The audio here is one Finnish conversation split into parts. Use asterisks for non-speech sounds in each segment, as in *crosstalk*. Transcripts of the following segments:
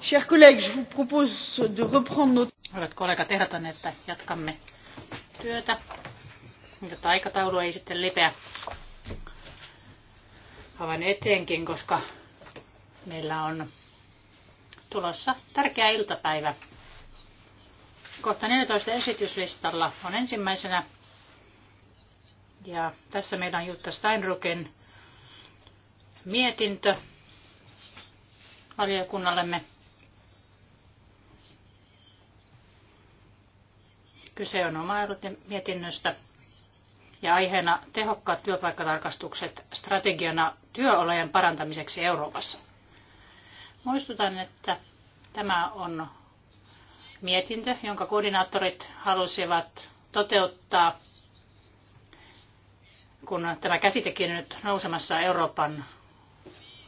Chers collègues, je vous propose de reprendre notre... Hyvät kollegat, ehdotan, että jatkamme työtä, jotta aikataulu ei sitten lipeä aivan eteenkin, koska meillä on tulossa tärkeä iltapäivä. Kohta 14 esityslistalla on ensimmäisenä ja tässä meillä on Jutta Steinruken mietintö valiokunnallemme. Kyse on oma mietinnöstä ja aiheena tehokkaat työpaikkatarkastukset strategiana työolojen parantamiseksi Euroopassa. Muistutan, että tämä on mietintö, jonka koordinaattorit halusivat toteuttaa, kun tämä käsitekin on nyt nousemassa Euroopan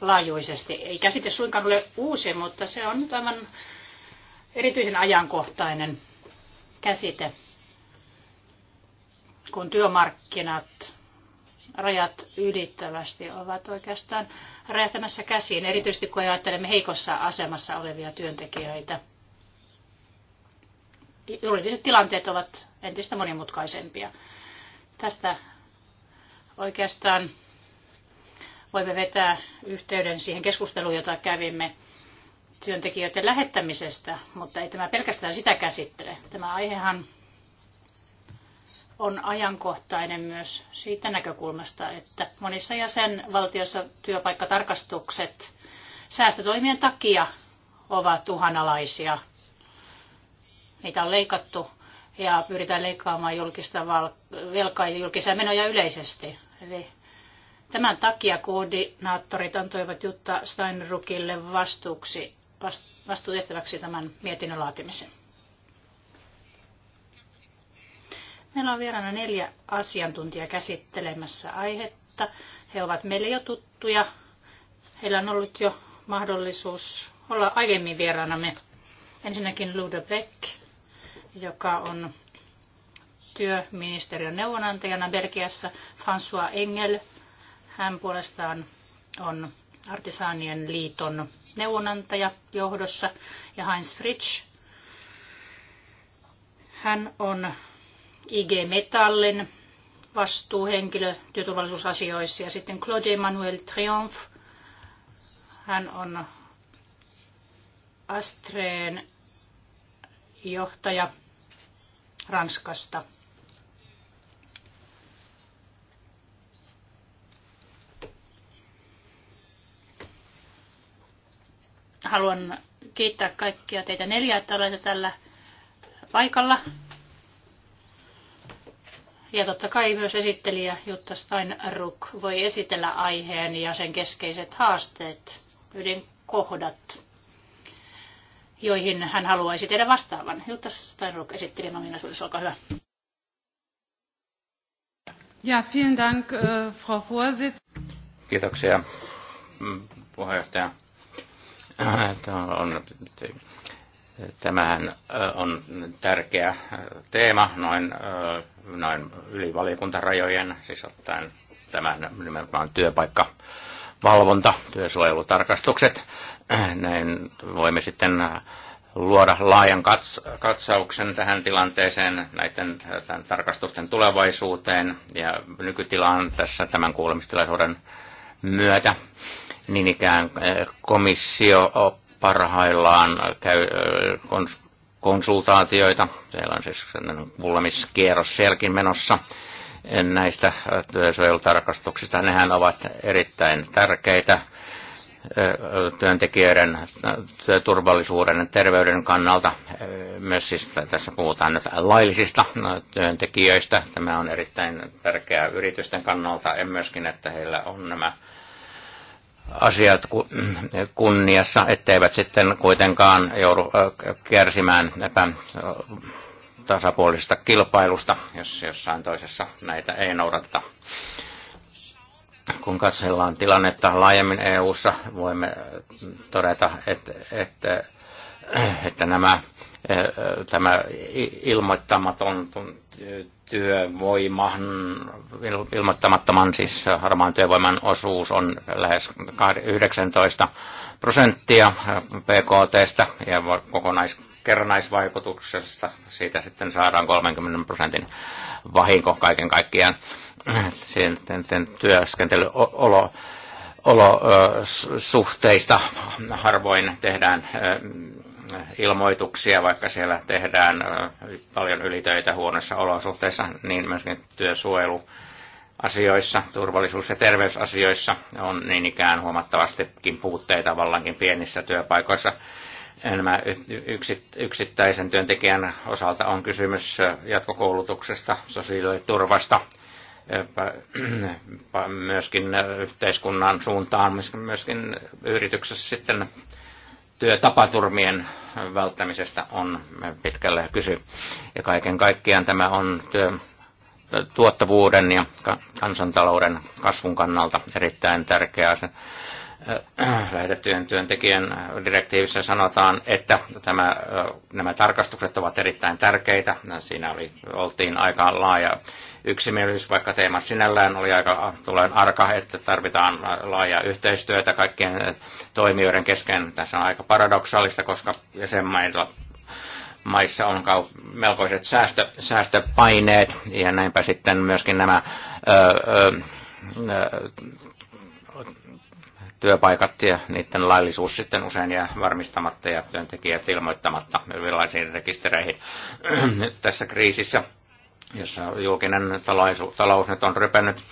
laajuisesti. Ei käsite suinkaan ole uusi, mutta se on nyt aivan erityisen ajankohtainen käsite, kun työmarkkinat rajat ylittävästi ovat oikeastaan räjähtämässä käsiin, erityisesti kun ajattelemme heikossa asemassa olevia työntekijöitä. Juridiset tilanteet ovat entistä monimutkaisempia. Tästä oikeastaan voimme vetää yhteyden siihen keskusteluun, jota kävimme työntekijöiden lähettämisestä, mutta ei tämä pelkästään sitä käsittele. Tämä aihehan on ajankohtainen myös siitä näkökulmasta, että monissa jäsenvaltioissa työpaikkatarkastukset säästötoimien takia ovat uhanalaisia. Niitä on leikattu ja pyritään leikkaamaan julkista velkaa ja julkisia menoja yleisesti. Eli tämän takia koordinaattorit antoivat Jutta Steinrukille vastuuksi vastuutehtäväksi tämän mietinnön laatimisen. Meillä on vieraana neljä asiantuntijaa käsittelemässä aihetta. He ovat meille jo tuttuja. Heillä on ollut jo mahdollisuus olla aiemmin vieraanamme. Ensinnäkin Lude Beck, joka on työministeriön neuvonantajana Belgiassa. François Engel, hän puolestaan on Artisaanien liiton neuvonantaja johdossa ja Heinz Fritsch. Hän on IG Metallin vastuuhenkilö työturvallisuusasioissa ja sitten Claude Emmanuel Triomphe. Hän on Astreen johtaja Ranskasta. Haluan kiittää kaikkia teitä neljä, että olette tällä paikalla. Ja totta kai myös esittelijä Jutta Steinruck voi esitellä aiheen ja sen keskeiset haasteet, ydinkohdat, joihin hän haluaisi tehdä vastaavan. Jutta Steinruck esittelijän ominaisuudessa, olkaa hyvä. Ja, vielen Dank, äh, Frau Vorsitz. Kiitoksia, mm, puheenjohtaja on, tämähän on tärkeä teema noin, noin yli valiokuntarajojen, siis ottaen tämän nimenomaan työpaikka valvonta, työsuojelutarkastukset. Näin voimme sitten luoda laajan katsauksen tähän tilanteeseen, näiden tämän tarkastusten tulevaisuuteen ja nykytilaan tässä tämän kuulemistilaisuuden myötä. Niin ikään eh, komissio parhaillaan käy eh, konsultaatioita. Siellä on siis kuulemiskierros sielläkin menossa näistä työsuojelutarkastuksista. Eh, Nehän ovat erittäin tärkeitä työntekijöiden työturvallisuuden ja terveyden kannalta. Myös siis tässä puhutaan nyt laillisista työntekijöistä. Tämä on erittäin tärkeää yritysten kannalta ja myöskin, että heillä on nämä asiat kunniassa, etteivät sitten kuitenkaan joudu kärsimään tasapuolisesta kilpailusta, jos jossain toisessa näitä ei noudateta. Kun katsellaan tilannetta laajemmin EU-ssa, voimme todeta, että, että, että nämä tämä ilmoittamaton työvoiman, ilmoittamattoman siis harmaan työvoiman osuus on lähes 19 prosenttia PKTstä ja kokonais kerrannaisvaikutuksesta siitä sitten saadaan 30 prosentin vahinko kaiken kaikkiaan. Sitten työskentelyolo olosuhteista harvoin tehdään ilmoituksia, vaikka siellä tehdään paljon ylitöitä huonossa olosuhteissa, niin myöskin työsuojelu asioissa, turvallisuus- ja terveysasioissa on niin ikään huomattavastikin puutteita vallankin pienissä työpaikoissa. Enemmän yksittäisen työntekijän osalta on kysymys jatkokoulutuksesta, sosiaaliturvasta, myöskin yhteiskunnan suuntaan, myöskin yrityksessä sitten työtapaturmien välttämisestä on pitkälle kysy. Ja kaiken kaikkiaan tämä on työ, tuottavuuden ja kansantalouden kasvun kannalta erittäin tärkeää. asia. Äh, lähetettyjen työntekijän direktiivissä sanotaan, että tämä, äh, nämä tarkastukset ovat erittäin tärkeitä. Siinä oli, oltiin aika laaja yksimielisyys, vaikka teema sinällään oli aika tulen arka, että tarvitaan laajaa yhteistyötä kaikkien toimijoiden kesken. Tässä on aika paradoksaalista, koska jäsenmailla maissa on melkoiset säästö, säästöpaineet ja näinpä sitten myöskin nämä öö, öö, työpaikat ja niiden laillisuus sitten usein jää varmistamatta ja työntekijät ilmoittamatta erilaisiin rekistereihin tässä kriisissä jossa julkinen talous, talous nyt on rypennyt,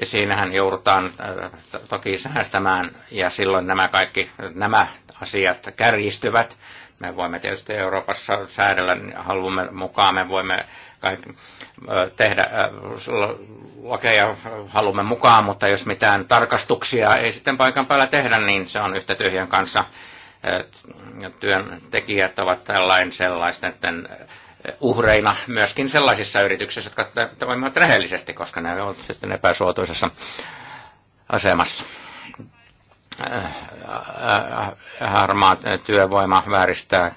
ja siinähän joudutaan äh, toki säästämään, ja silloin nämä kaikki nämä asiat kärjistyvät. Me voimme tietysti Euroopassa säädellä haluamme mukaan, me voimme kaikki, äh, tehdä äh, lakeja haluamme mukaan, mutta jos mitään tarkastuksia ei sitten paikan päällä tehdä, niin se on yhtä tyhjän kanssa. Työntekijät ovat tällainen sellaisten uhreina myöskin sellaisissa yrityksissä, jotka toimivat rehellisesti, koska ne ovat sitten epäsuotuisessa asemassa. Äh, äh, äh, harmaa työvoima vääristää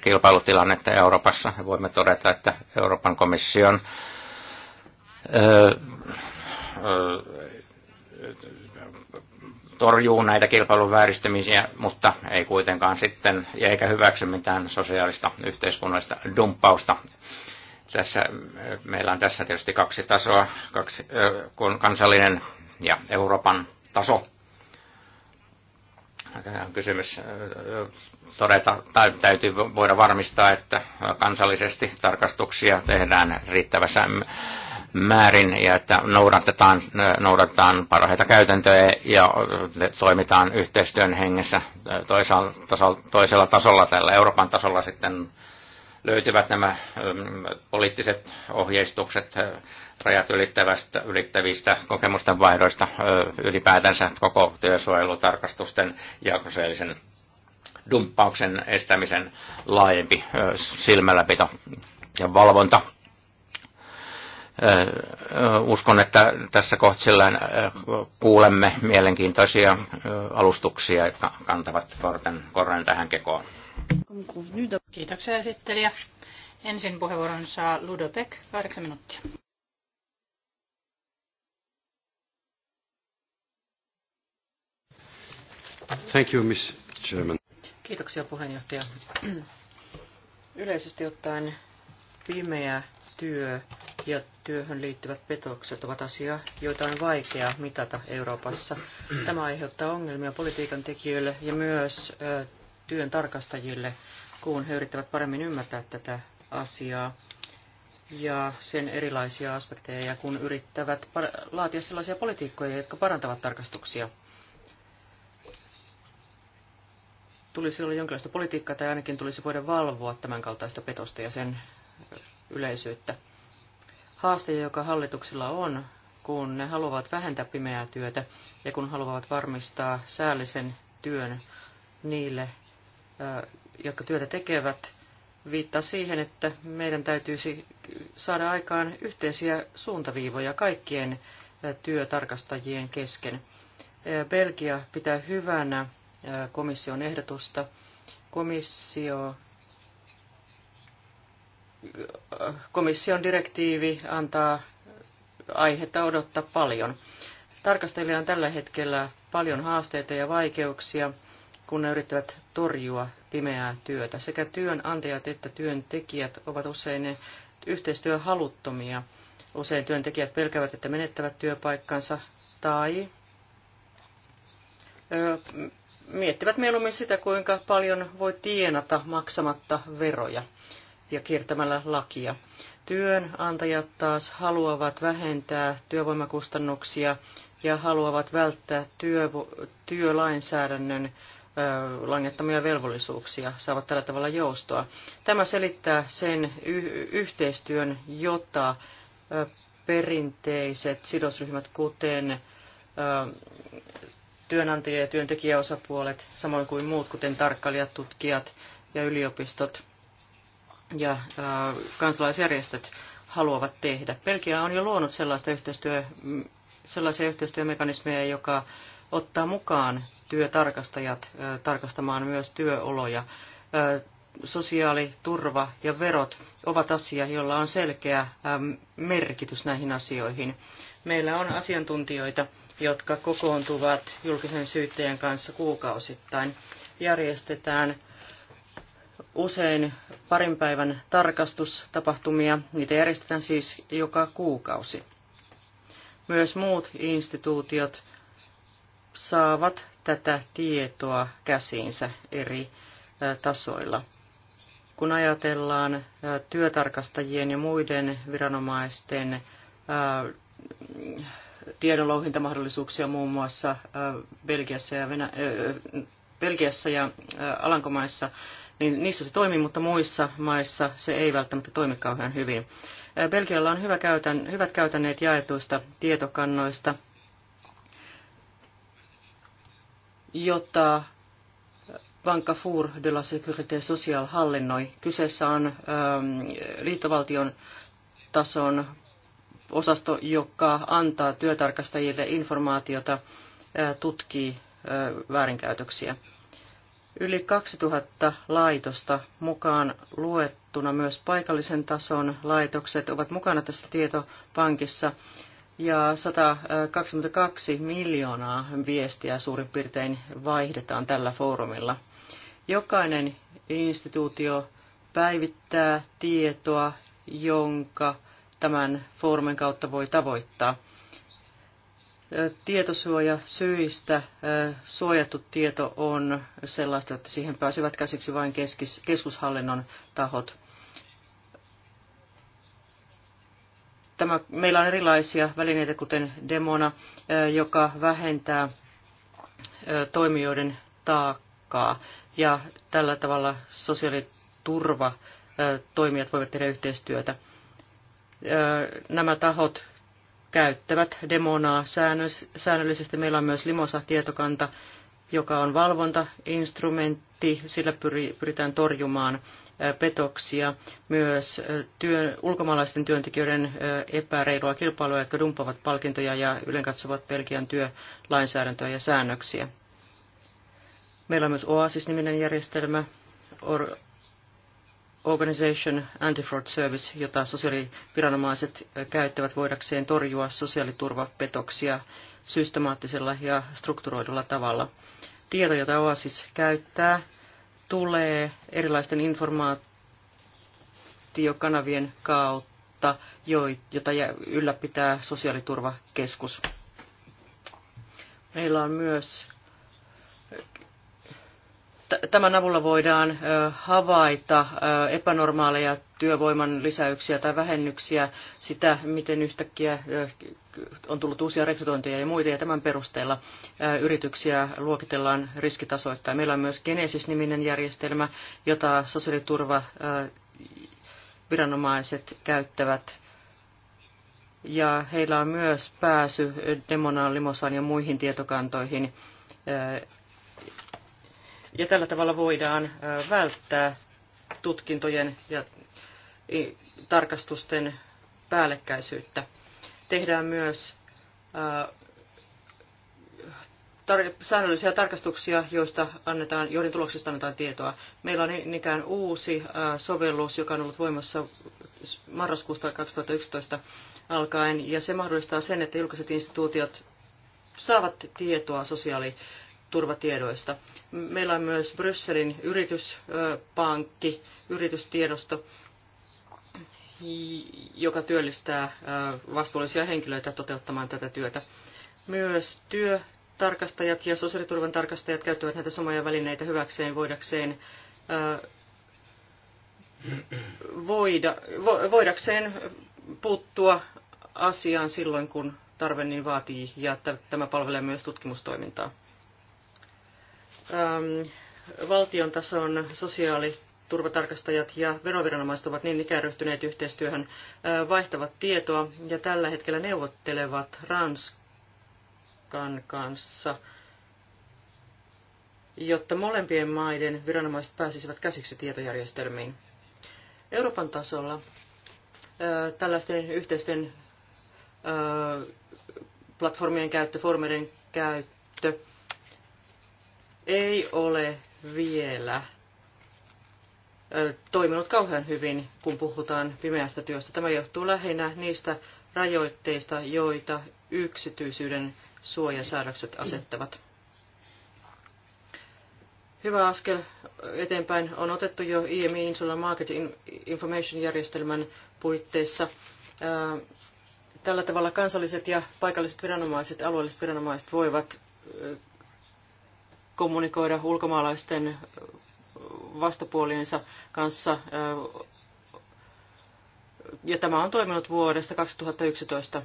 kilpailutilannetta Euroopassa. Voimme todeta, että Euroopan komission torjuu näitä kilpailun vääristymisiä, mutta ei kuitenkaan sitten eikä hyväksy mitään sosiaalista yhteiskunnallista dumppausta. Tässä, meillä on tässä tietysti kaksi tasoa, kaksi, kun kansallinen ja Euroopan taso. Tämä on kysymys todeta, tai täytyy voida varmistaa, että kansallisesti tarkastuksia tehdään riittävässä määrin ja että noudatetaan, noudatetaan parhaita käytäntöjä ja toimitaan yhteistyön hengessä toisella, tasolla, toisella tasolla, tällä Euroopan tasolla sitten löytyvät nämä poliittiset ohjeistukset rajat ylittävästä, ylittävistä kokemusten vaihdoista ylipäätänsä koko työsuojelutarkastusten ja sosiaalisen dumppauksen estämisen laajempi silmälläpito ja valvonta uskon, että tässä kohtaa kuulemme mielenkiintoisia alustuksia, jotka kantavat korten, korren tähän kekoon. Kiitoksia esittelijä. Ensin puheenvuoron saa Ludo Beck, kahdeksan minuuttia. Thank you, Miss Chairman. Kiitoksia puheenjohtaja. Yleisesti ottaen pimeä työ ja työhön liittyvät petokset ovat asia, joita on vaikea mitata Euroopassa. Tämä aiheuttaa ongelmia politiikan tekijöille ja myös työn tarkastajille, kun he yrittävät paremmin ymmärtää tätä asiaa ja sen erilaisia aspekteja, ja kun yrittävät laatia sellaisia politiikkoja, jotka parantavat tarkastuksia. Tulisi olla jonkinlaista politiikkaa, tai ainakin tulisi voida valvoa tämän kaltaista petosta ja sen yleisyyttä haaste, joka hallituksilla on, kun ne haluavat vähentää pimeää työtä ja kun haluavat varmistaa säällisen työn niille, jotka työtä tekevät, viittaa siihen, että meidän täytyisi saada aikaan yhteisiä suuntaviivoja kaikkien työtarkastajien kesken. Belgia pitää hyvänä komission ehdotusta. Komissio komission direktiivi antaa aihetta odottaa paljon. Tarkastajilla on tällä hetkellä paljon haasteita ja vaikeuksia, kun ne yrittävät torjua pimeää työtä. Sekä työnantajat että työntekijät ovat usein ne yhteistyöhaluttomia. Usein työntekijät pelkävät, että menettävät työpaikkansa tai ö, miettivät mieluummin sitä, kuinka paljon voi tienata maksamatta veroja ja kiertämällä lakia. Työnantajat taas haluavat vähentää työvoimakustannuksia ja haluavat välttää työ, työlainsäädännön langettamia velvollisuuksia, saavat tällä tavalla joustoa. Tämä selittää sen yhteistyön, jota perinteiset sidosryhmät, kuten työnantaja- ja työntekijäosapuolet, samoin kuin muut, kuten tarkkailijat, tutkijat ja yliopistot, ja äh, kansalaisjärjestöt haluavat tehdä. Belgia on jo luonut sellaista yhteistyö, mm, sellaisia yhteistyömekanismeja, joka ottaa mukaan työtarkastajat äh, tarkastamaan myös työoloja. Äh, sosiaali, turva ja verot ovat asia, jolla on selkeä merkitys näihin asioihin. Meillä on asiantuntijoita, jotka kokoontuvat julkisen syyttäjän kanssa kuukausittain. Järjestetään usein parin päivän tarkastustapahtumia. Niitä järjestetään siis joka kuukausi. Myös muut instituutiot saavat tätä tietoa käsiinsä eri tasoilla. Kun ajatellaan työtarkastajien ja muiden viranomaisten tiedonlouhintamahdollisuuksia muun muassa Belgiassa ja, Venä- Belgiassa ja Alankomaissa, niin niissä se toimii, mutta muissa maissa se ei välttämättä toimi kauhean hyvin. Belgialla on hyvä käytän, hyvät käytänneet jaetuista tietokannoista, jota Banca Four de la Securité Social hallinnoi. Kyseessä on ähm, liittovaltion tason osasto, joka antaa työtarkastajille informaatiota, äh, tutkii äh, väärinkäytöksiä yli 2000 laitosta mukaan luettuna myös paikallisen tason laitokset ovat mukana tässä tietopankissa ja 122 miljoonaa viestiä suurin piirtein vaihdetaan tällä foorumilla. Jokainen instituutio päivittää tietoa, jonka tämän foorumin kautta voi tavoittaa tietosuojasyistä suojattu tieto on sellaista, että siihen pääsevät käsiksi vain keskis, keskushallinnon tahot. Tämä, meillä on erilaisia välineitä, kuten Demona, joka vähentää toimijoiden taakkaa ja tällä tavalla sosiaaliturva toimijat voivat tehdä yhteistyötä. Nämä tahot käyttävät demonaa säännöllisesti. Meillä on myös Limosa-tietokanta, joka on valvontainstrumentti. Sillä pyritään torjumaan petoksia, myös työn, ulkomaalaisten työntekijöiden epäreilua kilpailua, jotka dumppavat palkintoja ja ylenkatsovat Belgian työlainsäädäntöä ja säännöksiä. Meillä on myös OASIS-niminen järjestelmä, Organization Anti-Fraud Service, jota sosiaaliviranomaiset käyttävät voidakseen torjua sosiaaliturvapetoksia systemaattisella ja strukturoidulla tavalla. Tieto, jota OASIS käyttää, tulee erilaisten informaatiokanavien kautta, jota ylläpitää sosiaaliturvakeskus. Meillä on myös tämän avulla voidaan havaita epänormaaleja työvoiman lisäyksiä tai vähennyksiä, sitä miten yhtäkkiä on tullut uusia rekrytointeja ja muita, ja tämän perusteella yrityksiä luokitellaan riskitasoittain. Meillä on myös Genesis-niminen järjestelmä, jota sosiaaliturvaviranomaiset käyttävät ja heillä on myös pääsy demonaan, limosaan ja muihin tietokantoihin ja tällä tavalla voidaan välttää tutkintojen ja tarkastusten päällekkäisyyttä. Tehdään myös tar- säännöllisiä tarkastuksia, joista annetaan, joiden tuloksista annetaan tietoa. Meillä on ikään uusi sovellus, joka on ollut voimassa marraskuusta 2011 alkaen, ja se mahdollistaa sen, että julkiset instituutiot saavat tietoa sosiaali- turvatiedoista. Meillä on myös Brysselin yrityspankki, yritystiedosto, joka työllistää vastuullisia henkilöitä toteuttamaan tätä työtä. Myös työtarkastajat ja sosiaaliturvan tarkastajat käyttävät näitä samoja välineitä hyväkseen voidakseen voida, vo, voidakseen puuttua asiaan silloin, kun tarve niin vaatii, ja tämä palvelee myös tutkimustoimintaa. Ähm, valtion tason sosiaaliturvatarkastajat ja veroviranomaiset ovat niin ikään ryhtyneet yhteistyöhön, äh, vaihtavat tietoa ja tällä hetkellä neuvottelevat Ranskan kanssa, jotta molempien maiden viranomaiset pääsisivät käsiksi tietojärjestelmiin. Euroopan tasolla äh, tällaisten yhteisten äh, platformien käyttö, foorumeiden käyttö ei ole vielä toiminut kauhean hyvin, kun puhutaan pimeästä työstä. Tämä johtuu lähinnä niistä rajoitteista, joita yksityisyyden suojasäädökset asettavat. Hyvä askel eteenpäin on otettu jo IMI Insular Market Information-järjestelmän puitteissa. Tällä tavalla kansalliset ja paikalliset viranomaiset, alueelliset viranomaiset voivat kommunikoida ulkomaalaisten vastapuoliensa kanssa. Ja tämä on toiminut vuodesta 2011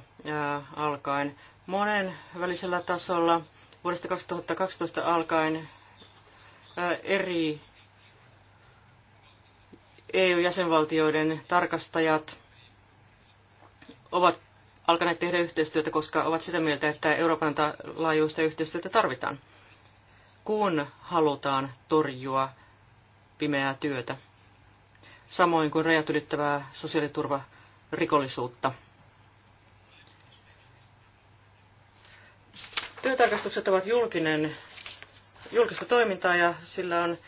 alkaen. Monen välisellä tasolla vuodesta 2012 alkaen eri EU-jäsenvaltioiden tarkastajat ovat alkaneet tehdä yhteistyötä, koska ovat sitä mieltä, että Euroopan laajuista yhteistyötä tarvitaan kun halutaan torjua pimeää työtä, samoin kuin rajat ylittävää sosiaaliturvarikollisuutta. Työtarkastukset ovat julkinen, julkista toimintaa ja sillä on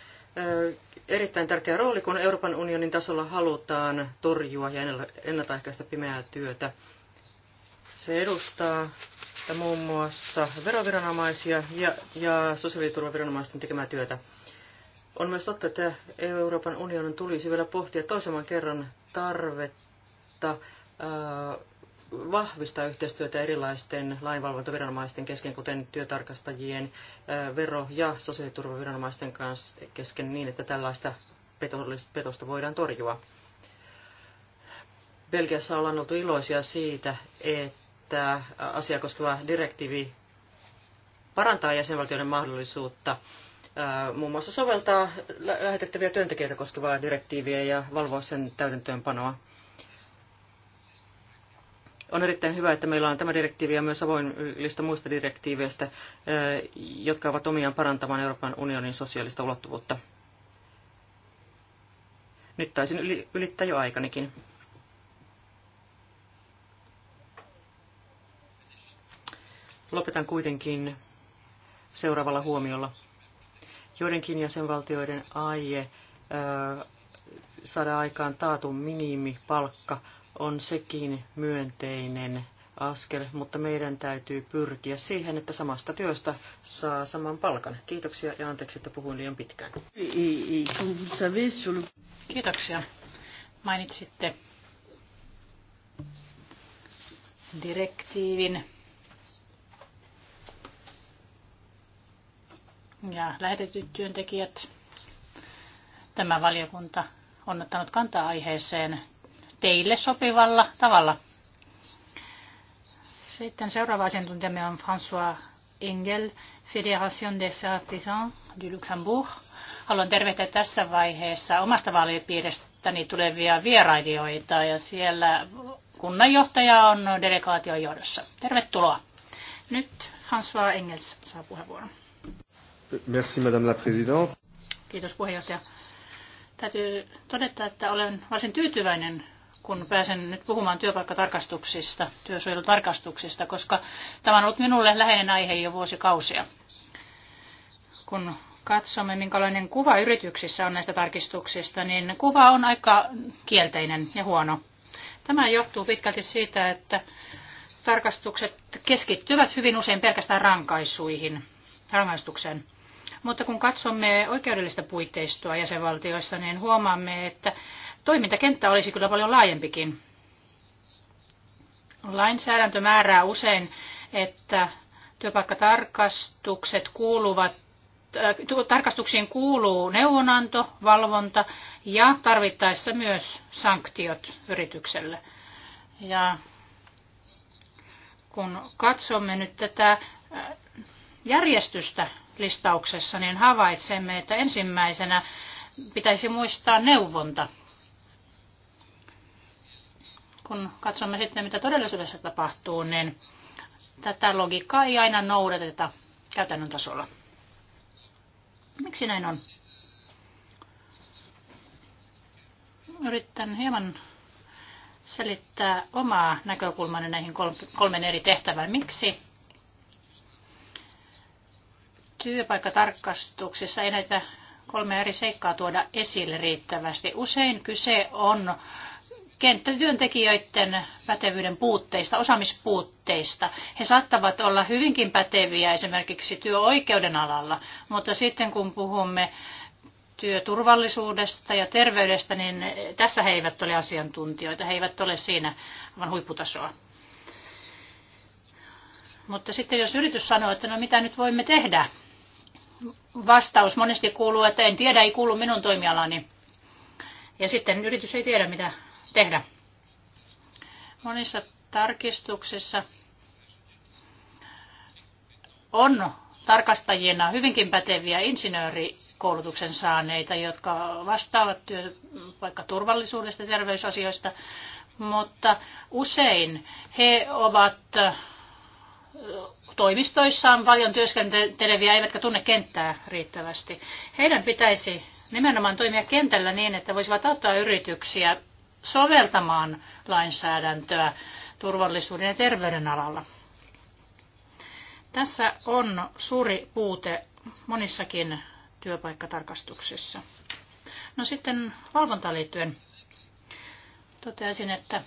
erittäin tärkeä rooli, kun Euroopan unionin tasolla halutaan torjua ja ennaltaehkäistä pimeää työtä. Se edustaa muun muassa veroviranomaisia ja, ja sosiaaliturvaviranomaisten tekemää työtä. On myös totta, että Euroopan unionin tulisi vielä pohtia toisemman kerran tarvetta äh, vahvistaa yhteistyötä erilaisten lainvalvontaviranomaisten kesken, kuten työtarkastajien, äh, vero- ja sosiaaliturvaviranomaisten kanssa kesken niin, että tällaista petosta voidaan torjua. Belgiassa ollaan oltu iloisia siitä, että tämä asia koskeva direktiivi parantaa jäsenvaltioiden mahdollisuutta muun muassa soveltaa lähetettäviä työntekijöitä koskevaa direktiiviä ja valvoa sen täytäntöönpanoa. On erittäin hyvä, että meillä on tämä direktiivi ja myös avoin lista muista direktiiveistä, jotka ovat omiaan parantamaan Euroopan unionin sosiaalista ulottuvuutta. Nyt taisin ylittää jo aikanikin. Lopetan kuitenkin seuraavalla huomiolla. Joidenkin jäsenvaltioiden aie saada aikaan taatun minimipalkka on sekin myönteinen askel, mutta meidän täytyy pyrkiä siihen, että samasta työstä saa saman palkan. Kiitoksia ja anteeksi, että puhuin liian pitkään. Kiitoksia. Mainitsitte direktiivin ja lähetetyt työntekijät. Tämä valiokunta on ottanut kantaa aiheeseen teille sopivalla tavalla. Sitten seuraava asiantuntijamme on François Engel, Fédération des Artisans du Luxembourg. Haluan tervehtiä tässä vaiheessa omasta vaalipiiristäni tulevia vierailijoita ja siellä kunnanjohtaja on delegaation johdossa. Tervetuloa. Nyt François Engels saa puheenvuoron. Merci, Madame la Présidente. Kiitos puheenjohtaja. Täytyy todeta, että olen varsin tyytyväinen, kun pääsen nyt puhumaan työpaikkatarkastuksista, työsuojelutarkastuksista, koska tämä on ollut minulle läheinen aihe jo vuosikausia. Kun katsomme, minkälainen kuva yrityksissä on näistä tarkistuksista, niin kuva on aika kielteinen ja huono. Tämä johtuu pitkälti siitä, että tarkastukset keskittyvät hyvin usein pelkästään rankaisuihin, rangaistukseen. Mutta kun katsomme oikeudellista puitteistoa jäsenvaltioissa, niin huomaamme, että toimintakenttä olisi kyllä paljon laajempikin. Lainsäädäntö määrää usein, että työpaikkatarkastukset kuuluvat äh, tarkastuksiin kuuluu neuvonanto, valvonta ja tarvittaessa myös sanktiot yritykselle. Ja kun katsomme nyt tätä äh, järjestystä listauksessa, niin havaitsemme, että ensimmäisenä pitäisi muistaa neuvonta. Kun katsomme sitten, mitä todellisuudessa tapahtuu, niin tätä logiikkaa ei aina noudateta käytännön tasolla. Miksi näin on? Yritän hieman selittää omaa näkökulmani näihin kolmeen eri tehtävään. Miksi työpaikkatarkastuksissa ei näitä kolme eri seikkaa tuoda esille riittävästi. Usein kyse on kenttätyöntekijöiden pätevyyden puutteista, osaamispuutteista. He saattavat olla hyvinkin päteviä esimerkiksi työoikeuden alalla, mutta sitten kun puhumme työturvallisuudesta ja terveydestä, niin tässä he eivät ole asiantuntijoita, he eivät ole siinä aivan huipputasoa. Mutta sitten jos yritys sanoo, että no mitä nyt voimme tehdä, vastaus monesti kuuluu, että en tiedä, ei kuulu minun toimialani. Ja sitten yritys ei tiedä, mitä tehdä. Monissa tarkistuksissa on tarkastajina hyvinkin päteviä insinöörikoulutuksen saaneita, jotka vastaavat vaikka turvallisuudesta ja terveysasioista, mutta usein he ovat toimistoissaan paljon työskenteleviä, eivätkä tunne kenttää riittävästi. Heidän pitäisi nimenomaan toimia kentällä niin, että voisivat auttaa yrityksiä soveltamaan lainsäädäntöä turvallisuuden ja terveyden alalla. Tässä on suuri puute monissakin työpaikkatarkastuksissa. No sitten valvontaan liittyen toteaisin, että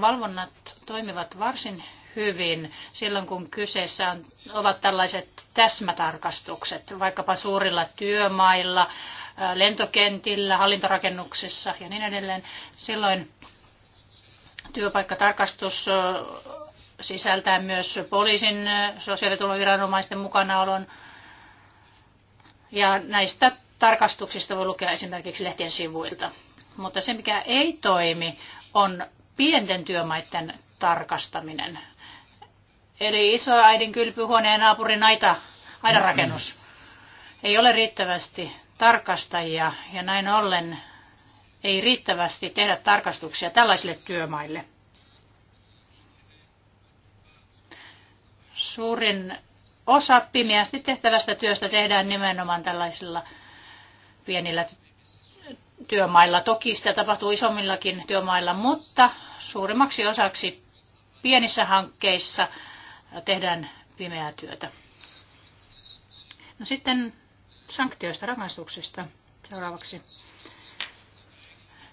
valvonnat toimivat varsin hyvin silloin, kun kyseessä on, ovat tällaiset täsmätarkastukset, vaikkapa suurilla työmailla, äh, lentokentillä, hallintorakennuksissa ja niin edelleen. Silloin työpaikkatarkastus äh, sisältää myös poliisin äh, sosiaaliturvaviranomaisten mukanaolon. Ja näistä tarkastuksista voi lukea esimerkiksi lehtien sivuilta. Mutta se, mikä ei toimi, on pienten työmaiden tarkastaminen. Eli isoäidin kylpyhuoneen naapurin aita, aidan rakennus. Ei ole riittävästi tarkastajia ja näin ollen ei riittävästi tehdä tarkastuksia tällaisille työmaille. Suurin osa pimeästi tehtävästä työstä tehdään nimenomaan tällaisilla pienillä työmailla. Toki sitä tapahtuu isommillakin työmailla, mutta suurimmaksi osaksi pienissä hankkeissa – tehdään pimeää työtä. No sitten sanktioista, rangaistuksista seuraavaksi.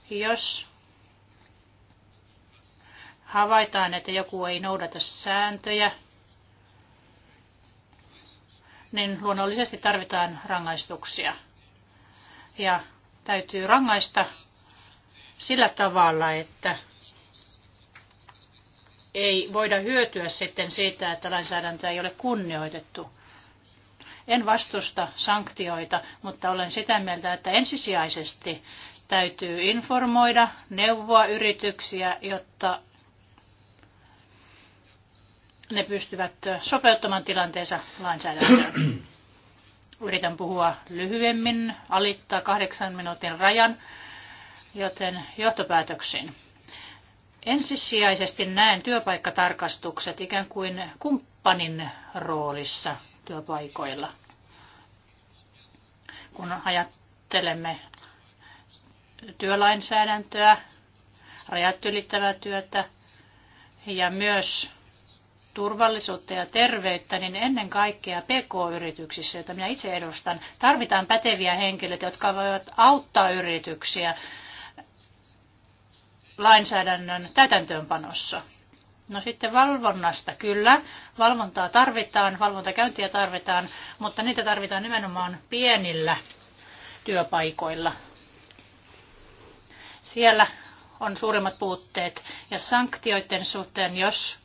Jos havaitaan, että joku ei noudata sääntöjä, niin luonnollisesti tarvitaan rangaistuksia. Ja täytyy rangaista sillä tavalla, että ei voida hyötyä sitten siitä, että lainsäädäntöä ei ole kunnioitettu. En vastusta sanktioita, mutta olen sitä mieltä, että ensisijaisesti täytyy informoida, neuvoa yrityksiä, jotta ne pystyvät sopeuttamaan tilanteensa lainsäädäntöön. *clears throat* Yritän puhua lyhyemmin, alittaa kahdeksan minuutin rajan, joten johtopäätöksiin. Ensisijaisesti näen työpaikkatarkastukset ikään kuin kumppanin roolissa työpaikoilla. Kun ajattelemme työlainsäädäntöä, rajat ylittävää työtä ja myös turvallisuutta ja terveyttä, niin ennen kaikkea PK-yrityksissä, joita minä itse edustan, tarvitaan päteviä henkilöitä, jotka voivat auttaa yrityksiä lainsäädännön täytäntöönpanossa. No sitten valvonnasta, kyllä. Valvontaa tarvitaan, valvontakäyntiä tarvitaan, mutta niitä tarvitaan nimenomaan pienillä työpaikoilla. Siellä on suurimmat puutteet. Ja sanktioiden suhteen, jos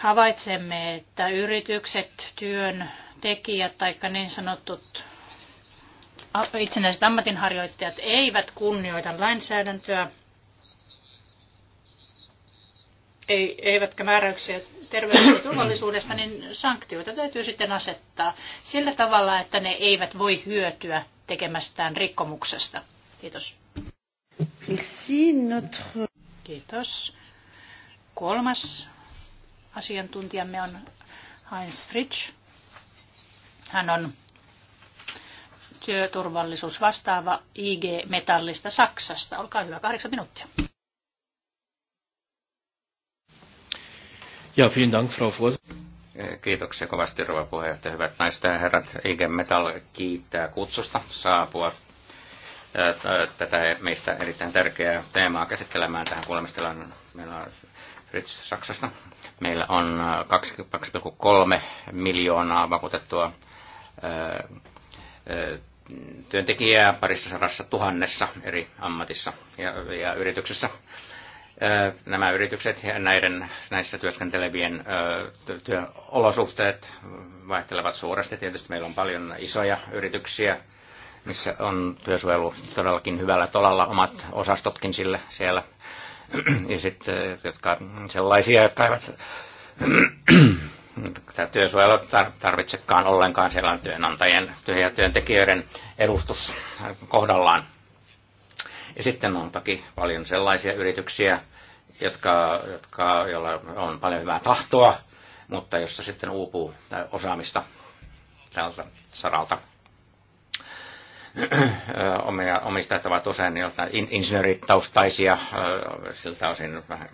havaitsemme, että yritykset, työntekijät tai niin sanotut itsenäiset ammatinharjoittajat eivät kunnioita lainsäädäntöä, ei, eivätkä määräyksiä terveydestä ja turvallisuudesta, niin sanktioita täytyy sitten asettaa sillä tavalla, että ne eivät voi hyötyä tekemästään rikkomuksesta. Kiitos. Kiitos. Kolmas asiantuntijamme on Heinz Fritsch. Hän on Työturvallisuusvastaava IG Metallista Saksasta. Olkaa hyvä, kahdeksan minuuttia. Ja, vielen Dank, Frau Vos. Kiitoksia kovasti, rouva puheenjohtaja. Hyvät naiset ja herrat, IG metall kiittää kutsusta saapua tätä meistä erittäin tärkeää teemaa käsittelemään tähän kuulemistilaan. Meillä on Fritz Saksasta. Meillä on 2,3 miljoonaa vakuutettua työntekijää parissa sadassa tuhannessa eri ammatissa ja, ja yrityksessä. Nämä yritykset ja näiden, näissä työskentelevien työolosuhteet vaihtelevat suuresti. Tietysti meillä on paljon isoja yrityksiä, missä on työsuojelu todellakin hyvällä tolalla, omat osastotkin sille siellä. Ja sitten, jotka sellaisia, jotka eivät Tämä työsuojelu tarvitsekaan ollenkaan, siellä on työnantajien ja työntekijöiden edustus kohdallaan. Ja sitten on toki paljon sellaisia yrityksiä, jotka, jotka, joilla on paljon hyvää tahtoa, mutta jossa sitten uupuu osaamista tältä saralta. Omistajat ovat usein insinööritaustaisia, siltä osin vähän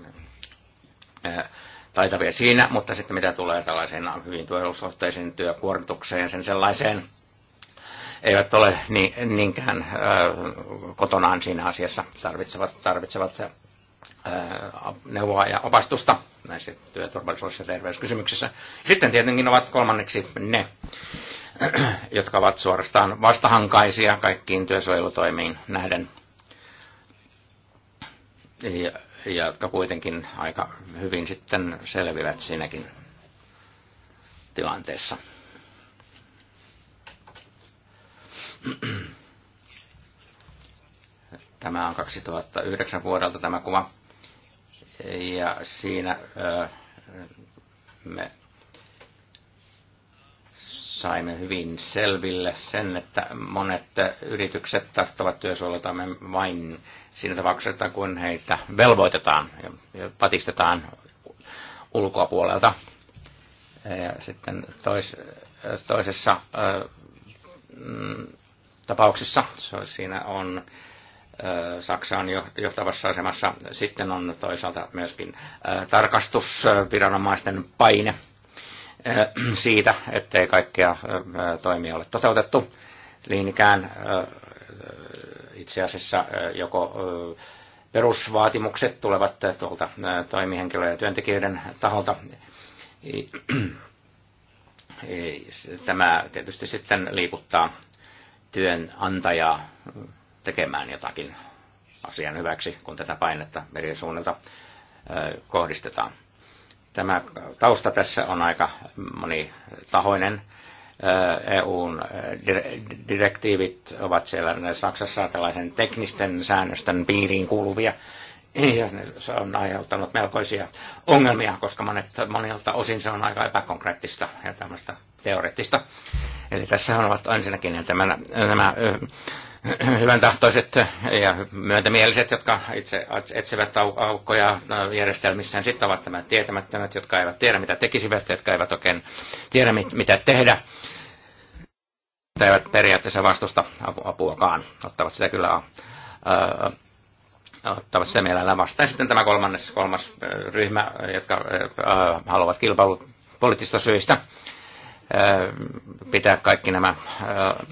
taitavia siinä, mutta sitten mitä tulee tällaiseen hyvin työolosuhteisiin työkuormitukseen ja sen sellaiseen, eivät ole niinkään ö, kotonaan siinä asiassa, tarvitsevat, tarvitsevat se, ö, neuvoa ja opastusta näissä työturvallisuus- ja terveyskysymyksissä. Sitten tietenkin ovat kolmanneksi ne, jotka ovat suorastaan vastahankaisia kaikkiin työsuojelutoimiin nähden. Ja ja jotka kuitenkin aika hyvin sitten selvivät siinäkin tilanteessa. Tämä on 2009 vuodelta tämä kuva. Ja siinä me saimme hyvin selville sen, että monet yritykset tarttavat työsuojelutamme vain siinä tapauksessa, kun heitä velvoitetaan ja patistetaan ulkopuolelta. Ja sitten tois, toisessa ö, mm, tapauksessa, siinä on Saksa on johtavassa asemassa. Sitten on toisaalta myöskin tarkastusviranomaisten paine Äh, *clears throat* siitä, ettei kaikkea äh, toimia ole toteutettu. Liinikään äh, itse asiassa joko perusvaatimukset tulevat tuolta toimihenkilöiden ja työntekijöiden taholta. *clears throat* Tämä tietysti sitten liikuttaa työnantajaa tekemään jotakin asian hyväksi, kun tätä painetta eri suunnilta kohdistetaan. Tämä tausta tässä on aika monitahoinen. EUn direktiivit ovat siellä Saksassa tällaisen teknisten säännösten piiriin kuuluvia. Ja se on aiheuttanut melkoisia ongelmia, koska monet, monilta osin se on aika epäkonkreettista ja tämmöistä teoreettista. Eli tässä ovat ensinnäkin nämä, nämä *clears throat* hyvän tahtoiset ja myöntämieliset, jotka itse etsivät aukkoja järjestelmissään. Sitten ovat tämä tietämättömät, jotka eivät tiedä, mitä tekisivät, jotka eivät oikein tiedä, mit, mitä tehdä. Mutta eivät periaatteessa vastusta apuakaan. Ottavat sitä kyllä ää, ottavat sitä mielellään vastaan. Sitten tämä kolmannes, kolmas ryhmä, jotka ää, haluavat kilpailu poliittista syistä ää, pitää kaikki nämä ää,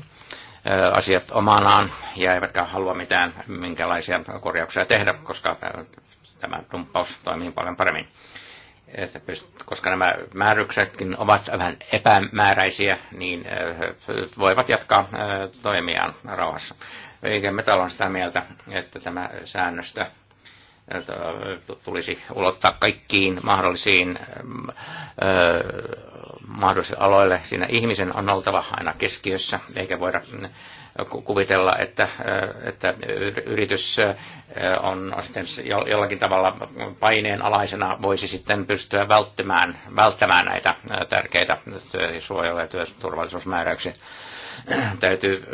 asiat omanaan ja eivätkä halua mitään minkälaisia korjauksia tehdä, koska tämä dumppaus toimii paljon paremmin. Että koska nämä määräyksetkin ovat vähän epämääräisiä, niin voivat jatkaa toimiaan rauhassa. Eikä me on sitä mieltä, että tämä säännöstä Äh, tulisi ulottaa kaikkiin mahdollisiin, ähm, äh, mahdollisille aloille. Siinä ihmisen on oltava aina keskiössä, eikä voida mm, kuvitella, että, äh, että yritys on sitten jollakin tavalla paineen alaisena voisi sitten pystyä välttämään, välttämään näitä tärkeitä suojelu- ja työturvallisuusmääräyksiä. *clears throat* täytyy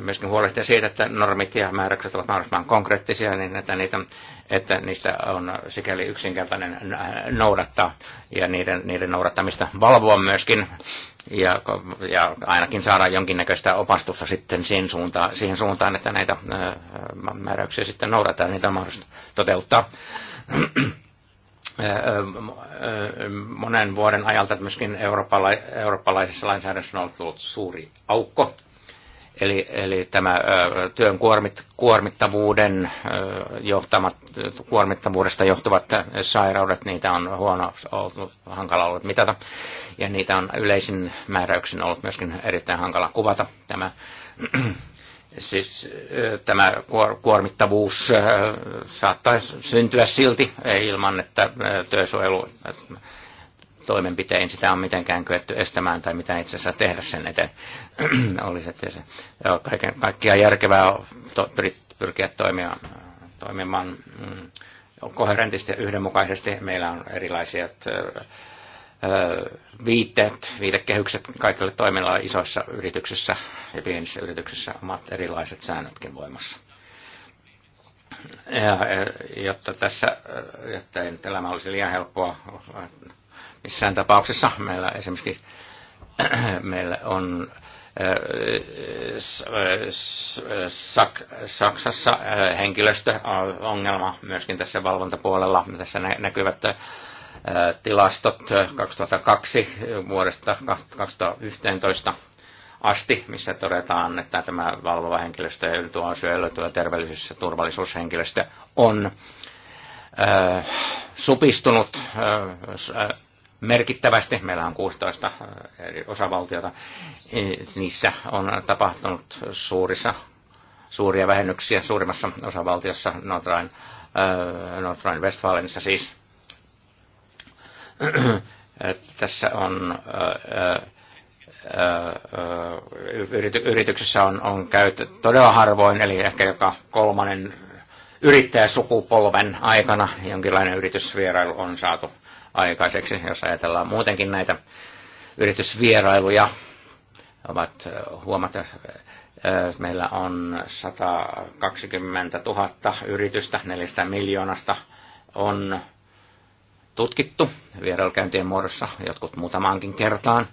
myöskin huolehtia siitä, että normit ja määräykset ovat mahdollisimman konkreettisia, niin että, niitä, että niistä on sikäli yksinkertainen noudattaa ja niiden, niiden noudattamista valvoa myöskin. Ja, ja ainakin saada jonkinnäköistä opastusta sitten siihen suuntaan, siihen suuntaan että näitä määräyksiä sitten ja niitä on mahdollista toteuttaa *clears throat* monen vuoden ajalta että myöskin eurooppala- eurooppalaisessa lainsäädännössä on ollut, suuri aukko. Eli, eli tämä työn kuormit, kuormittavuuden johtamat, kuormittavuudesta johtuvat sairaudet, niitä on huono, ollut, hankala ollut mitata. Ja niitä on yleisin määräyksin ollut myöskin erittäin hankala kuvata. Tämä Siis tämä kuormittavuus saattaa syntyä silti ilman, että työsuojelu toimenpitein sitä on mitenkään kyetty estämään tai mitä itse asiassa tehdä sen eteen. *clears throat* Olisi, että se, joo, kaiken, kaikkia järkevää to, pyrkiä toimia, toimimaan mm, koherentisti ja yhdenmukaisesti. Meillä on erilaisia viitteet, viitekehykset kaikille toiminnalle isoissa yrityksissä ja pienissä yrityksissä omat erilaiset säännötkin voimassa. Ja, jotta tässä, jotta ei nyt elämä olisi liian helppoa missään tapauksessa, meillä esimerkiksi *clears throat* meillä on Saksassa henkilöstöongelma myöskin tässä valvontapuolella. Tässä näkyvät tilastot 2002 vuodesta 2011 asti, missä todetaan, että tämä valvova henkilöstö ja tuo syöilytyö, terveellisyys- ja turvallisuushenkilöstö on supistunut merkittävästi. Meillä on 16 eri osavaltiota. Niissä on tapahtunut suurissa, suuria vähennyksiä suurimmassa osavaltiossa Notrain. Rhine, westfalenissa siis Äh, tässä on äh, äh, yrityksessä on, on käyty todella harvoin, eli ehkä joka kolmannen yrittäjäsukupolven aikana jonkinlainen yritysvierailu on saatu aikaiseksi, jos ajatellaan muutenkin näitä yritysvierailuja. Ovat että meillä on 120 000 yritystä, 400 miljoonasta on tutkittu vierailukäyntien muodossa, jotkut muutamaankin kertaan.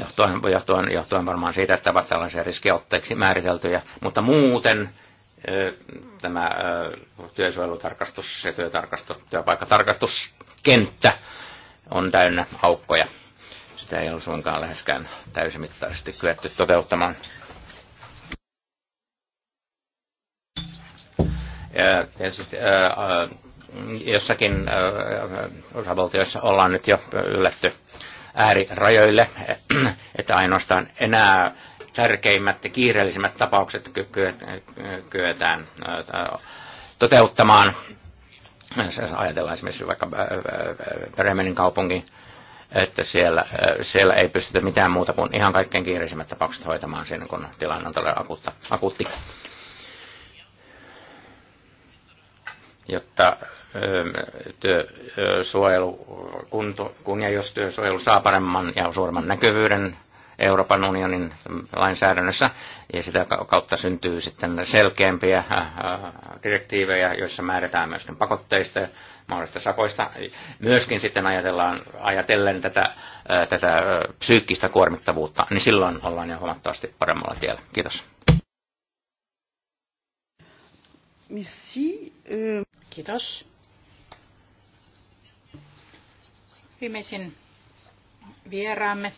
johtuen, johtuen, johtuen varmaan siitä, että ovat tällaisia riskialtteiksi määriteltyjä, mutta muuten tämä työsuojelutarkastus ja työtarkastus, työpaikkatarkastuskenttä on täynnä aukkoja. Sitä ei ole suinkaan läheskään täysimittaisesti kyetty toteuttamaan. Ja tietysti ää, jossakin osavaltioissa ollaan nyt jo ylletty äärirajoille, *clears throat* että ainoastaan enää tärkeimmät ja kiireellisimmät tapaukset kyetään toteuttamaan. Ajatellaan esimerkiksi vaikka Bremenin kaupunki, että siellä, siellä ei pystytä mitään muuta kuin ihan kaikkein kiireisimmät tapaukset hoitamaan siinä, kun tilanne on todella akuutta, akuutti. Jotta työsuojelu, kun, kun ja jos työsuojelu saa paremman ja suuremman näkyvyyden Euroopan unionin lainsäädännössä, ja sitä kautta syntyy sitten selkeämpiä äh, äh, direktiivejä, joissa määrätään myöskin pakotteista ja mahdollisista sakoista. Myöskin sitten ajatellaan, ajatellen tätä, tätä psyykkistä kuormittavuutta, niin silloin ollaan jo huomattavasti paremmalla tiellä. Kiitos. Merci. Kiitos. Viimeisin vieraamme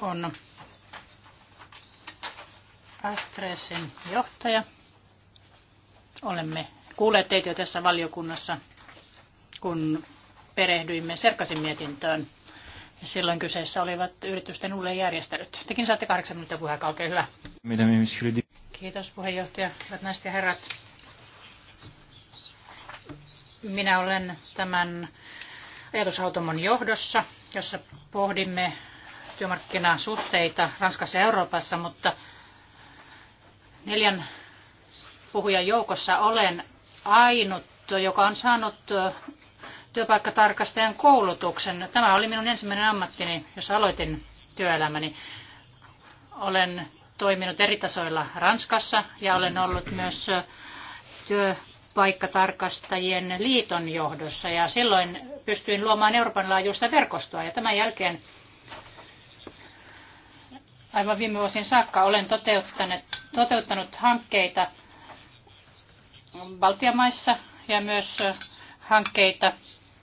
on Astresen johtaja. Olemme kuulleet teitä jo tässä valiokunnassa, kun perehdyimme Serkasin mietintöön. Silloin kyseessä olivat yritysten järjestelyt. Tekin saatte kahdeksan minuuttia puheenjohtaja, olkaa hyvä. Kiitos puheenjohtaja, hyvät naiset ja herrat. Minä olen tämän ajatushautomon johdossa, jossa pohdimme työmarkkinasuhteita Ranskassa ja Euroopassa, mutta neljän puhujan joukossa olen ainut, joka on saanut työpaikkatarkastajan koulutuksen. Tämä oli minun ensimmäinen ammattini, jossa aloitin työelämäni. Olen toiminut eri tasoilla Ranskassa ja olen ollut myös työ paikkatarkastajien liiton johdossa ja silloin pystyin luomaan Euroopan laajuista verkostoa ja tämän jälkeen aivan viime vuosien saakka olen toteuttanut, toteuttanut hankkeita Baltian maissa ja myös hankkeita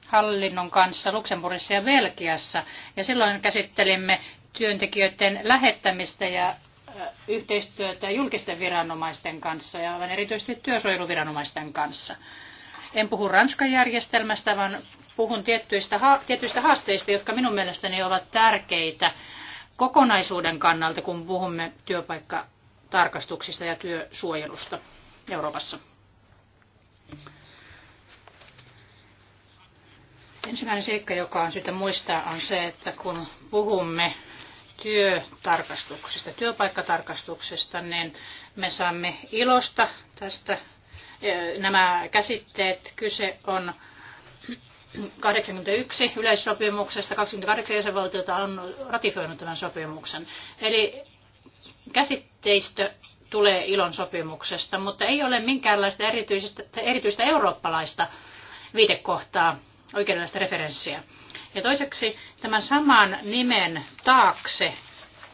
hallinnon kanssa Luxemburgissa ja Belgiassa. Ja silloin käsittelimme työntekijöiden lähettämistä ja yhteistyötä julkisten viranomaisten kanssa ja aivan erityisesti työsuojeluviranomaisten kanssa. En puhu Ranskan järjestelmästä, vaan puhun tiettyistä, tietyistä haasteista, jotka minun mielestäni ovat tärkeitä kokonaisuuden kannalta, kun puhumme työpaikkatarkastuksista ja työsuojelusta Euroopassa. Ensimmäinen seikka, joka on syytä muistaa, on se, että kun puhumme työtarkastuksista, työpaikkatarkastuksista, niin me saamme ilosta tästä nämä käsitteet. Kyse on 81 yleissopimuksesta, 28 jäsenvaltiota on ratifioinut tämän sopimuksen. Eli käsitteistö tulee ilon sopimuksesta, mutta ei ole minkäänlaista erityistä, erityistä eurooppalaista viitekohtaa, oikeudellista referenssiä. Ja toiseksi tämän saman nimen taakse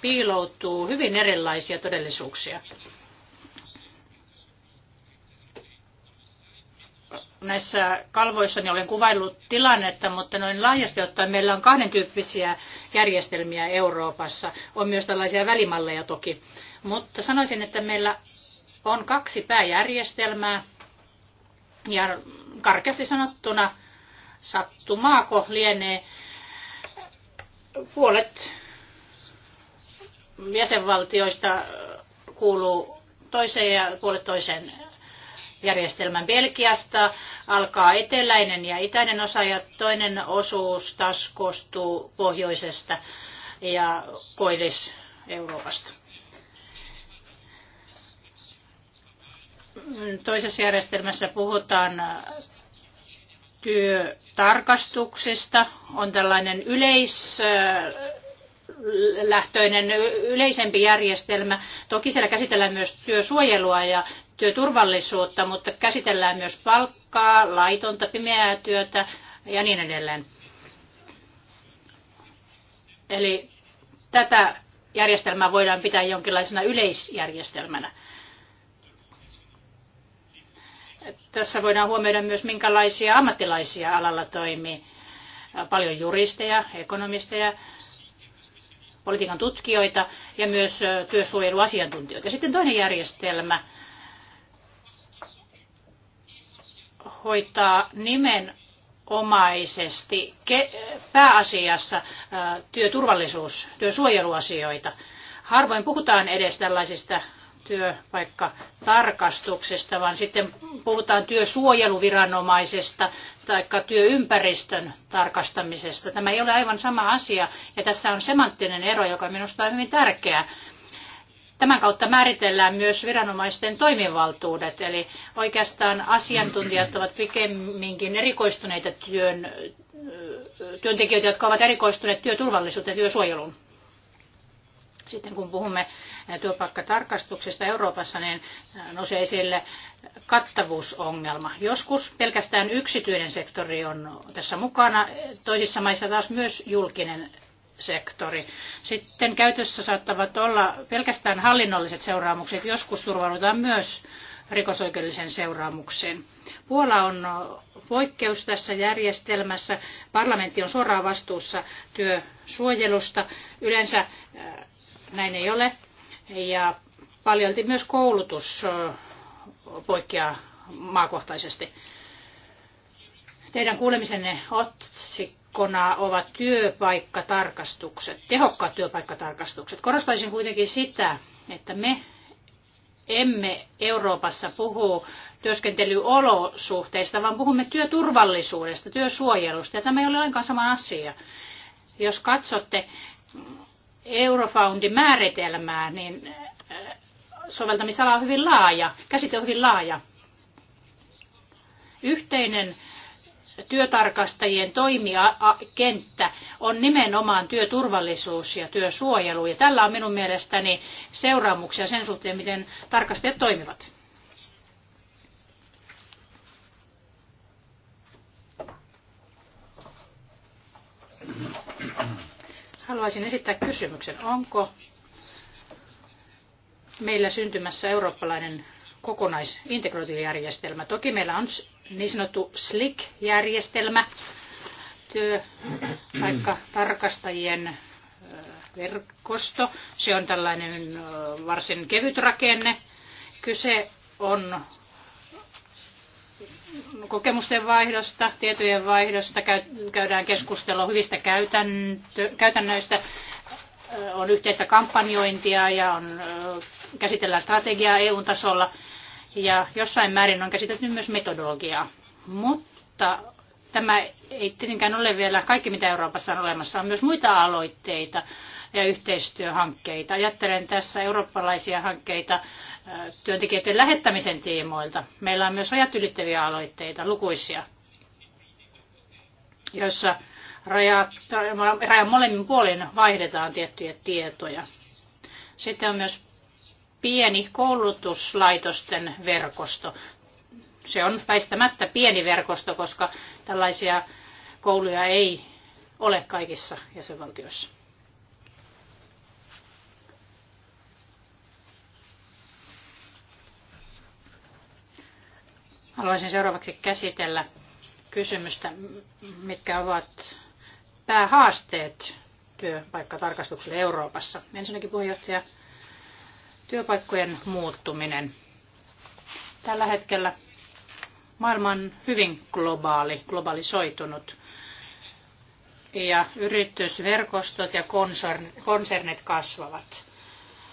piiloutuu hyvin erilaisia todellisuuksia. näissä kalvoissani niin olen kuvaillut tilannetta, mutta noin laajasti ottaen meillä on kahden tyyppisiä järjestelmiä Euroopassa. On myös tällaisia välimalleja toki. Mutta sanoisin, että meillä on kaksi pääjärjestelmää. Ja karkeasti sanottuna sattumaako lienee puolet jäsenvaltioista kuuluu toiseen ja puolet toiseen järjestelmän Belgiasta. Alkaa eteläinen ja itäinen osa ja toinen osuus taas koostuu pohjoisesta ja koillis-Euroopasta. Toisessa järjestelmässä puhutaan työtarkastuksista on tällainen yleis lähtöinen yleisempi järjestelmä. Toki siellä käsitellään myös työsuojelua ja työturvallisuutta, mutta käsitellään myös palkkaa, laitonta, pimeää työtä ja niin edelleen. Eli tätä järjestelmää voidaan pitää jonkinlaisena yleisjärjestelmänä. Tässä voidaan huomioida myös, minkälaisia ammattilaisia alalla toimii. Paljon juristeja, ekonomisteja, politiikan tutkijoita ja myös työsuojeluasiantuntijoita. Sitten toinen järjestelmä hoitaa nimenomaisesti pääasiassa työturvallisuus, työsuojeluasioita. Harvoin puhutaan edes tällaisista työpaikkatarkastuksesta, vaan sitten puhutaan työsuojeluviranomaisesta tai työympäristön tarkastamisesta. Tämä ei ole aivan sama asia ja tässä on semanttinen ero, joka minusta on hyvin tärkeä. Tämän kautta määritellään myös viranomaisten toimivaltuudet, eli oikeastaan asiantuntijat ovat pikemminkin erikoistuneita työn, työntekijöitä, jotka ovat erikoistuneet työturvallisuuteen ja työsuojeluun. Sitten kun puhumme työpaikkatarkastuksesta Euroopassa, niin äh, nousee esille kattavuusongelma. Joskus pelkästään yksityinen sektori on tässä mukana, toisissa maissa taas myös julkinen sektori. Sitten käytössä saattavat olla pelkästään hallinnolliset seuraamukset, joskus turvaudutaan myös rikosoikeudellisen seuraamukseen. Puola on poikkeus tässä järjestelmässä. Parlamentti on suoraan vastuussa työsuojelusta. Yleensä äh, näin ei ole. Ja paljolti myös koulutus poikkeaa maakohtaisesti. Teidän kuulemisenne otsikkona ovat työpaikkatarkastukset, tehokkaat työpaikkatarkastukset. Korostaisin kuitenkin sitä, että me emme Euroopassa puhu työskentelyolosuhteista, vaan puhumme työturvallisuudesta, työsuojelusta, ja tämä ei ole lainkaan sama asia. Jos katsotte Eurofoundin määritelmää, niin äh, soveltamisala on hyvin laaja, käsite on hyvin laaja. Yhteinen työtarkastajien toimijakenttä on nimenomaan työturvallisuus ja työsuojelu. Ja tällä on minun mielestäni seuraamuksia sen suhteen, miten tarkastajat toimivat. Haluaisin esittää kysymyksen, onko meillä syntymässä eurooppalainen kokonaisintegroitu järjestelmä. Toki meillä on niin sanottu SLIC-järjestelmä, työpaikkatarkastajien vaikka tarkastajien verkosto. Se on tällainen varsin kevyt rakenne. Kyse on kokemusten vaihdosta, tietojen vaihdosta, käydään keskustelua hyvistä käytäntö, käytännöistä, on yhteistä kampanjointia ja on, käsitellään strategiaa EU-tasolla ja jossain määrin on käsitelty myös metodologiaa. Mutta tämä ei tietenkään ole vielä kaikki, mitä Euroopassa on olemassa. On myös muita aloitteita ja yhteistyöhankkeita. Ajattelen tässä eurooppalaisia hankkeita työntekijöiden lähettämisen tiimoilta. Meillä on myös rajat ylittäviä aloitteita, lukuisia, joissa rajat, rajan molemmin puolin vaihdetaan tiettyjä tietoja. Sitten on myös pieni koulutuslaitosten verkosto. Se on väistämättä pieni verkosto, koska tällaisia kouluja ei ole kaikissa jäsenvaltioissa. Haluaisin seuraavaksi käsitellä kysymystä, mitkä ovat päähaasteet työpaikkatarkastukselle Euroopassa. Ensinnäkin puheenjohtaja, työpaikkojen muuttuminen. Tällä hetkellä maailma on hyvin globaali, globalisoitunut. Ja yritysverkostot ja konsernit kasvavat.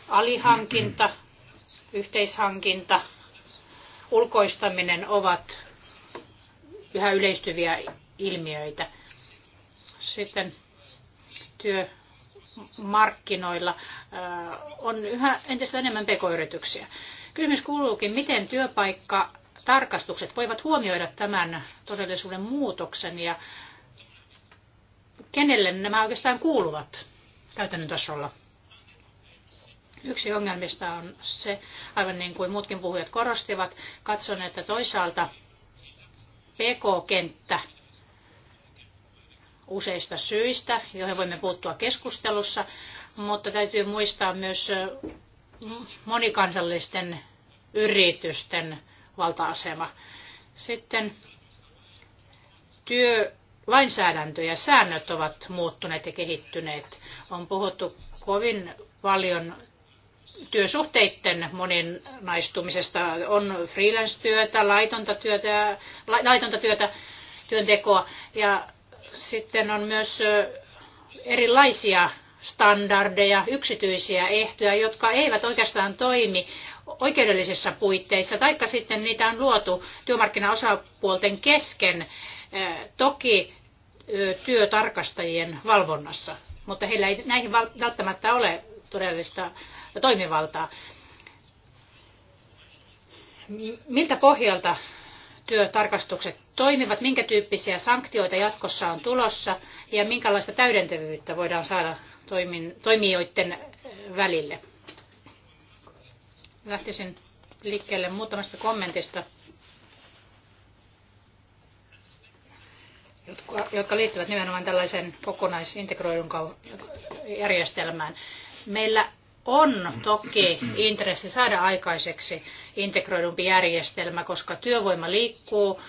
Alihankinta, yhteishankinta – ulkoistaminen ovat yhä yleistyviä ilmiöitä. Sitten työmarkkinoilla äh, on yhä entistä enemmän pk-yrityksiä. Kysymys kuuluukin, miten työpaikka tarkastukset voivat huomioida tämän todellisuuden muutoksen ja kenelle nämä oikeastaan kuuluvat käytännön tasolla? Yksi ongelmista on se, aivan niin kuin muutkin puhujat korostivat, katson, että toisaalta PK-kenttä useista syistä, joihin voimme puuttua keskustelussa, mutta täytyy muistaa myös monikansallisten yritysten valta-asema. Sitten työlainsäädäntö ja säännöt ovat muuttuneet ja kehittyneet. On puhuttu kovin paljon työsuhteiden moninaistumisesta. On freelance-työtä, laitonta työtä, laitonta työtä, työntekoa ja sitten on myös erilaisia standardeja, yksityisiä ehtoja, jotka eivät oikeastaan toimi oikeudellisissa puitteissa, taikka sitten niitä on luotu työmarkkinaosapuolten kesken, toki työtarkastajien valvonnassa, mutta heillä ei näihin välttämättä ole todellista toimivaltaa. Miltä pohjalta työtarkastukset toimivat, minkä tyyppisiä sanktioita jatkossa on tulossa ja minkälaista täydentävyyttä voidaan saada toimin, toimijoiden välille. Lähtisin liikkeelle muutamasta kommentista, jotka, jotka liittyvät nimenomaan tällaisen kokonaisintegroidun järjestelmään. Meillä on toki intressi saada aikaiseksi integroidumpi järjestelmä, koska työvoima liikkuu,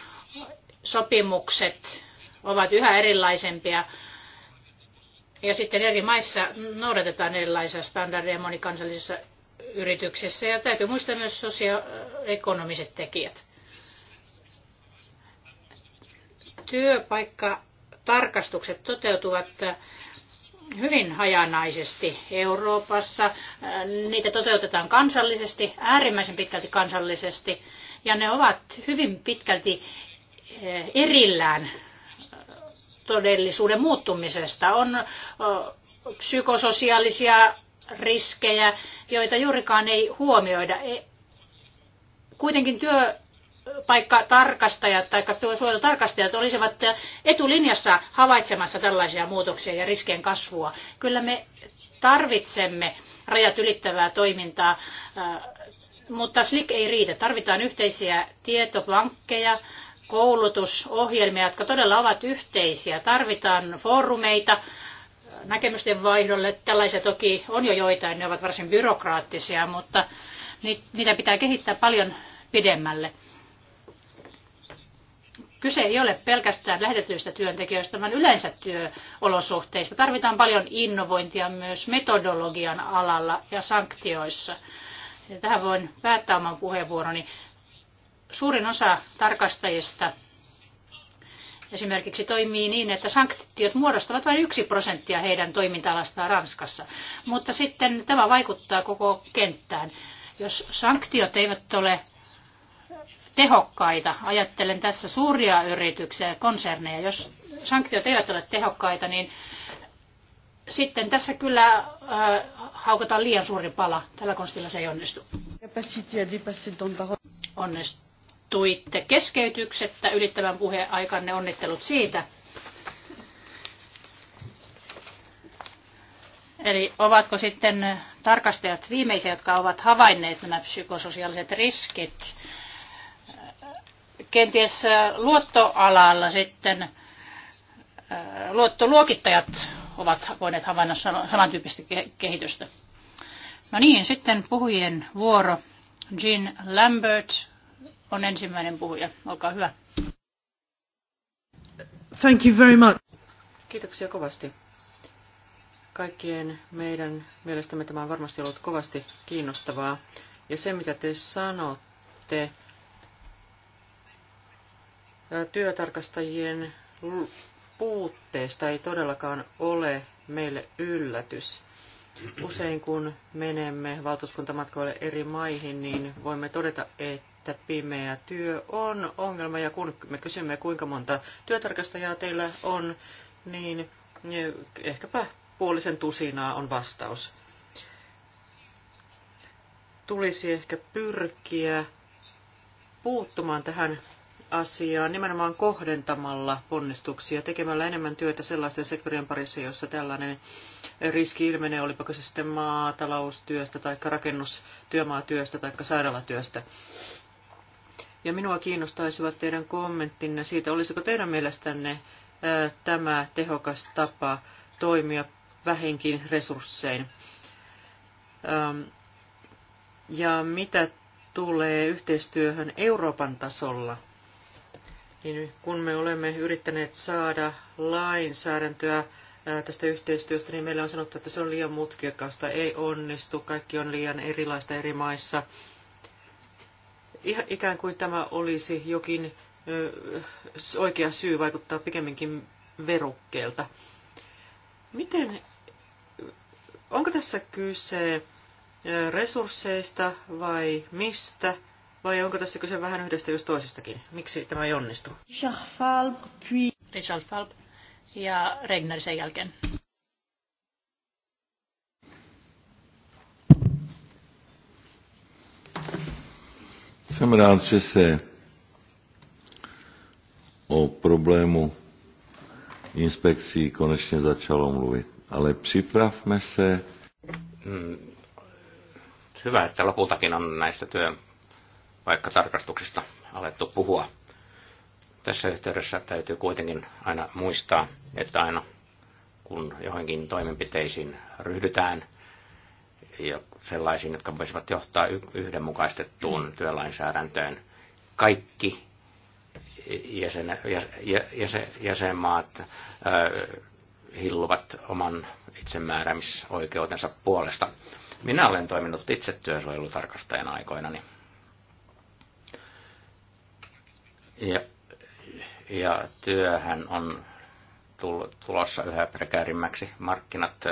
sopimukset ovat yhä erilaisempia ja sitten eri maissa noudatetaan erilaisia standardeja monikansallisissa yrityksissä ja täytyy muistaa myös sosioekonomiset tekijät. Työpaikkatarkastukset toteutuvat hyvin hajanaisesti Euroopassa. Niitä toteutetaan kansallisesti, äärimmäisen pitkälti kansallisesti, ja ne ovat hyvin pitkälti eh, erillään eh, todellisuuden muuttumisesta. On eh, psykososiaalisia riskejä, joita juurikaan ei huomioida. E, kuitenkin työ paikkatarkastajat tai suojelutarkastajat olisivat etulinjassa havaitsemassa tällaisia muutoksia ja riskien kasvua. Kyllä me tarvitsemme rajat ylittävää toimintaa, äh, mutta SLIK ei riitä. Tarvitaan yhteisiä tietopankkeja, koulutusohjelmia, jotka todella ovat yhteisiä. Tarvitaan foorumeita äh, näkemysten vaihdolle. Tällaisia toki on jo joitain, ne ovat varsin byrokraattisia, mutta niitä pitää kehittää paljon pidemmälle. Kyse ei ole pelkästään lähetetyistä työntekijöistä, vaan yleensä työolosuhteista. Tarvitaan paljon innovointia myös metodologian alalla ja sanktioissa. Ja tähän voin päättää oman puheenvuoroni. Suurin osa tarkastajista esimerkiksi toimii niin, että sanktiot muodostavat vain yksi prosenttia heidän toiminta-alastaan Ranskassa. Mutta sitten tämä vaikuttaa koko kenttään. Jos sanktiot eivät ole tehokkaita. Ajattelen tässä suuria yrityksiä ja konserneja. Jos sanktiot eivät ole tehokkaita, niin sitten tässä kyllä äh, haukataan liian suuri pala. Tällä konstilla se ei onnistu. Onnistuitte keskeytyksettä ylittävän puheaikanne. Onnittelut siitä. Eli ovatko sitten tarkastajat viimeisiä, jotka ovat havainneet nämä psykososiaaliset riskit? kenties äh, luottoalalla sitten äh, luottoluokittajat ovat voineet havainna samantyyppistä kehitystä. No niin, sitten puhujien vuoro. Jean Lambert on ensimmäinen puhuja. Olkaa hyvä. Thank you very much. Kiitoksia kovasti. Kaikkien meidän mielestämme tämä on varmasti ollut kovasti kiinnostavaa. Ja se, mitä te sanotte, työtarkastajien puutteesta ei todellakaan ole meille yllätys. Usein kun menemme valtuuskuntamatkoille eri maihin, niin voimme todeta, että pimeä työ on ongelma. Ja kun me kysymme, kuinka monta työtarkastajaa teillä on, niin e, ehkäpä puolisen tusinaa on vastaus. Tulisi ehkä pyrkiä puuttumaan tähän asiaa nimenomaan kohdentamalla ponnistuksia, tekemällä enemmän työtä sellaisten sektorien parissa, jossa tällainen riski ilmenee, olipa kyse sitten maataloustyöstä tai rakennustyömaatyöstä tai sairaalatyöstä. Ja minua kiinnostaisivat teidän kommenttinne siitä, olisiko teidän mielestänne tämä tehokas tapa toimia vähinkin resurssein. Ja mitä tulee yhteistyöhön Euroopan tasolla? niin kun me olemme yrittäneet saada lainsäädäntöä tästä yhteistyöstä, niin meillä on sanottu, että se on liian mutkikasta, ei onnistu, kaikki on liian erilaista eri maissa. Ihan ikään kuin tämä olisi jokin oikea syy vaikuttaa pikemminkin verukkeelta. Miten, onko tässä kyse resursseista vai mistä? Vai onko tässä kyse vähän yhdestä just toisestakin? Miksi tämä ei onnistu? Richard Falb, puis... Richard Falb ja Regner sen jälkeen. Jsem rád, že se o problému inspekcí konečně začalo mluvit. Ale připravme se... Hmm. Hyvä, että lopultakin on näistä työ, vaikka tarkastuksista alettu puhua. Tässä yhteydessä täytyy kuitenkin aina muistaa, että aina kun johonkin toimenpiteisiin ryhdytään, ja sellaisiin, jotka voisivat johtaa yhdenmukaistettuun mm. työlainsäädäntöön, kaikki jäsen, jäsen, jäsenmaat hilluvat oman itsemääräämisoikeutensa puolesta. Minä olen toiminut itse työsuojelutarkastajan aikoinani. Niin Ja, ja työhän on tulossa yhä prekäärimmäksi. Markkinat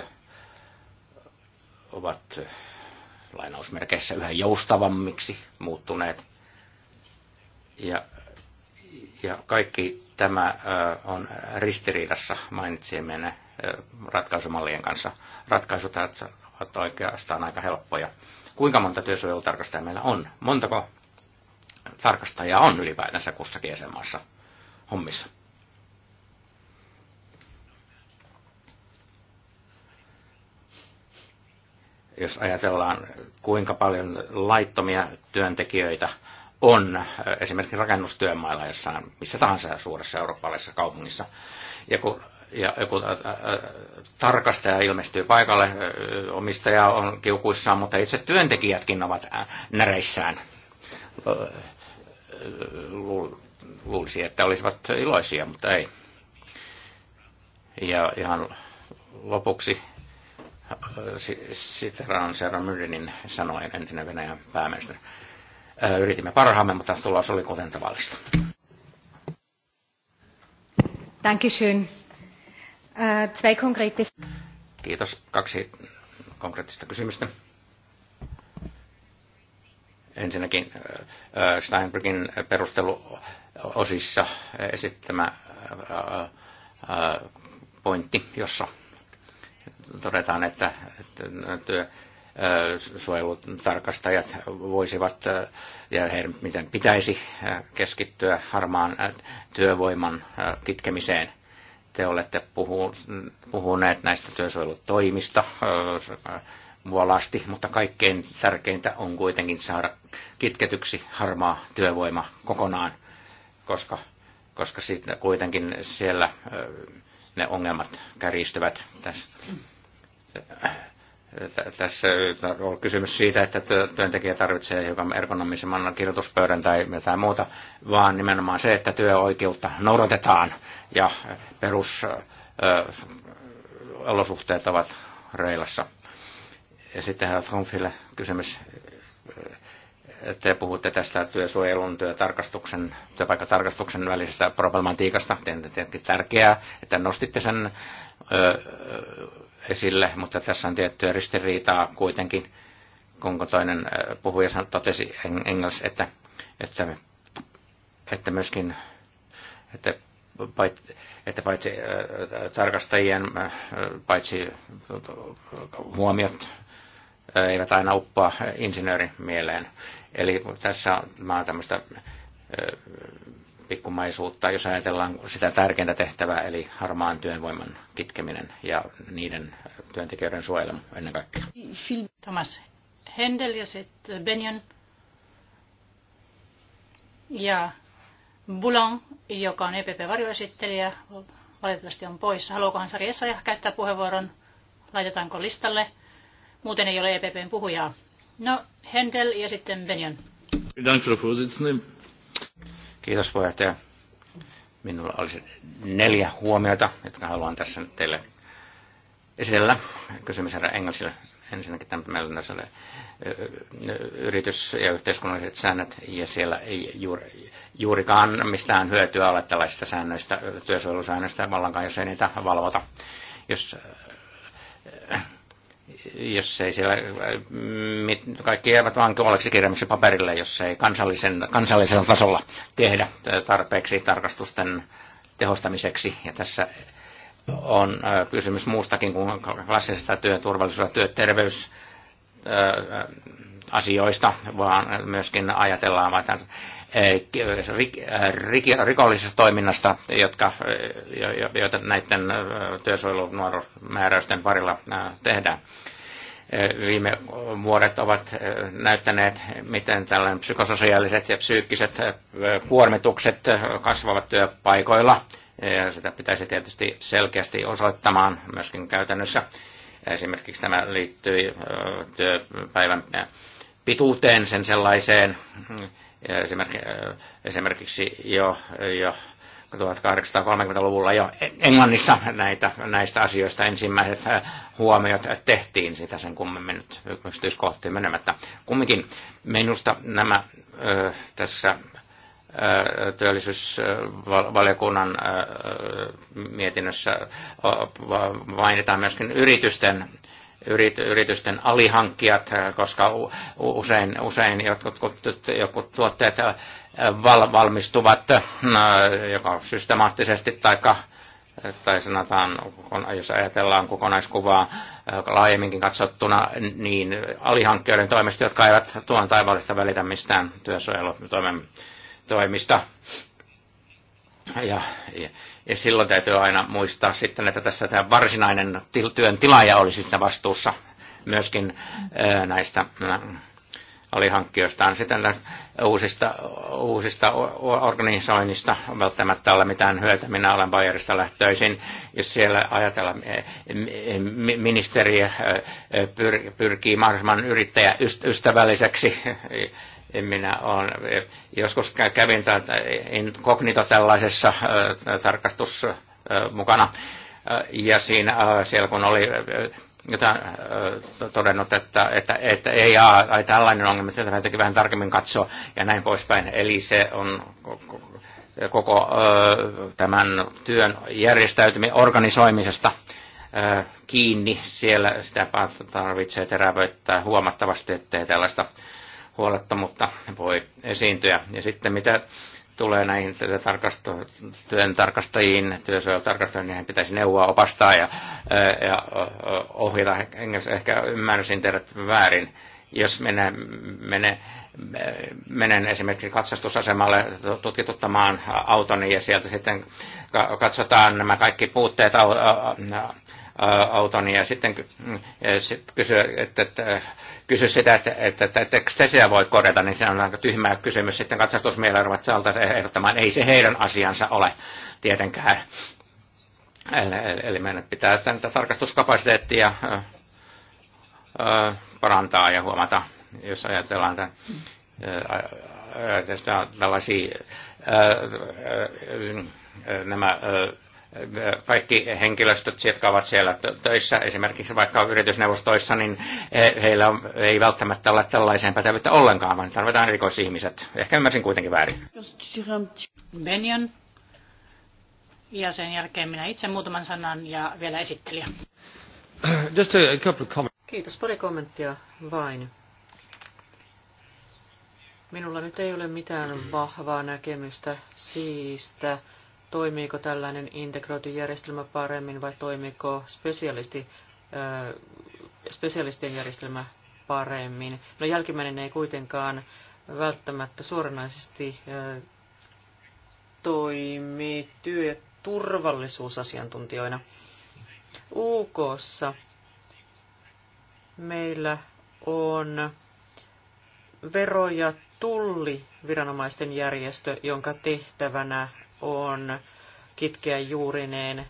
ovat lainausmerkeissä yhä joustavammiksi muuttuneet. Ja, ja kaikki tämä on ristiriidassa mainitsemienne ratkaisumallien kanssa. Ratkaisut ovat oikeastaan aika helppoja. Kuinka monta työsuojelutarkastajaa meillä on? Montako tarkastajaa on ylipäätänsä kussakin jäsenmaassa hommissa. Jos ajatellaan, kuinka paljon laittomia työntekijöitä on äh, esimerkiksi rakennustyömailla jossain missä tahansa suuressa eurooppalaisessa kaupungissa. Ja kun, ja, kun äh, äh, tarkastaja ilmestyy paikalle, omistaja on kiukuissaan, mutta itse työntekijätkin ovat näreissään – luulisi, että olisivat iloisia, mutta ei. Ja ihan lopuksi Sitran Sarah Myrdenin sanoen entinen Venäjän pääministeri. Yritimme parhaamme, mutta tulos oli kuten tavallista. Dankeschön. Zwei konkrete... Kiitos. Kaksi konkreettista kysymystä ensinnäkin Steinbergin perusteluosissa esittämä pointti, jossa todetaan, että työ, suojelutarkastajat voisivat ja heidän miten pitäisi keskittyä harmaan työvoiman kitkemiseen. Te olette puhuneet näistä työsuojelutoimista, vuolasti, mutta kaikkein tärkeintä on kuitenkin saada kitketyksi harmaa työvoima kokonaan, koska, koska sitten kuitenkin siellä ne ongelmat kärjistyvät tässä. Tässä on kysymys siitä, että työntekijä tarvitsee hiukan ergonomisemman kirjoituspöydän tai jotain muuta, vaan nimenomaan se, että työoikeutta noudatetaan ja perusolosuhteet ovat reilassa. Ja sittenhän vielä kysymys. Te puhutte tästä työsuojelun, työtarkastuksen, työpaikkatarkastuksen välisestä problematiikasta. Tietenkin tärkeää, että nostitte sen esille, mutta tässä on tiettyä ristiriitaa kuitenkin, kun toinen puhuja totesi englanniksi, että, että, että myöskin että paitsi, että paitsi tarkastajien paitsi huomiot eivät aina uppaa insinöörin mieleen. Eli tässä on tämmöistä pikkumaisuutta, jos ajatellaan sitä tärkeintä tehtävää, eli harmaan työvoiman kitkeminen ja niiden työntekijöiden suojelu ennen kaikkea. Thomas Händel ja sitten Benjon ja Boulon, joka on EPP-varjoesittelijä, valitettavasti on poissa. Haluaako Sari Essayah käyttää puheenvuoron? Laitetaanko listalle? Muuten ei ole EPPn puhujaa. No, Händel ja sitten Benjan. Kiitos puheenjohtaja. Minulla olisi neljä huomiota, jotka haluan tässä nyt teille esitellä. Kysymys herra Engelsille ensinnäkin tässä yritys- ja yhteiskunnalliset säännöt, ja siellä ei juuri, juurikaan mistään hyötyä ole tällaisista säännöistä, työsuojelusäännöistä, vallankaan jos ei niitä valvota. Jos jos ei siellä, kaikki jäävät vankilaksi kirjaimiksi paperille, jos ei kansallisen, kansallisella tasolla tehdä tarpeeksi tarkastusten tehostamiseksi. Ja tässä on kysymys muustakin kuin klassisesta työturvallisuudesta, työterveys, asioista, vaan myöskin ajatellaan rikollisesta toiminnasta, jotka, joita näiden työsuojelunuoromääräysten parilla tehdään. Viime vuodet ovat näyttäneet, miten tällainen psykososiaaliset ja psyykkiset kuormitukset kasvavat työpaikoilla. Ja sitä pitäisi tietysti selkeästi osoittamaan myöskin käytännössä. Esimerkiksi tämä liittyy työpäivän pituuteen, sen sellaiseen Äh, esimerkiksi jo, jo 1830-luvulla jo Englannissa näitä, näistä asioista ensimmäiset äh, huomiot tehtiin, sitä sen kummemmin nyt yksityiskohtiin menemättä. Kumminkin minusta nämä äh, tässä työllisyysvaliokunnan mietinnössä mainitaan myöskin yritysten yritysten alihankkijat, äh, koska usein, usein jotkut, jotkut tuotteet äh, valmistuvat äh, joko systemaattisesti tai tai sanotaan, jos ajatellaan kokonaiskuvaa laajemminkin katsottuna, niin alihankkijoiden toimesta, jotka eivät tuon taivaallista välitä mistään työsuojelutoimista. Ja, ja, ja silloin täytyy aina muistaa sitten, että tässä tämä varsinainen työn tilaaja oli sitten vastuussa myöskin näistä alihankkijoistaan. Sitten uusista, uusista organisoinnista välttämättä ole mitään hyötyä. Minä olen Bayerista lähtöisin. Jos siellä ajatella e, e, ministeriä pyrkii mahdollisimman yrittäjäystävälliseksi minä on, joskus kävin inkognito tällaisessa tarkastus mukana, ja siinä, siellä kun oli jotain todennut, että, että, että ei jaa, ai tällainen ongelma, sieltä täytyy vähän tarkemmin katsoa ja näin poispäin. Eli se on koko tämän työn järjestäytymisen organisoimisesta kiinni. Siellä sitä tarvitsee terävöittää huomattavasti, ettei tällaista huolettomuutta voi esiintyä. Ja sitten mitä tulee näihin työn tarkastajiin, työsuojelutarkastajiin, niin pitäisi neuvoa, opastaa ja, ja ohjata. Engels, ehkä ymmärsin teidät väärin. Jos menen, menen, menen esimerkiksi katsastusasemalle tutkituttamaan autoni ja sieltä sitten katsotaan nämä kaikki puutteet auton ja sitten kysy, mm, kysyä, että, että, kysy sitä, että, että, että, että että sitä voi korjata, niin se on aika tyhmä kysymys. Sitten katsastusmielellä ruvat saalta ehdottamaan, ei se heidän asiansa ole tietenkään. Eli, eli meidän pitää sen tarkastuskapasiteettia parantaa ja huomata, jos ajatellaan tämän, tästä tällaisia nämä kaikki henkilöstöt, jotka ovat siellä töissä, esimerkiksi vaikka yritysneuvostoissa, niin eh, heillä ei välttämättä ole tällaiseen pätevyyttä ollenkaan, vaan tarvitaan erikoisihmiset. Ehkä ymmärsin kuitenkin väärin. Benjon. Ja sen jälkeen minä itse muutaman sanan ja vielä esittelijä. *clears throat* Just a couple of comments. Kiitos, pari kommenttia vain. Minulla nyt ei ole mitään vahvaa näkemystä siistä toimiiko tällainen integroitu järjestelmä paremmin vai toimiiko spesialisti, äh, spesialistien järjestelmä paremmin. No jälkimmäinen ei kuitenkaan välttämättä suoranaisesti äh, toimi työ- ja turvallisuusasiantuntijoina. UKssa meillä on vero- ja tulliviranomaisten järjestö, jonka tehtävänä on kitkeä juurineen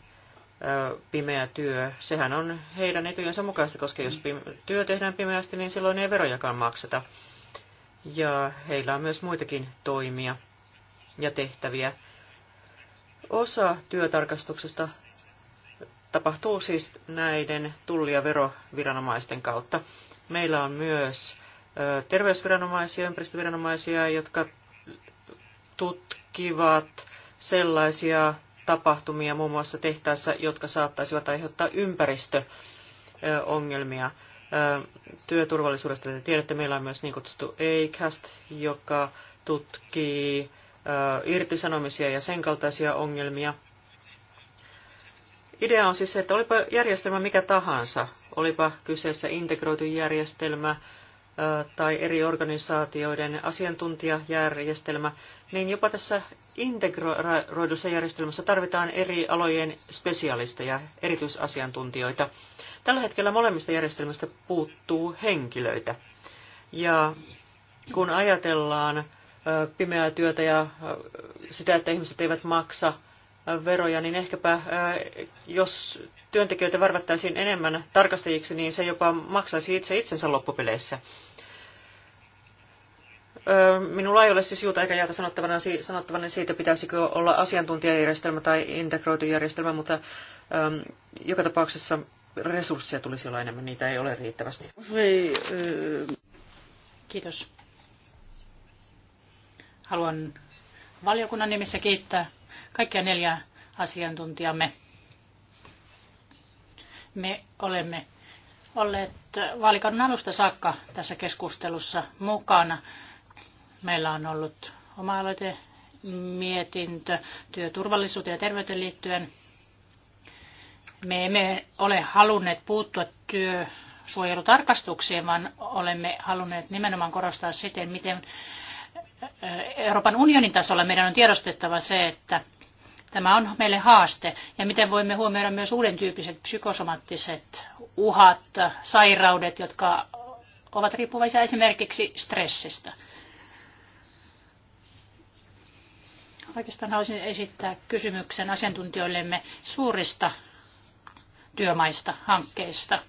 pimeä työ. Sehän on heidän etujensa mukaista, koska jos työ tehdään pimeästi, niin silloin ei verojakaan makseta. Ja heillä on myös muitakin toimia ja tehtäviä. Osa työtarkastuksesta tapahtuu siis näiden tulli- ja veroviranomaisten kautta. Meillä on myös terveysviranomaisia, ympäristöviranomaisia, jotka tutkivat sellaisia tapahtumia muun muassa tehtaassa, jotka saattaisivat aiheuttaa ympäristöongelmia. Työturvallisuudesta te tiedätte, meillä on myös niin kutsuttu ACAST, joka tutkii irtisanomisia ja sen kaltaisia ongelmia. Idea on siis se, että olipa järjestelmä mikä tahansa, olipa kyseessä integroitu järjestelmä, tai eri organisaatioiden asiantuntijajärjestelmä, niin jopa tässä integroidussa järjestelmässä tarvitaan eri alojen spesialisteja, erityisasiantuntijoita. Tällä hetkellä molemmista järjestelmistä puuttuu henkilöitä. Ja kun ajatellaan pimeää työtä ja sitä, että ihmiset eivät maksa veroja, niin ehkäpä äh, jos työntekijöitä värvättäisiin enemmän tarkastajiksi, niin se jopa maksaisi itse itsensä loppupeleissä. Minulla ei ole siis juuta eikä jäätä sanottavana, sanottavana siitä, pitäisikö olla asiantuntijajärjestelmä tai integroitu järjestelmä, mutta ähm, joka tapauksessa resursseja tulisi olla enemmän, niitä ei ole riittävästi. Kiitos. Haluan valiokunnan nimissä kiittää kaikkia neljä asiantuntijamme. Me olemme olleet vaalikauden alusta saakka tässä keskustelussa mukana. Meillä on ollut oma aloite mietintö työturvallisuuteen ja terveyteen liittyen. Me emme ole halunneet puuttua työsuojelutarkastuksiin, vaan olemme halunneet nimenomaan korostaa siten, miten Euroopan unionin tasolla meidän on tiedostettava se, että Tämä on meille haaste. Ja miten voimme huomioida myös uuden tyyppiset psykosomaattiset uhat, sairaudet, jotka ovat riippuvaisia esimerkiksi stressistä. Oikeastaan haluaisin esittää kysymyksen asiantuntijoillemme suurista työmaista, hankkeista.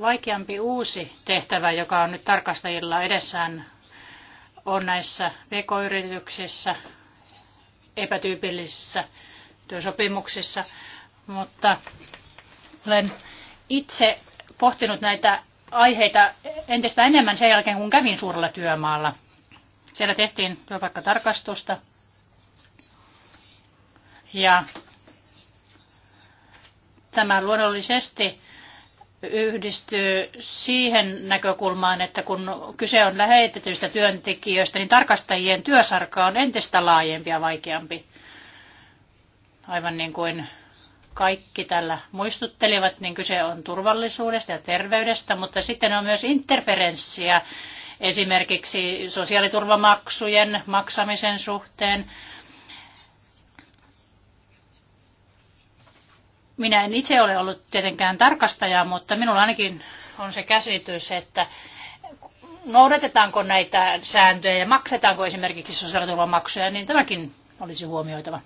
Vaikeampi uusi tehtävä, joka on nyt tarkastajilla edessään, on näissä vk yrityksissä epätyypillisissä työsopimuksissa, mutta olen itse pohtinut näitä aiheita entistä enemmän sen jälkeen, kun kävin suurella työmaalla. Siellä tehtiin työpaikkatarkastusta ja tämä luonnollisesti yhdistyy siihen näkökulmaan, että kun kyse on lähetetyistä työntekijöistä, niin tarkastajien työsarka on entistä laajempi ja vaikeampi. Aivan niin kuin kaikki tällä muistuttelivat, niin kyse on turvallisuudesta ja terveydestä, mutta sitten on myös interferenssiä esimerkiksi sosiaaliturvamaksujen maksamisen suhteen, Minä en itse ole ollut tietenkään tarkastaja, mutta minulla ainakin on se käsitys, että noudatetaanko näitä sääntöjä ja maksetaanko esimerkiksi sosiaaliturvamaksuja, niin tämäkin olisi huomioitava.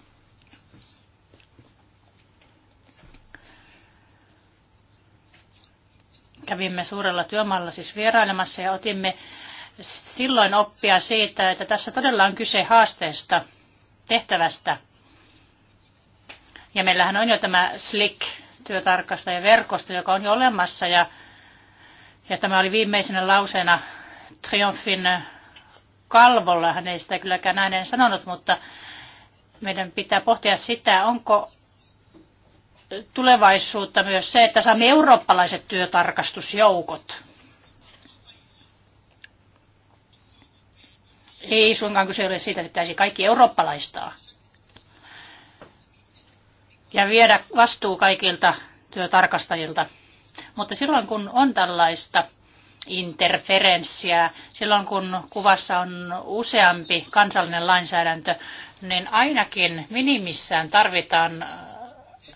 Kävimme suurella työmaalla siis vierailemassa ja otimme silloin oppia siitä, että tässä todella on kyse haasteesta, tehtävästä – ja meillähän on jo tämä Slick työtarkastajaverkosto, joka on jo olemassa ja, ja tämä oli viimeisenä lauseena Triumfin kalvolla. Hän ei sitä kylläkään ääneen sanonut, mutta meidän pitää pohtia sitä, onko tulevaisuutta myös se, että saamme eurooppalaiset työtarkastusjoukot. Ei suinkaan kyse ole siitä, että pitäisi kaikki eurooppalaistaa ja viedä vastuu kaikilta työtarkastajilta. Mutta silloin kun on tällaista interferenssiä, silloin kun kuvassa on useampi kansallinen lainsäädäntö, niin ainakin minimissään tarvitaan äh,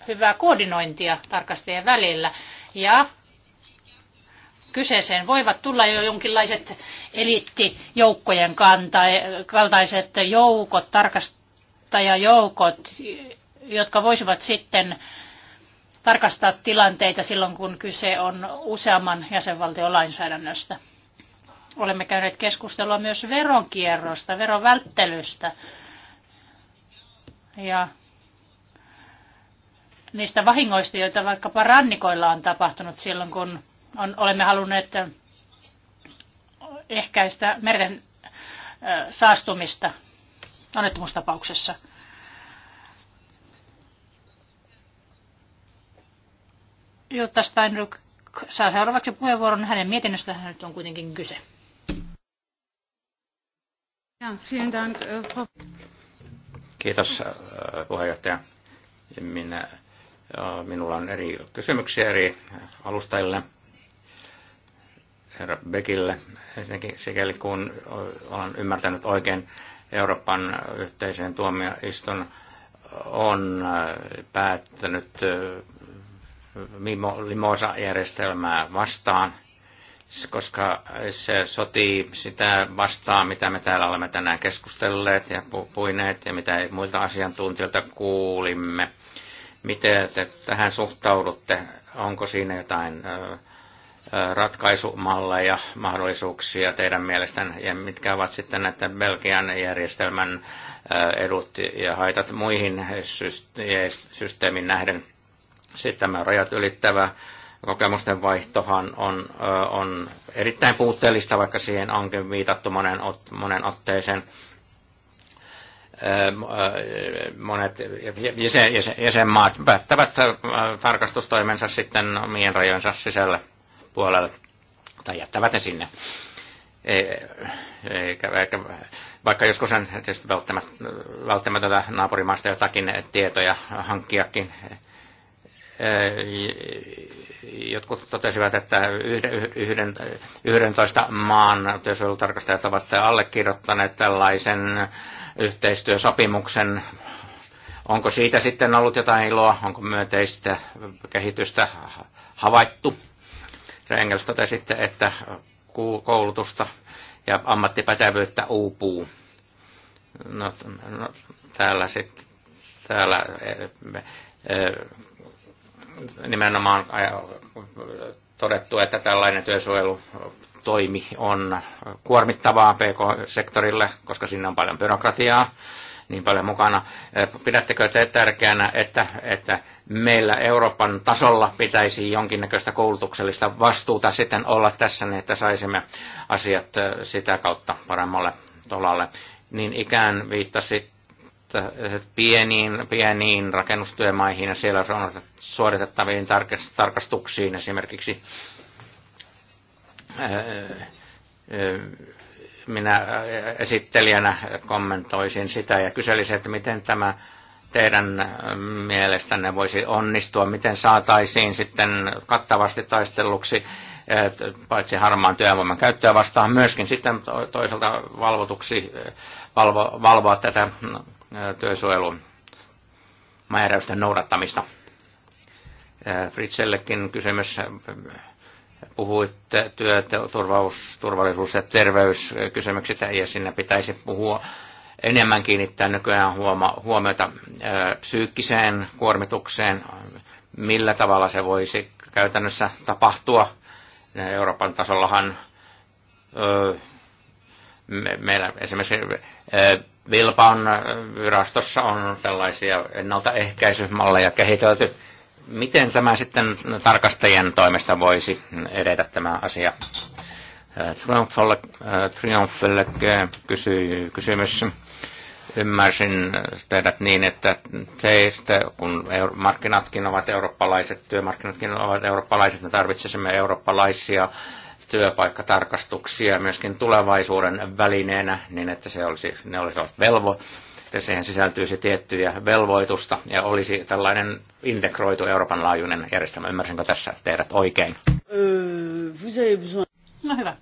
hyvää koordinointia tarkastajien välillä. Ja kyseeseen voivat tulla jo jonkinlaiset eliittijoukkojen kaltaiset joukot, tarkastajajoukot, jotka voisivat sitten tarkastaa tilanteita silloin, kun kyse on useamman jäsenvaltion lainsäädännöstä. Olemme käyneet keskustelua myös veronkierrosta, verovälttelystä ja niistä vahingoista, joita vaikkapa rannikoilla on tapahtunut silloin, kun on, olemme halunneet ehkäistä merten saastumista onnettomuustapauksessa. Jutta Steinruck saa seuraavaksi puheenvuoron. Hänen mietinnöstään nyt on kuitenkin kyse. Äh, Kiitos äh, puheenjohtaja. Minä, äh, minulla on eri kysymyksiä eri alustajille. Herra Bekille, ensinnäkin sikäli kun olen ymmärtänyt oikein, Euroopan yhteiseen tuomioistuin on päättänyt limosa-järjestelmää vastaan, koska se sotii sitä vastaan, mitä me täällä olemme tänään keskustelleet ja puineet ja mitä muilta asiantuntijoilta kuulimme. Miten te tähän suhtaudutte? Onko siinä jotain ratkaisumalleja, mahdollisuuksia teidän mielestänne ja mitkä ovat sitten näiden Belgian järjestelmän edut ja haitat muihin systeemin nähden? Sitten tämä rajat ylittävä kokemusten vaihtohan on, on erittäin puutteellista, vaikka siihen onkin viitattu monen, monen otteeseen. Monet jäsen, jäsenmaat päättävät tarkastustoimensa sitten omien rajojensa sisällä puolelle, tai jättävät ne sinne. E-, eikä, eikä, vaikka joskus on tietysti välttämätöntä naapurimaasta jotakin tietoja hankkiakin, jotkut totesivat, että yhden, toista maan työsuojelutarkastajat ovat allekirjoittaneet tällaisen yhteistyösopimuksen. Onko siitä sitten ollut jotain iloa? Onko myönteistä kehitystä havaittu? Engels totesitte, että koulutusta ja ammattipätevyyttä uupuu. No, no täällä sitten täällä e, e, nimenomaan äh, todettu, että tällainen työsuojelu toimi on kuormittavaa PK-sektorille, koska sinne on paljon byrokratiaa, niin paljon mukana. Äh, pidättekö te tärkeänä, että, että meillä Euroopan tasolla pitäisi jonkinnäköistä koulutuksellista vastuuta sitten olla tässä, niin että saisimme asiat äh, sitä kautta paremmalle tolalle? Niin ikään viittasi pieniin, pieniin rakennustyömaihin ja siellä suoritettaviin tarkastuksiin esimerkiksi. Minä esittelijänä kommentoisin sitä ja kyselisin, että miten tämä teidän mielestänne voisi onnistua, miten saataisiin sitten kattavasti taisteluksi paitsi harmaan työvoiman käyttöä vastaan, myöskin sitten toisaalta valvotuksi valvo, valvoa tätä no, työsuojelun määräysten noudattamista. Fritsellekin kysymys puhuitte työ, turvallisuus, turvallisuus ja terveyskysymykset, ja sinne pitäisi puhua enemmän kiinnittää nykyään huoma, huomiota psyykkiseen kuormitukseen, millä tavalla se voisi käytännössä tapahtua. Euroopan tasollahan ö, me, meillä esimerkiksi ö, Vilpaan virastossa on sellaisia ennaltaehkäisymalleja kehitelty. Miten tämä sitten tarkastajien toimesta voisi edetä tämä asia? Triumphalle kysy, kysymys. Ymmärsin teidät niin, että teistä, kun markkinatkin ovat eurooppalaiset, työmarkkinatkin ovat eurooppalaiset, me tarvitsisimme eurooppalaisia työpaikkatarkastuksia myöskin tulevaisuuden välineenä, niin että se olisi, ne olisivat velvo, että siihen sisältyisi tiettyjä velvoitusta ja olisi tällainen integroitu Euroopan laajuinen järjestelmä. Ymmärsinkö tässä teidät oikein? No hyvä.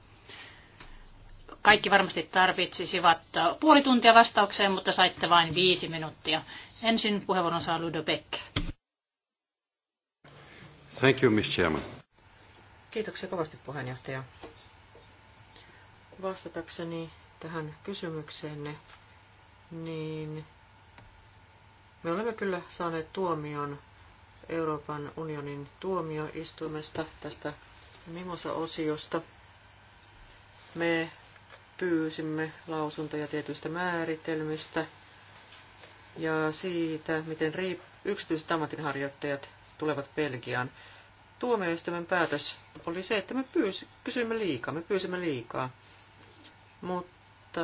Kaikki varmasti tarvitsisivat puoli tuntia vastaukseen, mutta saitte vain viisi minuuttia. Ensin puheenvuoron saa Ludo Beck. Thank you, Mr. Chairman. Kiitoksia kovasti puheenjohtaja. Vastatakseni tähän kysymykseenne, niin me olemme kyllä saaneet tuomion Euroopan unionin tuomioistuimesta tästä Mimosa-osiosta. Me pyysimme lausuntoja tietyistä määritelmistä ja siitä, miten riip- yksityiset ammatinharjoittajat tulevat Belgiaan tuomioistuimen päätös oli se, että me pyysi, kysyimme liikaa, me pyysimme liikaa. Mutta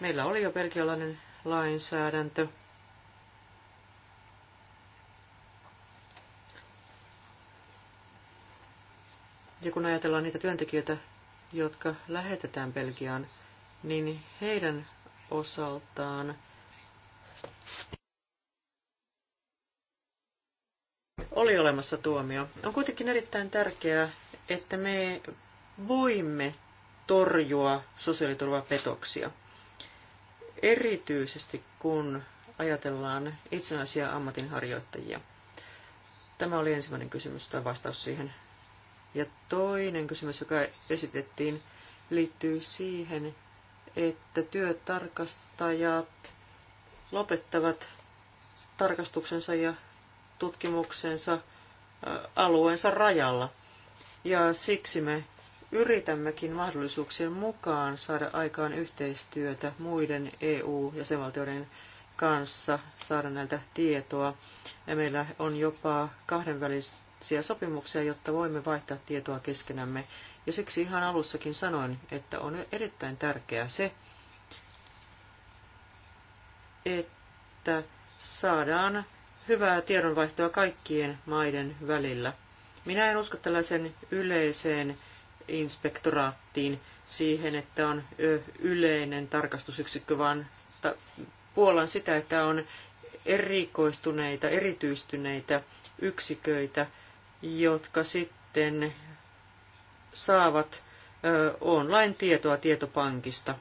meillä oli jo belgialainen lainsäädäntö. Ja kun ajatellaan niitä työntekijöitä, jotka lähetetään Belgiaan, niin heidän osaltaan oli olemassa tuomio. On kuitenkin erittäin tärkeää, että me voimme torjua sosiaaliturvapetoksia. Erityisesti kun ajatellaan itsenäisiä ammatinharjoittajia. Tämä oli ensimmäinen kysymys tai vastaus siihen. Ja toinen kysymys, joka esitettiin, liittyy siihen, että työtarkastajat lopettavat tarkastuksensa ja tutkimuksensa alueensa rajalla. Ja siksi me yritämmekin mahdollisuuksien mukaan saada aikaan yhteistyötä muiden EU-jäsenvaltioiden kanssa, saada näiltä tietoa. Ja meillä on jopa kahdenvälisiä sopimuksia, jotta voimme vaihtaa tietoa keskenämme. Ja siksi ihan alussakin sanoin, että on erittäin tärkeää se, että saadaan hyvää tiedonvaihtoa kaikkien maiden välillä. Minä en usko tällaisen yleiseen inspektoraattiin siihen, että on yleinen tarkastusyksikkö, vaan puolan sitä, että on erikoistuneita, erityistyneitä yksiköitä, jotka sitten saavat online tietoa tietopankista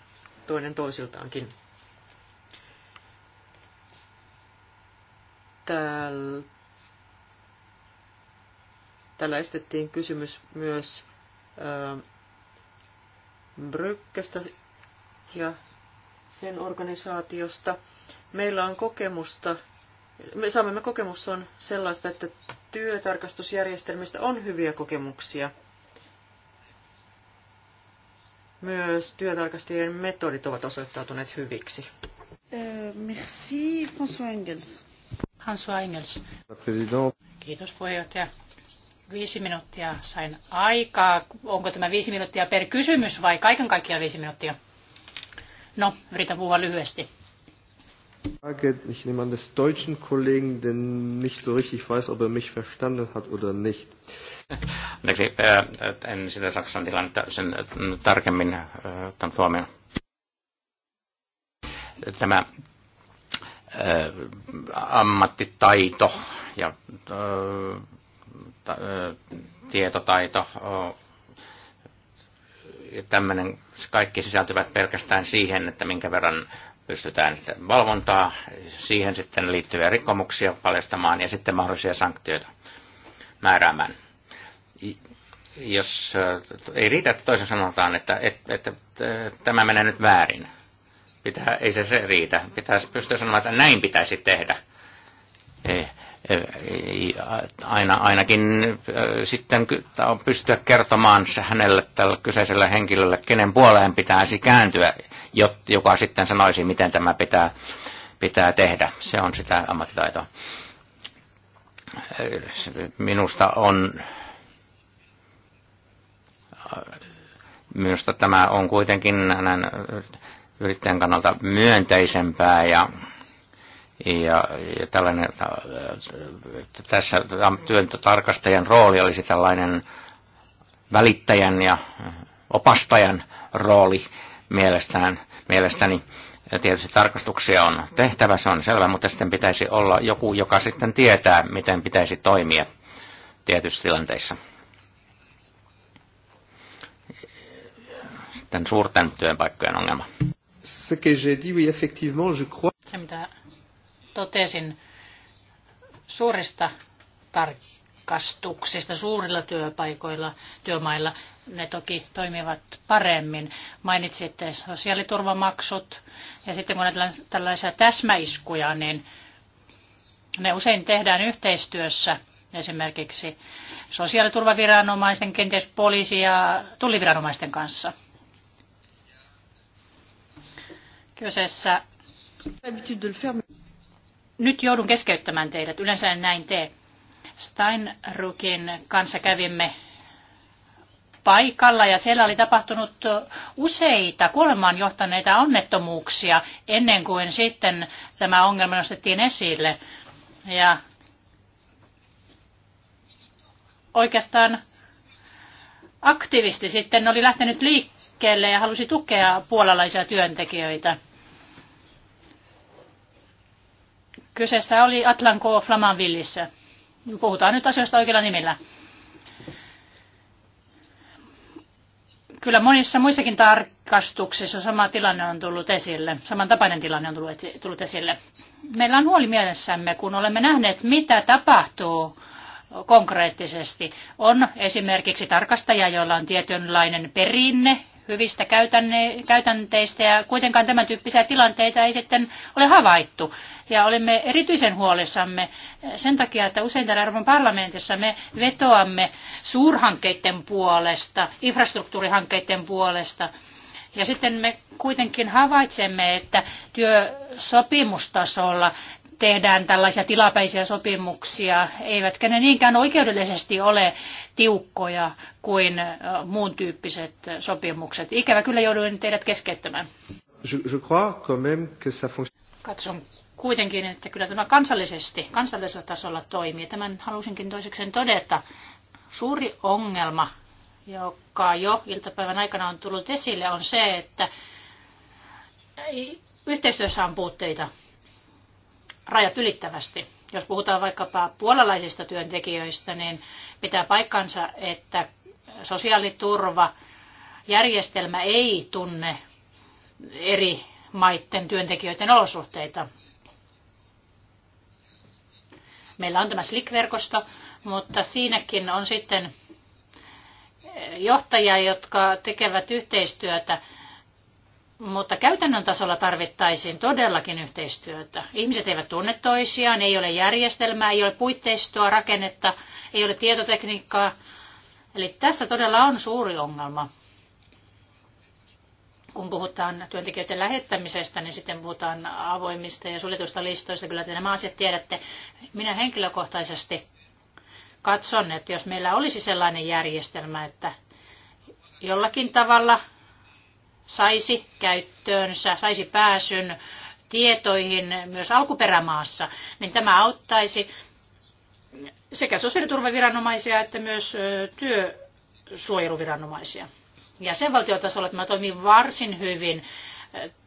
toinen toisiltaankin. Täällä, täällä estettiin kysymys myös Brykkästä ja sen organisaatiosta. Meillä on kokemusta, me saamamme kokemus on sellaista, että työtarkastusjärjestelmistä on hyviä kokemuksia. Myös työtarkastajien metodit ovat osoittautuneet hyviksi. Merci, François Engels. Hansu Engels. Kiitos puheenjohtaja. Viisi minuuttia sain aikaa. Onko tämä viisi minuuttia per kysymys vai kaiken kaikkiaan viisi minuuttia? No, yritän puhua lyhyesti. ich nehme an, des deutschen Kollegen, den nicht so richtig weiß, ob er mich verstanden hat oder nicht. Anteeksi, äh, en sitä Saksan tilannetta sen äh, tarkemmin äh, tämän Suomen. Tämä Äh, ammattitaito ja äh, äh, tietotaito ja tämmöinen, kaikki sisältyvät pelkästään siihen, että minkä verran pystytään valvontaa, siihen sitten liittyviä rikkomuksia paljastamaan ja sitten mahdollisia sanktioita määräämään. Jos ei riitä, että toisen sanotaan, että, että, että, että tämä menee nyt väärin, Pitää, ei se, se riitä. Pitäisi pystyä sanomaan, että näin pitäisi tehdä. E, e, aina, ainakin äh, sitten on pystyä kertomaan se hänelle tällä kyseisellä henkilölle, kenen puoleen pitäisi kääntyä, joka sitten sanoisi, miten tämä pitää, pitää tehdä. Se on sitä ammattitaitoa. Minusta on minusta tämä on kuitenkin näin yrittäjän kannalta myönteisempää ja ja, ja tällainen, tässä työn tarkastajan rooli olisi tällainen välittäjän ja opastajan rooli mielestään, mielestäni. Ja tietysti tarkastuksia on tehtävä, se on selvä, mutta sitten pitäisi olla joku, joka sitten tietää, miten pitäisi toimia tietyissä tilanteissa. Sitten suurten työpaikkojen ongelma ce que j'ai dit, oui, effectivement, je crois. Se, mitä totesin suurista tarkastuksista suurilla työpaikoilla, työmailla, ne toki toimivat paremmin. Mainitsitte sosiaaliturvamaksut ja sitten kun on tällaisia täsmäiskuja, niin ne usein tehdään yhteistyössä esimerkiksi sosiaaliturvaviranomaisten, kenties poliisi- ja tulliviranomaisten kanssa. Kyseessä... Nyt joudun keskeyttämään teidät, yleensä en näin tee. Steinrukin kanssa kävimme paikalla ja siellä oli tapahtunut useita kuolemaan johtaneita onnettomuuksia ennen kuin sitten tämä ongelma nostettiin esille. Ja oikeastaan aktivisti sitten oli lähtenyt liikkeelle ja halusi tukea puolalaisia työntekijöitä. Kyseessä oli Atlanko Flamanvillissä. Puhutaan nyt asioista oikealla nimillä. Kyllä monissa muissakin tarkastuksissa sama tilanne on tullut esille, samantapainen tilanne on tullut esille. Meillä on huoli mielessämme, kun olemme nähneet, mitä tapahtuu konkreettisesti. On esimerkiksi tarkastaja, jolla on tietynlainen perinne hyvistä käytänteistä ja kuitenkaan tämän tyyppisiä tilanteita ei sitten ole havaittu. Ja olemme erityisen huolissamme sen takia, että usein täällä Euroopan parlamentissa me vetoamme suurhankkeiden puolesta, infrastruktuurihankkeiden puolesta. Ja sitten me kuitenkin havaitsemme, että työsopimustasolla tehdään tällaisia tilapäisiä sopimuksia, eivätkä ne niinkään oikeudellisesti ole tiukkoja kuin muun tyyppiset sopimukset. Ikävä kyllä jouduin teidät keskeyttämään. Katson kuitenkin, että kyllä tämä kansallisesti, kansallisella tasolla toimii. Tämän halusinkin toiseksi todeta. Suuri ongelma, joka jo iltapäivän aikana on tullut esille, on se, että yhteistyössä on puutteita rajat ylittävästi. Jos puhutaan vaikkapa puolalaisista työntekijöistä, niin pitää paikkansa, että sosiaaliturva järjestelmä ei tunne eri maiden työntekijöiden olosuhteita. Meillä on tämä Slick-verkosto, mutta siinäkin on sitten johtajia, jotka tekevät yhteistyötä mutta käytännön tasolla tarvittaisiin todellakin yhteistyötä. Ihmiset eivät tunne toisiaan, ei ole järjestelmää, ei ole puitteistoa, rakennetta, ei ole tietotekniikkaa. Eli tässä todella on suuri ongelma. Kun puhutaan työntekijöiden lähettämisestä, niin sitten puhutaan avoimista ja suljetuista listoista. Kyllä te nämä asiat tiedätte. Minä henkilökohtaisesti katson, että jos meillä olisi sellainen järjestelmä, että jollakin tavalla saisi käyttöönsä, saisi pääsyn tietoihin myös alkuperämaassa, niin tämä auttaisi sekä sosiaaliturvaviranomaisia että myös työsuojeluviranomaisia. Ja sen valtiotasolla tämä toimii varsin hyvin.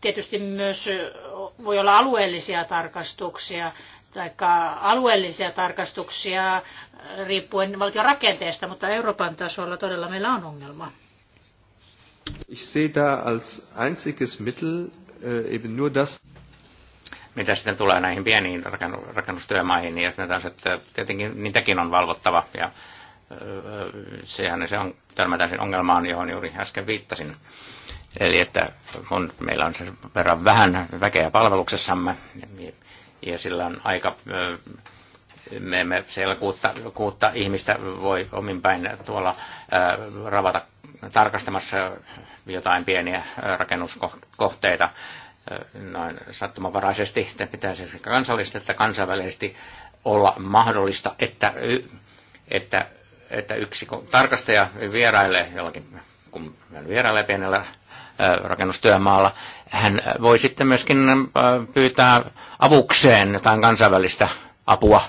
Tietysti myös voi olla alueellisia tarkastuksia tai alueellisia tarkastuksia riippuen valtion rakenteesta, mutta Euroopan tasolla todella meillä on ongelma. Ich sehe da als einziges Mittel äh, eben nur das. Mitä sitten tulee näihin pieniin rakennustyömaihin, niin sanotaan, että äh, tietenkin niitäkin on valvottava ja äh, sehän se on törmätäisin ongelmaan, johon juuri äsken viittasin. Eli että kun meillä on sen verran vähän väkeä palveluksessamme niin, ja sillä on aika, äh, me emme siellä kuutta, kuutta ihmistä voi omin päin tuolla ravata tarkastamassa jotain pieniä rakennuskohteita noin sattumavaraisesti, että pitäisi sekä kansallisesti että kansainvälisesti olla mahdollista, että, että, että yksi tarkastaja vierailee jollakin, kun hän vierailee pienellä rakennustyömaalla, hän voi sitten myöskin pyytää avukseen jotain kansainvälistä apua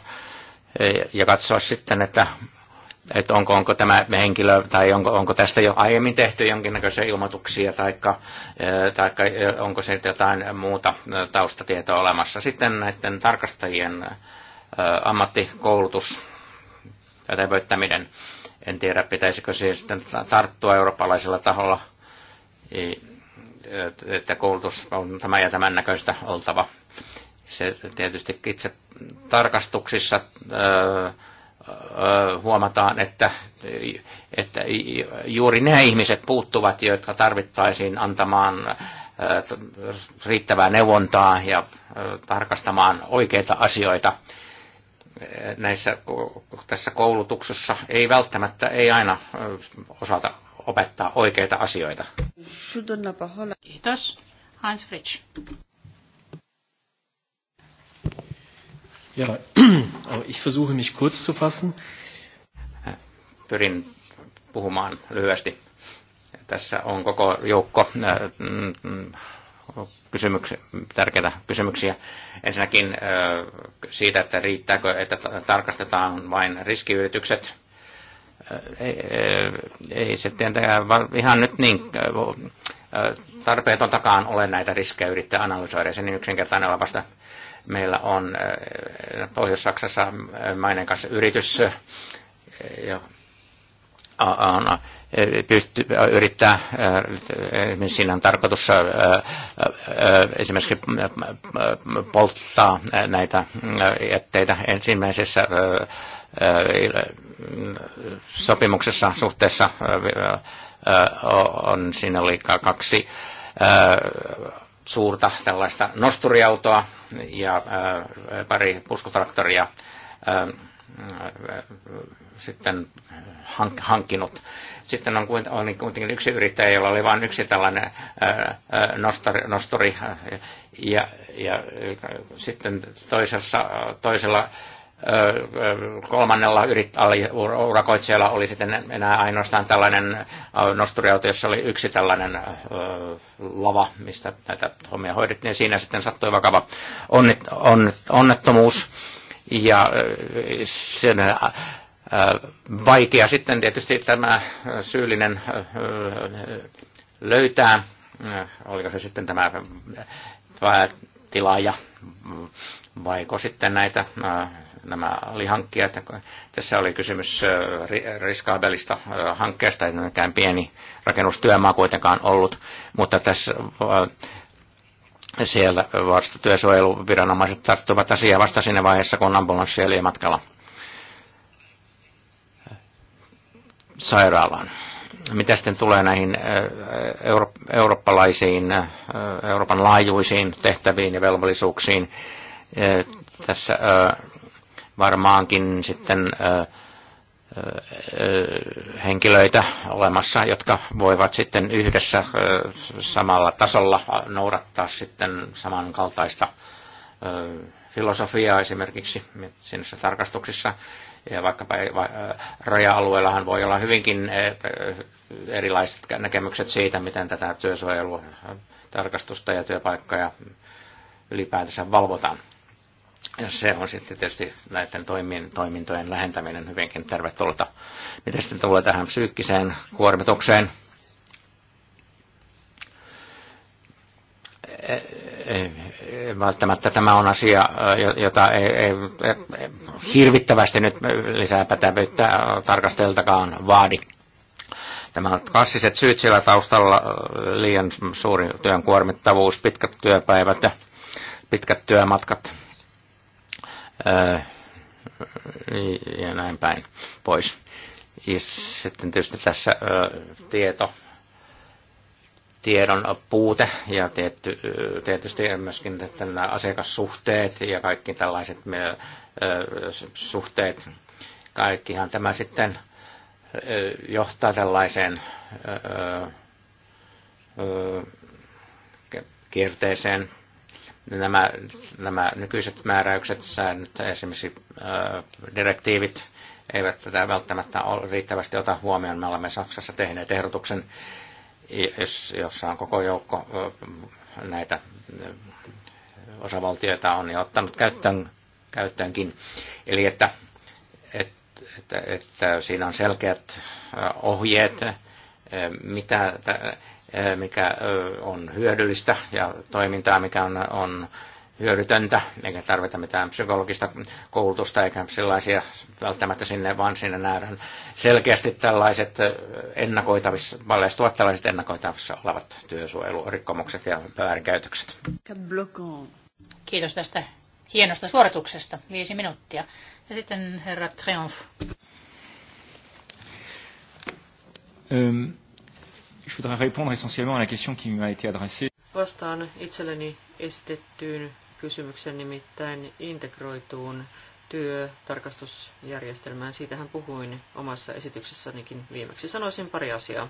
e, ja katsoa sitten, että että onko, onko tämä henkilö tai onko, onko tästä jo aiemmin tehty jonkinnäköisiä ilmoituksia tai onko se jotain muuta taustatietoa olemassa. Sitten näiden tarkastajien ammattikoulutus ja tepöttäminen. En tiedä, pitäisikö siihen sitten tarttua eurooppalaisella taholla, että koulutus on tämä ja tämän näköistä oltava. Se tietysti itse tarkastuksissa huomataan, että, että juuri ne ihmiset puuttuvat, jotka tarvittaisiin antamaan riittävää neuvontaa ja tarkastamaan oikeita asioita näissä, tässä koulutuksessa ei välttämättä, ei aina osata opettaa oikeita asioita. Kiitos. Hans Fritsch. Ja, *clears throat* ich versuche mich kurz zu fassen. Pyrin puhumaan lyhyesti. Tässä on koko joukko äh, kysymyksiä, tärkeitä kysymyksiä. Ensinnäkin äh, siitä, että riittääkö, että tarkastetaan vain riskiyritykset. Äh, ei, ei se tietenkään ihan nyt niin tarpeetontakaan ole näitä riskejä yrittää analysoida. Se niin yksinkertainen olla vasta Meillä on äh, Pohjois-Saksassa äh, kanssa yritys, äh, on, pysty, yrittää, niin siinä on tarkoitus esimerkiksi polttaa näitä jätteitä ensimmäisessä sopimuksessa suhteessa on, siinä oli kaksi suurta tällaista nosturiautoa ja äh, pari puskutraktoria äh, äh, sitten hankkinut. Sitten on kuitenkin yksi yrittäjä, jolla oli vain yksi tällainen nostari, nosturi ja, ja sitten toisessa, toisella kolmannella urakoitsijalla oli sitten enää ainoastaan tällainen nosturiauto, jossa oli yksi tällainen lava, mistä näitä hommia hoidettiin. Siinä sitten sattui vakava onnettomuus ja sen vaikea sitten tietysti tämä syyllinen löytää, oliko se sitten tämä tilaaja vaiko sitten näitä nämä oli hankkijat. Tässä oli kysymys riskaabelista hankkeesta, ei mikään pieni rakennustyömaa kuitenkaan ollut, mutta tässä siellä vasta työsuojeluviranomaiset tarttuvat asiaan vasta siinä vaiheessa, kun ambulanssi oli matkalla sairaalaan. Mitä sitten tulee näihin euro- eurooppalaisiin, Euroopan laajuisiin tehtäviin ja velvollisuuksiin, tässä varmaankin sitten henkilöitä olemassa, jotka voivat sitten yhdessä samalla tasolla noudattaa sitten samankaltaista filosofiaa esimerkiksi sinne tarkastuksissa. Ja vaikkapa e, raja-alueellahan voi olla hyvinkin e, erilaiset näkemykset siitä, miten tätä työsuojelua, tarkastusta ja työpaikkoja ylipäätänsä valvotaan. Ja se on sitten tietysti näiden toimien, toimintojen lähentäminen hyvinkin tervetulta. Miten sitten tulee tähän psyykkiseen kuormitukseen? välttämättä tämä on asia, jota ei, ei, ei hirvittävästi nyt lisää pätevyyttä tarkasteltakaan vaadi. Tämä on klassiset syyt siellä taustalla, liian suuri työn kuormittavuus, pitkät työpäivät ja pitkät työmatkat ja näin päin pois. Ja sitten tietysti tässä tieto, tiedon puute ja tietty, tietysti myöskin nämä asiakassuhteet ja kaikki tällaiset suhteet, kaikkihan tämä sitten johtaa tällaiseen kierteeseen, nämä, nämä nykyiset määräykset, säännöt, esimerkiksi direktiivit, eivät tätä välttämättä ole riittävästi ota huomioon. Me olemme Saksassa tehneet ehdotuksen, jossa on koko joukko näitä osavaltioita on jo ottanut käyttöön, käyttöönkin. Eli että, että, että, että siinä on selkeät ohjeet, mitä Eh, mikä on hyödyllistä ja toimintaa, mikä on, on hyödytöntä, eikä tarvita mitään psykologista koulutusta eikä sellaisia välttämättä sinne, vaan sinne nähdään selkeästi tällaiset ennakoitavissa, paljastuvat tällaiset ennakoitavissa olevat työsuojelurikkomukset ja väärinkäytökset. Kiitos tästä hienosta suorituksesta. Viisi minuuttia. Ja sitten herra Triumph. Um. Je voudrais répondre essentiellement à la question qui m'a été adressée. Vastaan itselleni esitettyyn kysymyksen nimittäin integroituun työtarkastusjärjestelmään. Siitähän puhuin omassa esityksessänikin viimeksi. Sanoisin pari asiaa.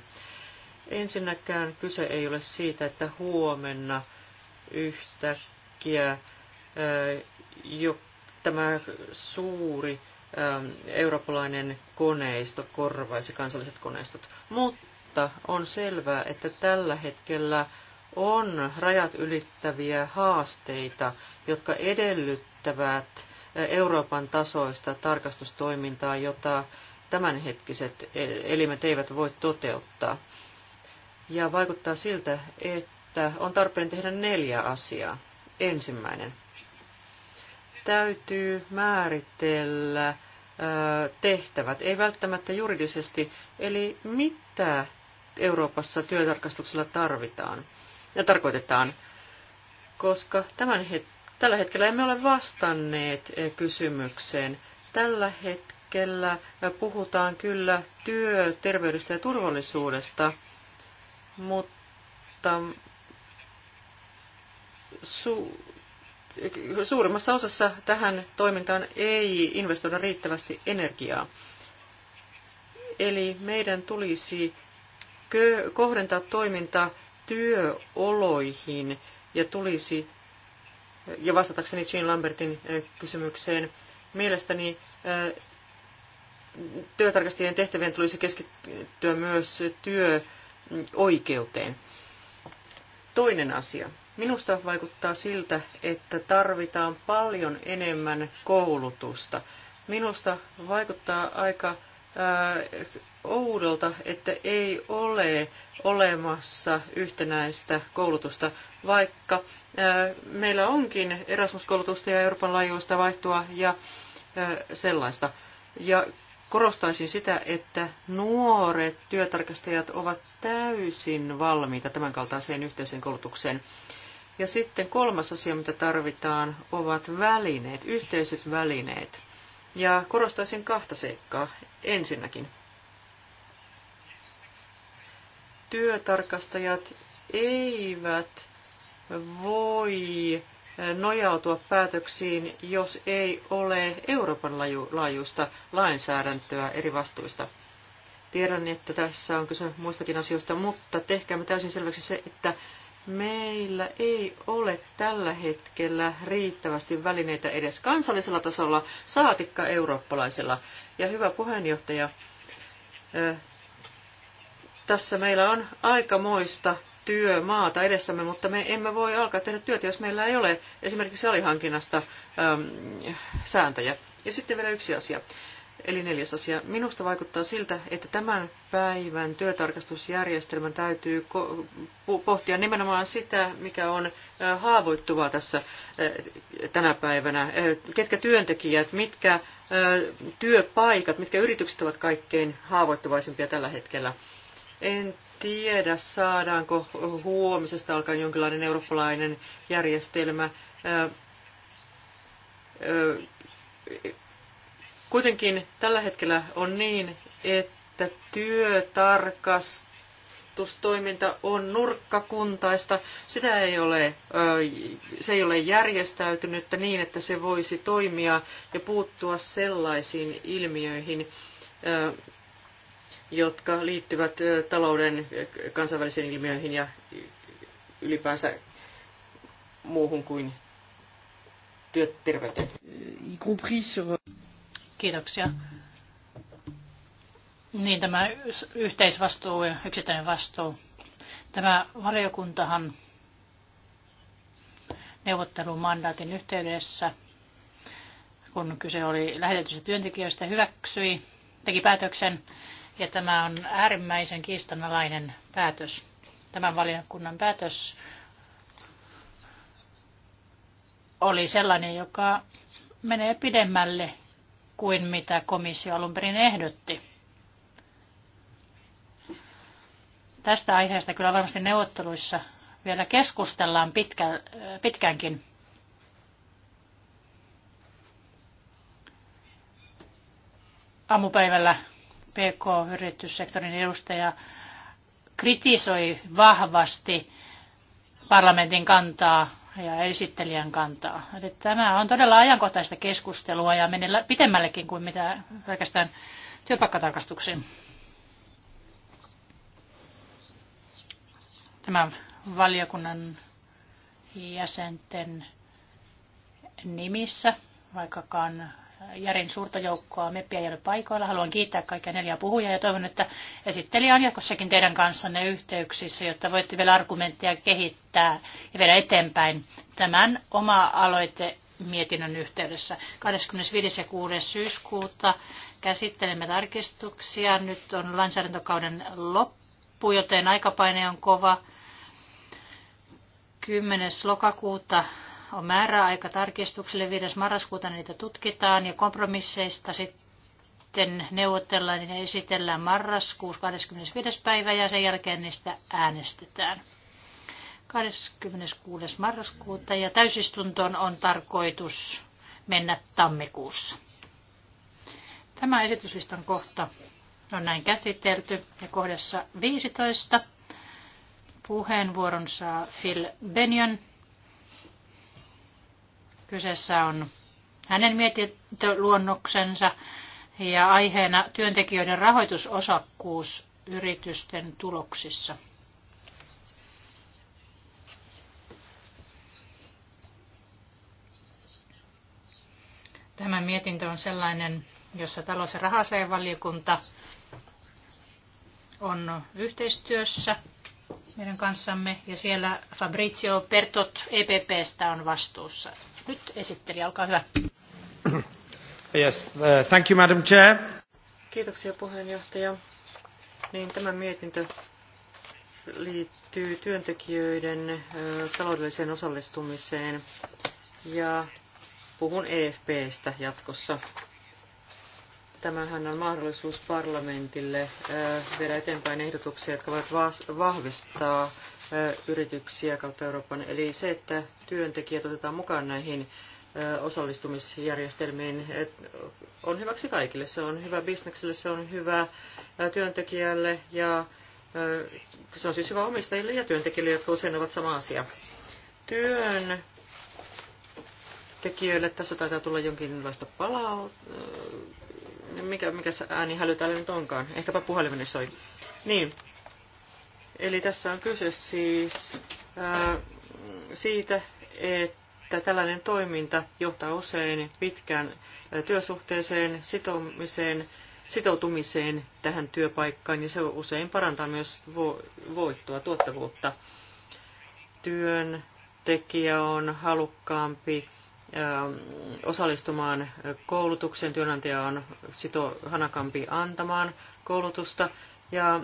Ensinnäkään kyse ei ole siitä, että huomenna yhtäkkiä jo tämä suuri eurooppalainen koneisto korvaisi kansalliset koneistot. Mutta mutta on selvää, että tällä hetkellä on rajat ylittäviä haasteita, jotka edellyttävät eh, Euroopan tasoista tarkastustoimintaa, jota tämänhetkiset eh, elimet eivät voi toteuttaa. Ja vaikuttaa siltä, että on tarpeen tehdä neljä asiaa. Ensimmäinen. Täytyy määritellä eh, tehtävät, ei välttämättä juridisesti, eli mitä Euroopassa työtarkastuksella tarvitaan ja tarkoitetaan, koska tämän het- tällä hetkellä emme ole vastanneet eh, kysymykseen. Tällä hetkellä eh, puhutaan kyllä työterveydestä ja turvallisuudesta, mutta su- suurimmassa osassa tähän toimintaan ei investoida riittävästi energiaa. Eli meidän tulisi kohdentaa toiminta työoloihin ja tulisi, ja vastatakseni Jean Lambertin kysymykseen, mielestäni työtarkastajien tehtävien tulisi keskittyä myös työoikeuteen. Toinen asia. Minusta vaikuttaa siltä, että tarvitaan paljon enemmän koulutusta. Minusta vaikuttaa aika oudolta, että ei ole olemassa yhtenäistä koulutusta, vaikka meillä onkin Erasmus-koulutusta ja Euroopan laajuista vaihtoa ja sellaista. Ja korostaisin sitä, että nuoret työtarkastajat ovat täysin valmiita tämänkaltaiseen yhteiseen koulutukseen. Ja sitten kolmas asia, mitä tarvitaan, ovat välineet, yhteiset välineet ja korostaisin kahta seikkaa. Ensinnäkin, työtarkastajat eivät voi nojautua päätöksiin, jos ei ole Euroopan laju, laajuista lainsäädäntöä eri vastuista. Tiedän, että tässä on kyse muistakin asioista, mutta tehkäämme täysin selväksi se, että meillä ei ole tällä hetkellä riittävästi välineitä edes kansallisella tasolla, saatikka eurooppalaisella. Ja hyvä puheenjohtaja, tässä meillä on aikamoista työmaata edessämme, mutta me emme voi alkaa tehdä työtä, jos meillä ei ole esimerkiksi alihankinnasta äm, sääntöjä. Ja sitten vielä yksi asia eli neljäs asia. Minusta vaikuttaa siltä, että tämän päivän työtarkastusjärjestelmän täytyy pohtia nimenomaan sitä, mikä on haavoittuvaa tässä tänä päivänä. Ketkä työntekijät, mitkä työpaikat, mitkä yritykset ovat kaikkein haavoittuvaisimpia tällä hetkellä. En tiedä, saadaanko huomisesta alkaen jonkinlainen eurooppalainen järjestelmä Kuitenkin tällä hetkellä on niin, että työtarkastustoiminta on nurkkakuntaista. Sitä ei ole, se ei ole järjestäytynyttä niin, että se voisi toimia ja puuttua sellaisiin ilmiöihin, jotka liittyvät talouden kansainvälisiin ilmiöihin ja ylipäänsä muuhun kuin työterveyteen. Y compris sur Kiitoksia. Niin, tämä yhteisvastuu ja yksittäinen vastuu. Tämä valiokuntahan neuvottelumandaatin yhteydessä, kun kyse oli lähetetystä työntekijöistä, hyväksyi, teki päätöksen, ja tämä on äärimmäisen kiistanalainen päätös. Tämän valiokunnan päätös oli sellainen, joka menee pidemmälle kuin mitä komissio alun perin ehdotti. Tästä aiheesta kyllä varmasti neuvotteluissa vielä keskustellaan pitkä, pitkäänkin. Aamupäivällä PK-yrityssektorin edustaja kritisoi vahvasti parlamentin kantaa ja esittelijän kantaa. Eli tämä on todella ajankohtaista keskustelua ja menee pitemmällekin kuin mitä pelkästään työpaikkatarkastuksiin. Tämä valiokunnan jäsenten nimissä, vaikkakaan järin suurta joukkoa meppiä ei ole paikoilla. Haluan kiittää kaikkia neljä puhujaa ja toivon, että esittelijä on jatkossakin teidän kanssanne yhteyksissä, jotta voitte vielä argumentteja kehittää ja vielä eteenpäin tämän oma aloite mietinnön yhteydessä. 25. ja 6. syyskuuta käsittelemme tarkistuksia. Nyt on lainsäädäntökauden loppu, joten aikapaine on kova. 10. lokakuuta on määräaika tarkistukselle 5. marraskuuta niitä tutkitaan ja kompromisseista sitten neuvotellaan ja esitellään marraskuussa 25. päivä ja sen jälkeen niistä äänestetään. 26. marraskuuta ja täysistuntoon on tarkoitus mennä tammikuussa. Tämä esityslistan kohta on näin käsitelty ja kohdassa 15 puheenvuoron saa Phil Benyon. Kyseessä on hänen mietintöluonnoksensa ja aiheena työntekijöiden rahoitusosakkuus yritysten tuloksissa. Tämä mietintö on sellainen, jossa talous- ja rahasevaliokunta on yhteistyössä meidän kanssamme ja siellä Fabrizio Pertot EPPstä on vastuussa nyt esitteli, olkaa hyvä. Yes, uh, thank you, Madam Chair. Kiitoksia puheenjohtaja. Niin, tämä mietintö liittyy työntekijöiden taloudelliseen osallistumiseen ja puhun EFPstä jatkossa. Tämähän on mahdollisuus parlamentille viedä eteenpäin ehdotuksia, jotka voivat vahvistaa yrityksiä kautta Euroopan. Eli se, että työntekijät otetaan mukaan näihin osallistumisjärjestelmiin on hyväksi kaikille. Se on hyvä bisnekselle, se on hyvä työntekijälle ja se on siis hyvä omistajille ja työntekijöille, jotka usein ovat sama asia. Työn tekijöille tässä taitaa tulla jonkinlaista palaa. Mikä, mikä ääni häly täällä nyt onkaan? Ehkäpä puhelimeni soi. Niin, Eli tässä on kyse siis siitä, että tällainen toiminta johtaa usein pitkään työsuhteeseen sitoumiseen, sitoutumiseen tähän työpaikkaan, niin se usein parantaa myös voittoa, tuottavuutta. Työntekijä on halukkaampi osallistumaan koulutukseen, työnantaja on sito hanakampi antamaan koulutusta ja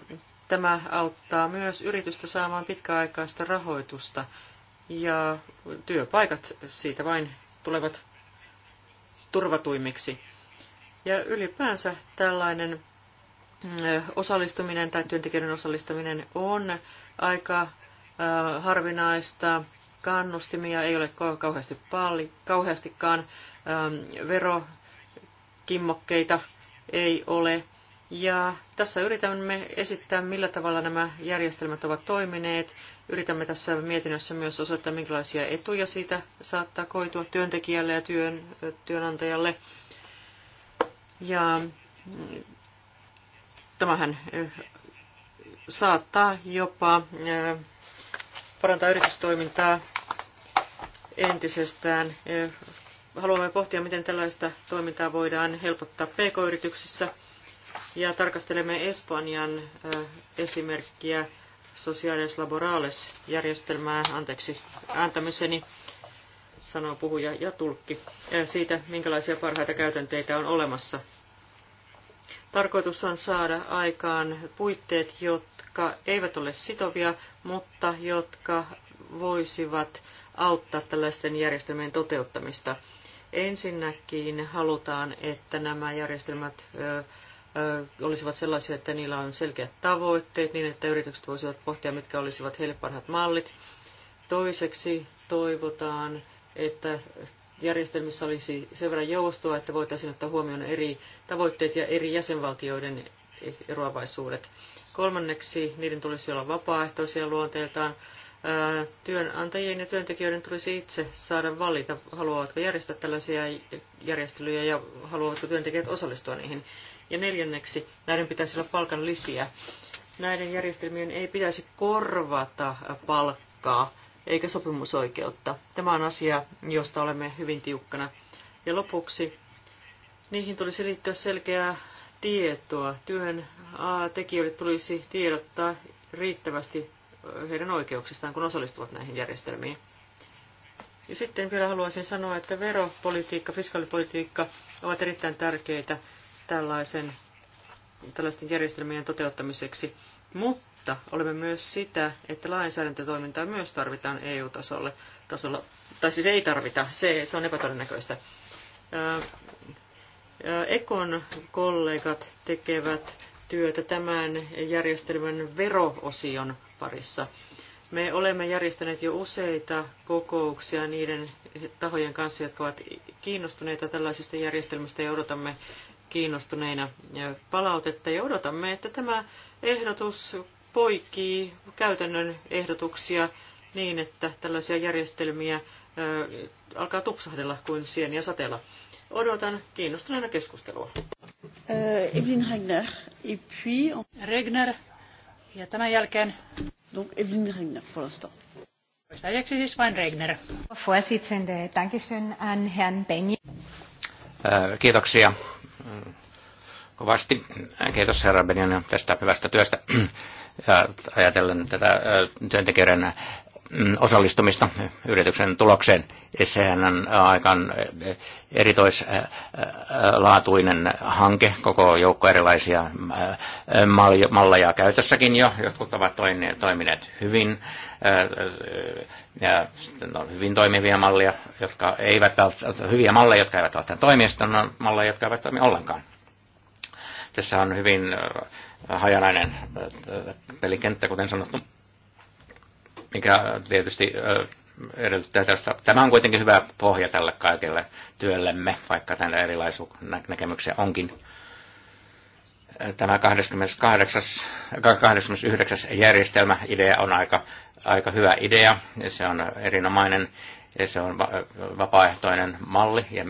Tämä auttaa myös yritystä saamaan pitkäaikaista rahoitusta ja työpaikat siitä vain tulevat turvatuimmiksi. Ja ylipäänsä tällainen mm, osallistuminen tai työntekijöiden osallistuminen on aika äh, harvinaista. Kannustimia ei ole kauheasti palli, kauheastikaan. Ähm, Verokimmokkeita ei ole. Ja tässä yritämme esittää, millä tavalla nämä järjestelmät ovat toimineet. Yritämme tässä mietinnössä myös osoittaa, minkälaisia etuja siitä saattaa koitua työntekijälle ja työn, työnantajalle. Ja mm, tämähän saattaa jopa parantaa yritystoimintaa entisestään. Haluamme pohtia, miten tällaista toimintaa voidaan helpottaa pk-yrityksissä – ja tarkastelemme Espanjan esimerkkiä Sociales Laborales-järjestelmää, anteeksi ääntämiseni, sanoo puhuja ja tulkki, siitä minkälaisia parhaita käytänteitä on olemassa. Tarkoitus on saada aikaan puitteet, jotka eivät ole sitovia, mutta jotka voisivat auttaa tällaisten järjestelmien toteuttamista. Ensinnäkin halutaan, että nämä järjestelmät olisivat sellaisia, että niillä on selkeät tavoitteet niin, että yritykset voisivat pohtia, mitkä olisivat heille parhaat mallit. Toiseksi toivotaan, että järjestelmissä olisi sen verran joustoa, että voitaisiin ottaa huomioon eri tavoitteet ja eri jäsenvaltioiden eroavaisuudet. Kolmanneksi niiden tulisi olla vapaaehtoisia luonteeltaan. Työnantajien ja työntekijöiden tulisi itse saada valita, haluavatko järjestää tällaisia järjestelyjä ja haluavatko työntekijät osallistua niihin. Ja neljänneksi, näiden pitäisi olla palkan lisiä. Näiden järjestelmien ei pitäisi korvata palkkaa eikä sopimusoikeutta. Tämä on asia, josta olemme hyvin tiukkana. Ja lopuksi niihin tulisi liittyä selkeää tietoa. Työn tekijöille tulisi tiedottaa riittävästi heidän oikeuksistaan, kun osallistuvat näihin järjestelmiin. Ja sitten vielä haluaisin sanoa, että veropolitiikka, fiskaalipolitiikka ovat erittäin tärkeitä tällaisen, tällaisten järjestelmien toteuttamiseksi, mutta olemme myös sitä, että lainsäädäntötoimintaa myös tarvitaan EU-tasolle, tasolla, tai siis ei tarvita, se, se on epätodennäköistä. Ekon kollegat tekevät työtä tämän järjestelmän veroosion parissa. Me olemme järjestäneet jo useita kokouksia niiden tahojen kanssa, jotka ovat kiinnostuneita tällaisista järjestelmistä ja odotamme kiinnostuneina palautetta ja odotamme, että tämä ehdotus poikii käytännön ehdotuksia niin, että tällaisia järjestelmiä alkaa tupsahdella kuin sieniä sateella. Odotan kiinnostuneena keskustelua. Evelyn Regner, et puis... Regner, ja tämän jälkeen... Donc Evelyn Regner, pour l'instant. Toistaiseksi siis vain Regner. Vorsitzende, Dankeschön an Herrn Benjamin. Kiitoksia kovasti. Kiitos herra Benjamin tästä hyvästä työstä. *clears throat* Ja ajatellen tätä työntekijöiden Mm, osallistumista yrityksen tulokseen. Sehän on aikaan eh, eritoislaatuinen hanke, koko joukko erilaisia eh, malleja käytössäkin jo. Jotkut ovat toimineet hyvin, eh, ja sitten on hyvin toimivia malleja, jotka eivät hyviä malleja, jotka eivät ole toimia, sitten on malleja, jotka eivät toimi ollenkaan. Tässä on hyvin hajanainen pelikenttä, kuten sanottu mikä tietysti edellyttää tästä. Tämä on kuitenkin hyvä pohja tälle kaikelle työllemme, vaikka tänne erilaisuus näkemyksiä onkin. Tämä 28, 29. järjestelmä idea on aika, aika hyvä idea. Se on erinomainen ja se on vapaaehtoinen malli ja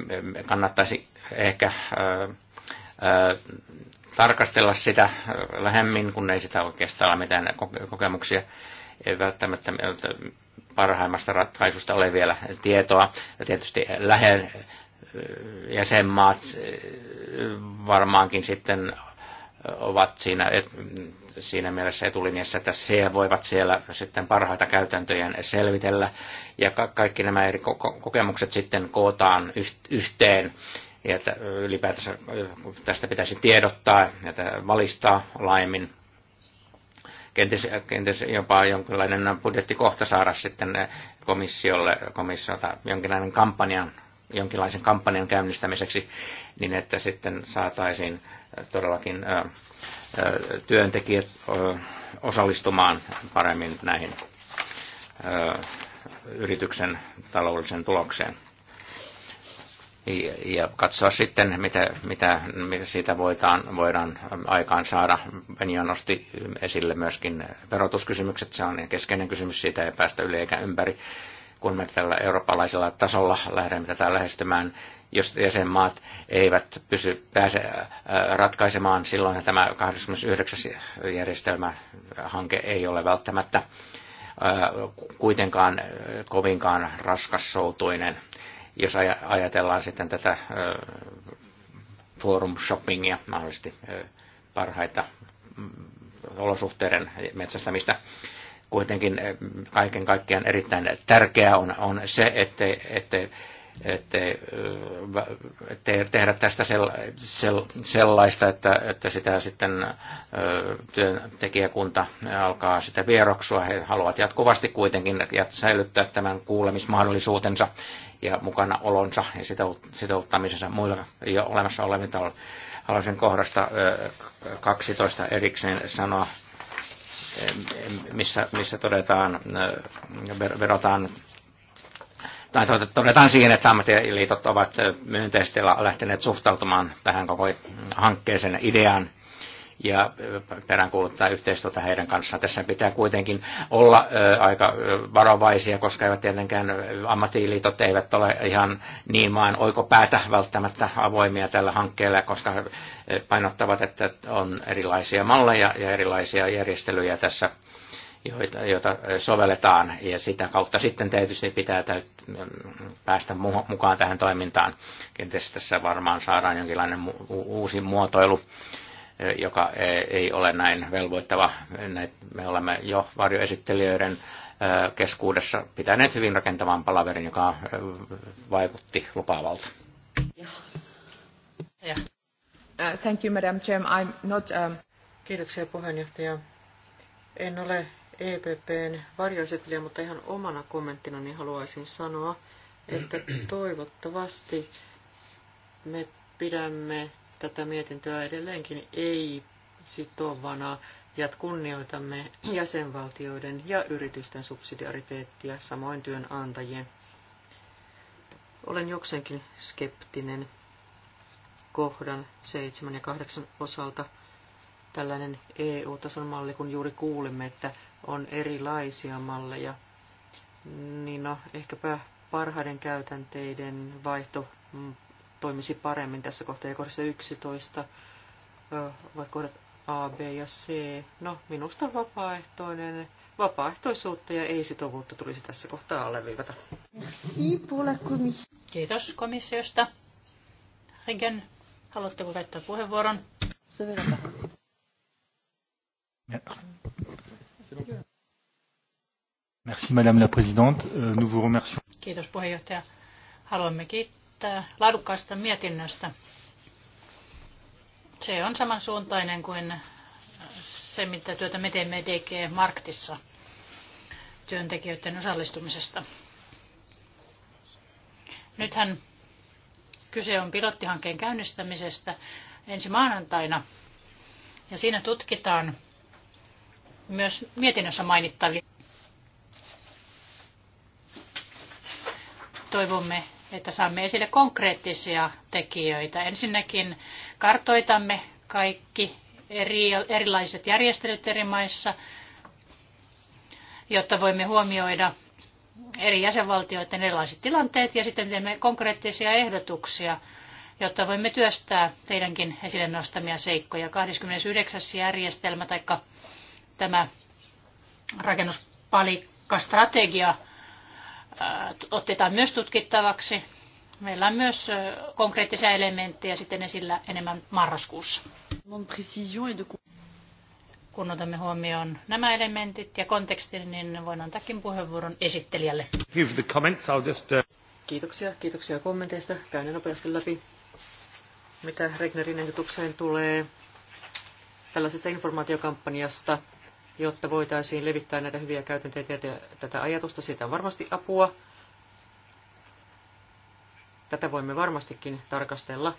kannattaisi ehkä tarkastella sitä lähemmin, kun ei sitä oikeastaan ole mitään kokemuksia ei välttämättä parhaimmasta ratkaisusta ole vielä tietoa. Ja tietysti lähen äh, jäsenmaat äh, varmaankin sitten ovat siinä, et, siinä mielessä etulinjassa, että se voivat siellä sitten parhaita käytäntöjä selvitellä. Ja ka- kaikki nämä eri ko- kokemukset sitten kootaan yhteen. Ja että ylipäätänsä äh, tästä pitäisi tiedottaa ja valistaa laajemmin kenties, kenties jopa jonkinlainen budjettikohta saada sitten eh, komissiolle, komissiolta jonkinlainen kampanjan, jonkinlaisen kampanjan käynnistämiseksi, niin että sitten saataisiin eh, todellakin eh, työntekijät osallistumaan paremmin näihin yrityksen taloudelliseen tulokseen ja katsoa sitten, mitä, mitä, mitä siitä voidaan, voidaan aikaan saada. Venio nosti esille myöskin verotuskysymykset, se on niin keskeinen kysymys, siitä ei päästä yli eikä ympäri, kun me tällä eurooppalaisella tasolla lähdemme tätä lähestymään. Jos jäsenmaat eivät pysy, pääse äh, ratkaisemaan, silloin tämä 89. järjestelmähanke ei ole välttämättä äh, kuitenkaan äh, kovinkaan raskas jos ajatellaan sitten tätä forum shoppingia, mahdollisesti parhaita mm, olosuhteiden metsästämistä. Kuitenkin kaiken kaikkiaan erittäin tärkeää on, on se, että että ettei, ettei tehdä tästä sel, sel, sellaista, että, että sitä sitten työntekijäkunta alkaa sitä vieroksua. He haluavat jatkuvasti kuitenkin säilyttää tämän kuulemismahdollisuutensa ja mukana olonsa ja sitouttamisensa muilla jo olemassa olevilta. Haluaisin kohdasta 12 erikseen sanoa missä, missä todetaan, verotaan tai todetaan siihen, että ammattiliitot ovat myönteisesti lähteneet suhtautumaan tähän koko mm, hankkeeseen ideaan ja peräänkuuluttaa yhteistyötä heidän kanssaan. Tässä pitää kuitenkin olla ö, aika varovaisia, koska eivät tietenkään ammattiliitot eivät ole ihan niin maan oikopäätä välttämättä avoimia tällä hankkeella, koska painottavat, että on erilaisia malleja ja erilaisia järjestelyjä tässä joita, joita sovelletaan, ja sitä kautta sitten tietysti pitää täyt, päästä mukaan tähän toimintaan. Kenties tässä varmaan saadaan jonkinlainen uusi muotoilu, joka e, ei ole näin velvoittava. Me olemme jo varjoesittelijöiden keskuudessa pitäneet hyvin rakentavan palaverin, joka vaikutti lupaavalta. Ja. Uh, thank you, Madam Chair. I'm not, um... Kiitoksia puheenjohtaja. En ole EPPn varjoesittelijä, mutta ihan omana kommenttina niin haluaisin sanoa, että *clears throat* toivottavasti me pidämme tätä mietintöä edelleenkin ei-sitovana ja kunnioitamme jäsenvaltioiden ja yritysten subsidiariteettia, samoin työnantajien. Olen jokseenkin skeptinen kohdan 7 ja 8 osalta tällainen EU-tason malli, kun juuri kuulimme, että on erilaisia malleja. Niin no, ehkäpä parhaiden käytänteiden vaihto mm, toimisi paremmin tässä kohtaa. Ja kohdassa 11 ovat kohdat A, B ja C. No, minusta vapaaehtoinen, vapaaehtoisuutta ja ei-sitovuutta tulisi tässä kohtaa alleviivata. Kiitos komissiosta. Regen, haluatteko käyttää puheenvuoron? Merci Madame la Présidente. Euh, nous vous remercions. Kiitos puheenjohtaja. Haluamme kiittää laadukkaasta mietinnöstä. Se on samansuuntainen kuin se, mitä työtä me teemme DG Marktissa työntekijöiden osallistumisesta. Nythän kyse on pilottihankkeen käynnistämisestä ensi maanantaina. Ja siinä tutkitaan myös mietinnössä mainittavia. Toivomme, että saamme esille konkreettisia tekijöitä. Ensinnäkin kartoitamme kaikki eri, erilaiset järjestelyt eri maissa, jotta voimme huomioida eri jäsenvaltioiden erilaiset tilanteet ja sitten teemme konkreettisia ehdotuksia, jotta voimme työstää teidänkin esille nostamia seikkoja. 29. järjestelmä tai tämä rakennuspalikkastrategia otetaan myös tutkittavaksi. Meillä on myös konkreettisia elementtejä sitten esillä enemmän marraskuussa. Kun otamme huomioon nämä elementit ja kontekstin, niin voin antaakin puheenvuoron esittelijälle. Uh, kiitoksia, kiitoksia kommenteista. Käyn ne nopeasti läpi. Mitä Regnerin ehdotukseen tulee tällaisesta informaatiokampanjasta – jotta voitaisiin levittää näitä hyviä käytänteitä ja tätä ajatusta. Siitä on varmasti apua. Tätä voimme varmastikin tarkastella,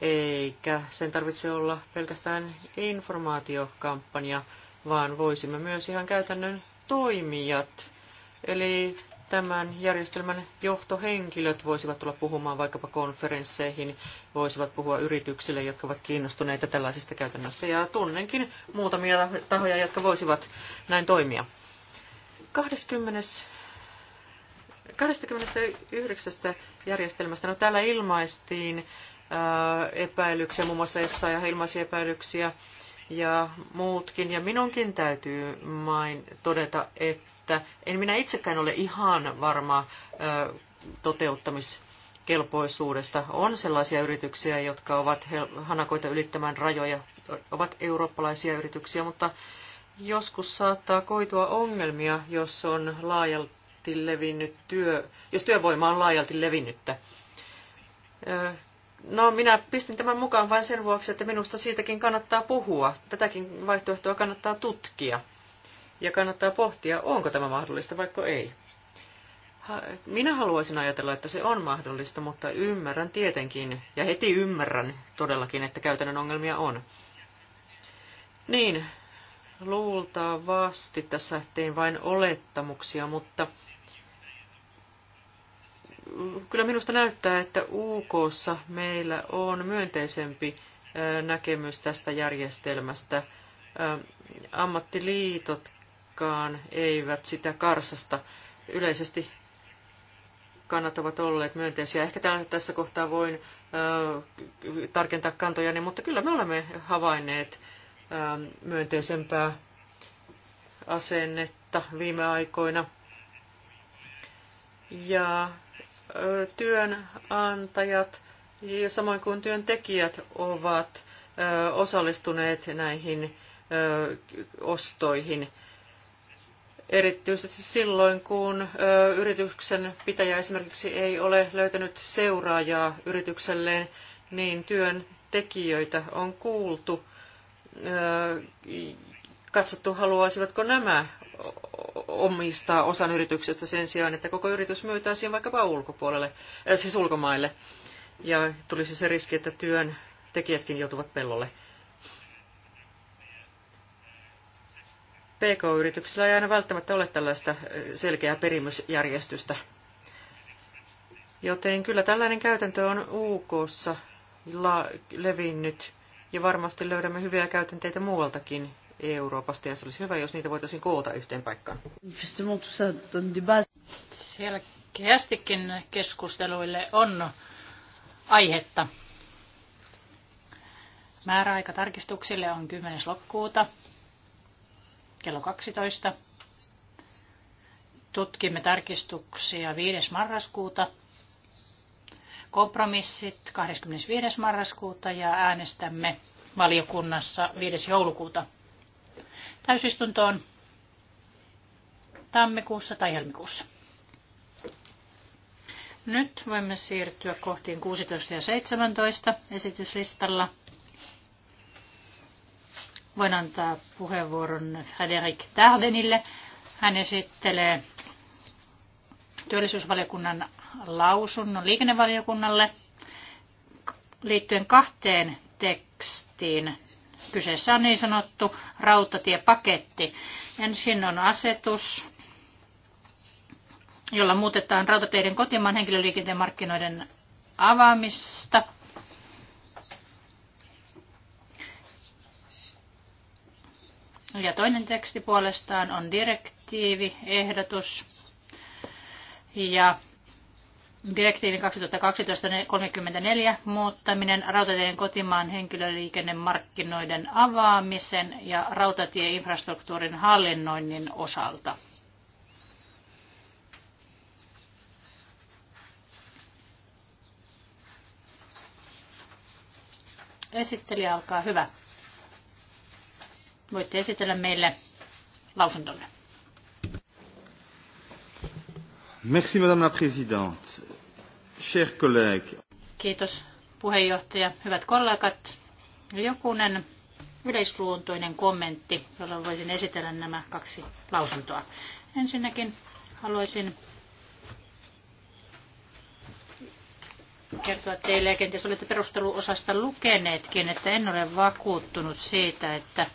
eikä sen tarvitse olla pelkästään informaatiokampanja, vaan voisimme myös ihan käytännön toimijat, eli tämän järjestelmän johtohenkilöt voisivat tulla puhumaan vaikkapa konferensseihin, voisivat puhua yrityksille, jotka ovat kiinnostuneita tällaisista käytännöistä. Ja tunnenkin muutamia tahoja, jotka voisivat näin toimia. 20. 29 järjestelmästä. No, täällä ilmaistiin ää, äh, epäilyksiä, muun muassa ja ilmaisi epäilyksiä ja muutkin. Ja minunkin täytyy main todeta, että että en minä itsekään ole ihan varma toteuttamiskelpoisuudesta. On sellaisia yrityksiä, jotka ovat hanakoita ylittämään rajoja, ovat eurooppalaisia yrityksiä, mutta joskus saattaa koitua ongelmia, jos on laajalti levinnyt työ, jos työvoima on laajalti levinnyttä. No minä pistin tämän mukaan vain sen vuoksi, että minusta siitäkin kannattaa puhua. Tätäkin vaihtoehtoa kannattaa tutkia ja kannattaa pohtia, onko tämä mahdollista vaikka ei. Minä haluaisin ajatella, että se on mahdollista, mutta ymmärrän tietenkin, ja heti ymmärrän todellakin, että käytännön ongelmia on. Niin, luultavasti tässä tein vain olettamuksia, mutta kyllä minusta näyttää, että UKssa meillä on myönteisempi näkemys tästä järjestelmästä. Ammattiliitot kuitenkaan eivät sitä karsasta. Yleisesti kannat ovat olleet myönteisiä. Ehkä tämän, tässä kohtaa voin äh, tarkentaa kantojani, mutta kyllä me olemme havainneet äh, myönteisempää asennetta viime aikoina. Ja äh, työnantajat ja samoin kuin työntekijät ovat äh, osallistuneet näihin äh, ostoihin erityisesti silloin, kun yrityksen pitäjä esimerkiksi ei ole löytänyt seuraajaa yritykselleen, niin työntekijöitä on kuultu, katsottu haluaisivatko nämä omistaa osan yrityksestä sen sijaan, että koko yritys myytäisiin vaikkapa ulkopuolelle, siis ulkomaille. Ja tulisi se riski, että työntekijätkin joutuvat pellolle. PK-yrityksillä ei aina välttämättä ole tällaista selkeää perimysjärjestystä. Joten kyllä tällainen käytäntö on UKssa levinnyt ja varmasti löydämme hyviä käytänteitä muualtakin Euroopasta ja se olisi hyvä, jos niitä voitaisiin koota yhteen paikkaan. Selkeästikin keskusteluille on aihetta. Määräaika tarkistuksille on 10. lokkuuta kello 12. Tutkimme tarkistuksia 5. marraskuuta, kompromissit 25. marraskuuta ja äänestämme valiokunnassa 5. joulukuuta täysistuntoon tammikuussa tai helmikuussa. Nyt voimme siirtyä kohtiin 16 ja 17 esityslistalla. Voin antaa puheenvuoron Frederik Tardenille. Hän esittelee työllisyysvaliokunnan lausunnon liikennevaliokunnalle liittyen kahteen tekstiin. Kyseessä on niin sanottu rautatiepaketti. Ensin on asetus, jolla muutetaan rautateiden kotimaan henkilöliikenteen markkinoiden avaamista Ja toinen teksti puolestaan on direktiivi, ehdotus ja direktiivin 2012-34 muuttaminen rautateiden kotimaan henkilöliikennemarkkinoiden avaamisen ja rautatieinfrastruktuurin hallinnoinnin osalta. Esittelijä, alkaa hyvä. Voitte esitellä meille lausuntonne. Merci madame la présidente. Chers collègues. Kiitos puheenjohtaja. Hyvät kollegat, jokunen yleisluontoinen kommentti, jolla voisin esitellä nämä kaksi lausuntoa. Ensinnäkin haluaisin kertoa teille, ja kenties olette perusteluosasta lukeneetkin, että en ole vakuuttunut siitä, että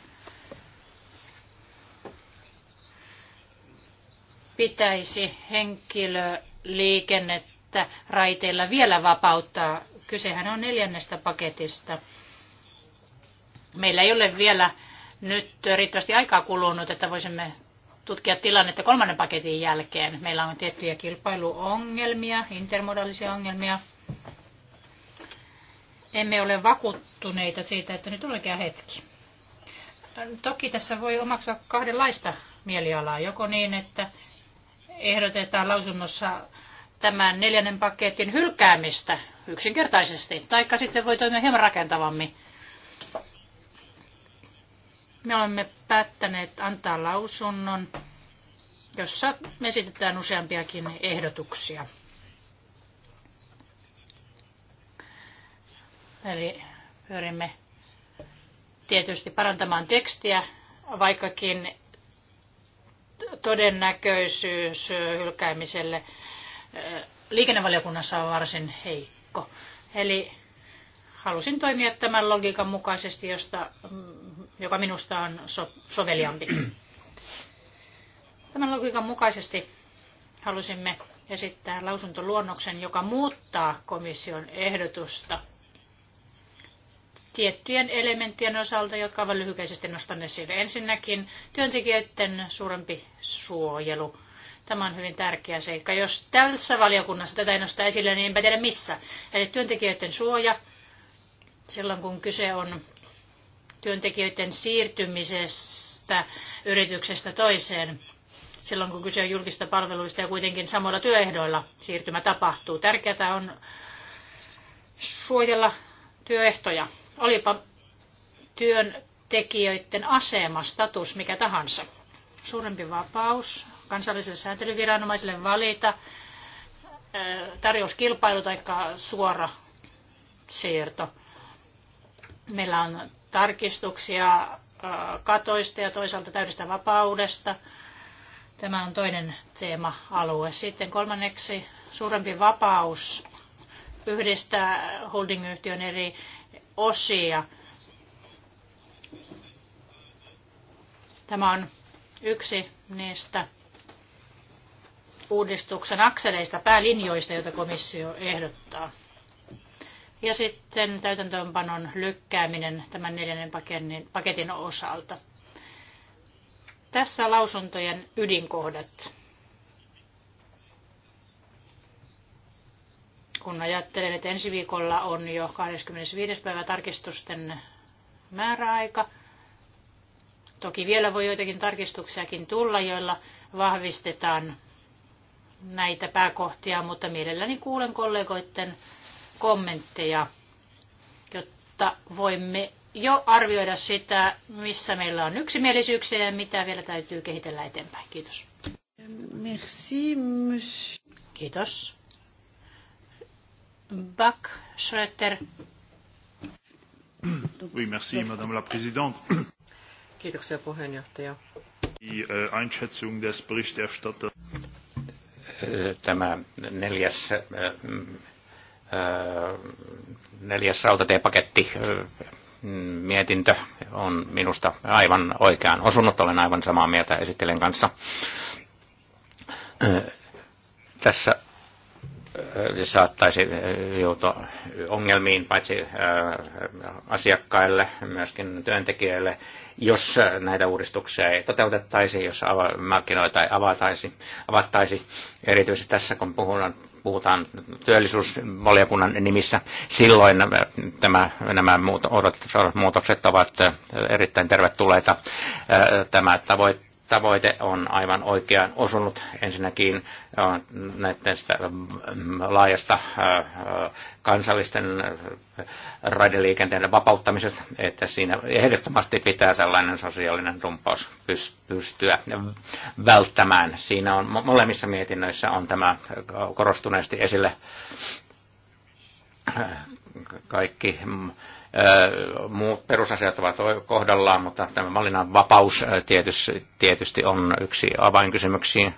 pitäisi henkilöliikennettä raiteilla vielä vapauttaa. Kysehän on neljännestä paketista. Meillä ei ole vielä nyt riittävästi aikaa kulunut, että voisimme tutkia tilannetta kolmannen paketin jälkeen. Meillä on tiettyjä kilpailuongelmia, intermodaalisia ongelmia. Emme ole vakuuttuneita siitä, että nyt on oikea hetki. Toki tässä voi omaksua kahdenlaista mielialaa, joko niin, että ehdotetaan lausunnossa tämän neljännen paketin hylkäämistä yksinkertaisesti, taikka sitten voi toimia hieman rakentavammin. Me olemme päättäneet antaa lausunnon, jossa esitetään useampiakin ehdotuksia. Eli pyrimme tietysti parantamaan tekstiä, vaikkakin todennäköisyys hylkäämiselle liikennevaliokunnassa on varsin heikko. Eli halusin toimia tämän logiikan mukaisesti, josta, mm, joka minusta on so, soveliampi. *clears throat* Tämän logiikan mukaisesti halusimme esittää lausuntoluonnoksen, joka muuttaa komission ehdotusta – tiettyjen elementtien osalta, jotka aivan lyhykäisesti nostan esille. Ensinnäkin työntekijöiden suurempi suojelu. Tämä on hyvin tärkeä seikka. Jos tässä valiokunnassa tätä ei nosta esille, niin enpä tiedä missä. Eli työntekijöiden suoja, silloin kun kyse on työntekijöiden siirtymisestä yrityksestä toiseen, silloin kun kyse on julkista palveluista ja kuitenkin samoilla työehdoilla siirtymä tapahtuu. Tärkeää on suojella työehtoja. Olipa työntekijöiden asema, status, mikä tahansa. Suurempi vapaus kansalliselle sääntelyviranomaiselle valita tarjouskilpailu tai suora siirto. Meillä on tarkistuksia katoista ja toisaalta täydestä vapaudesta. Tämä on toinen teema-alue. Sitten kolmanneksi suurempi vapaus yhdistää holdingyhtiön eri osia. Tämä on yksi niistä uudistuksen akseleista, päälinjoista, joita komissio ehdottaa. Ja sitten täytäntöönpanon lykkääminen tämän neljännen paketin osalta. Tässä lausuntojen ydinkohdat. kun ajattelen, että ensi viikolla on jo 25. päivä tarkistusten määräaika. Toki vielä voi joitakin tarkistuksiakin tulla, joilla vahvistetaan näitä pääkohtia, mutta mielelläni kuulen kollegoiden kommentteja, jotta voimme jo arvioida sitä, missä meillä on yksimielisyyksiä ja mitä vielä täytyy kehitellä eteenpäin. Kiitos. Merci, Kiitos. Buck Schröter. Oui, merci, Madame la Présidente. Kiitoksia puheenjohtaja. Die äh, Einschätzung des Berichterstatters. Tämä neljäs äh, äh, neljäs rautatiepaketti mietintö on minusta aivan oikeaan osunut. Olen aivan samaa mieltä esittelen kanssa. Tässä saattaisi joutua ongelmiin paitsi asiakkaille, myöskin työntekijöille, jos näitä uudistuksia ei toteutettaisi, jos markkinoita ei avataisi, avattaisi, erityisesti tässä kun puhutaan, puhutaan työllisyysvaliokunnan nimissä, silloin tämä, nämä muut, odotetut muutokset ovat erittäin tervetulleita. Tämä tavoitteet tavoite on aivan oikeaan osunut. Ensinnäkin näiden laajasta kansallisten raideliikenteen vapauttamisesta, että siinä ehdottomasti pitää sellainen sosiaalinen dumppaus pystyä välttämään. Siinä on molemmissa mietinnöissä on tämä korostuneesti esille kaikki muut perusasiat ovat kohdallaan, mutta tämä valinnan vapaus tietysti, tietysti on yksi avainkysymyksiin.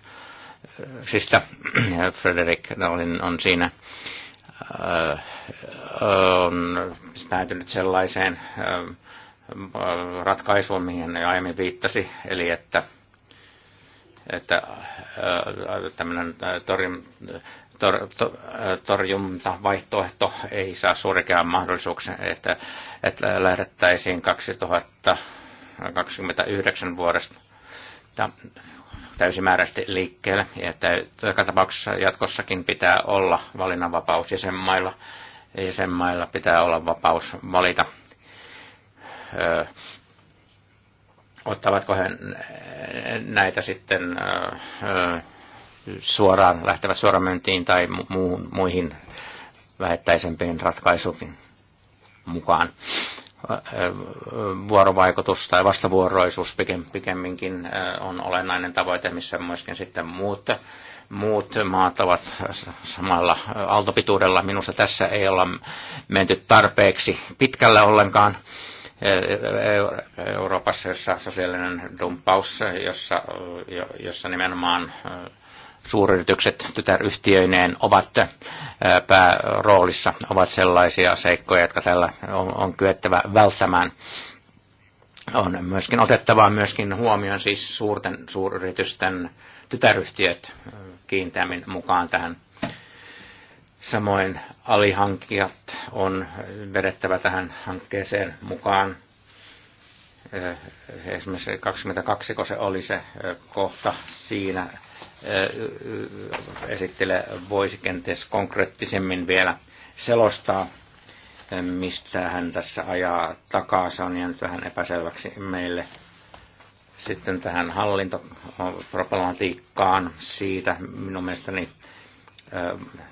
Sistä Frederik on siinä on päätynyt sellaiseen ratkaisuun, mihin aiemmin viittasi, eli että että tämmöinen torin, tor, to, vaihtoehto ei saa surkeaa mahdollisuuksia, että, että lähdettäisiin 2029 vuodesta täysimääräisesti liikkeelle. Että joka tapauksessa jatkossakin pitää olla valinnanvapaus jäsenmailla. Jäsenmailla pitää olla vapaus valita, ö, ottavatko he näitä sitten ö, suoraan, lähtevät suoraan myyntiin tai muuhun, muihin vähettäisempiin ratkaisuihin mukaan. Vuorovaikutus tai vastavuoroisuus pikemminkin on olennainen tavoite, missä myöskin sitten muut, muut maat ovat samalla aaltopituudella. Minusta tässä ei olla menty tarpeeksi pitkälle ollenkaan. Euroopassa, jossa sosiaalinen dumppaus, jossa, jossa nimenomaan suuryritykset tytäryhtiöineen ovat pääroolissa, ovat sellaisia seikkoja, jotka tällä on, on kyettävä välttämään. On myöskin otettava myöskin huomioon siis suurten suuryritysten tytäryhtiöt kiinteämmin mukaan tähän. Samoin alihankijat on vedettävä tähän hankkeeseen mukaan esimerkiksi 22, kun se oli se kohta siinä, esittele voisi kenties konkreettisemmin vielä selostaa, mistä hän tässä ajaa takaa. Se on jäänyt vähän epäselväksi meille. Sitten tähän hallintoproblematiikkaan siitä minun mielestäni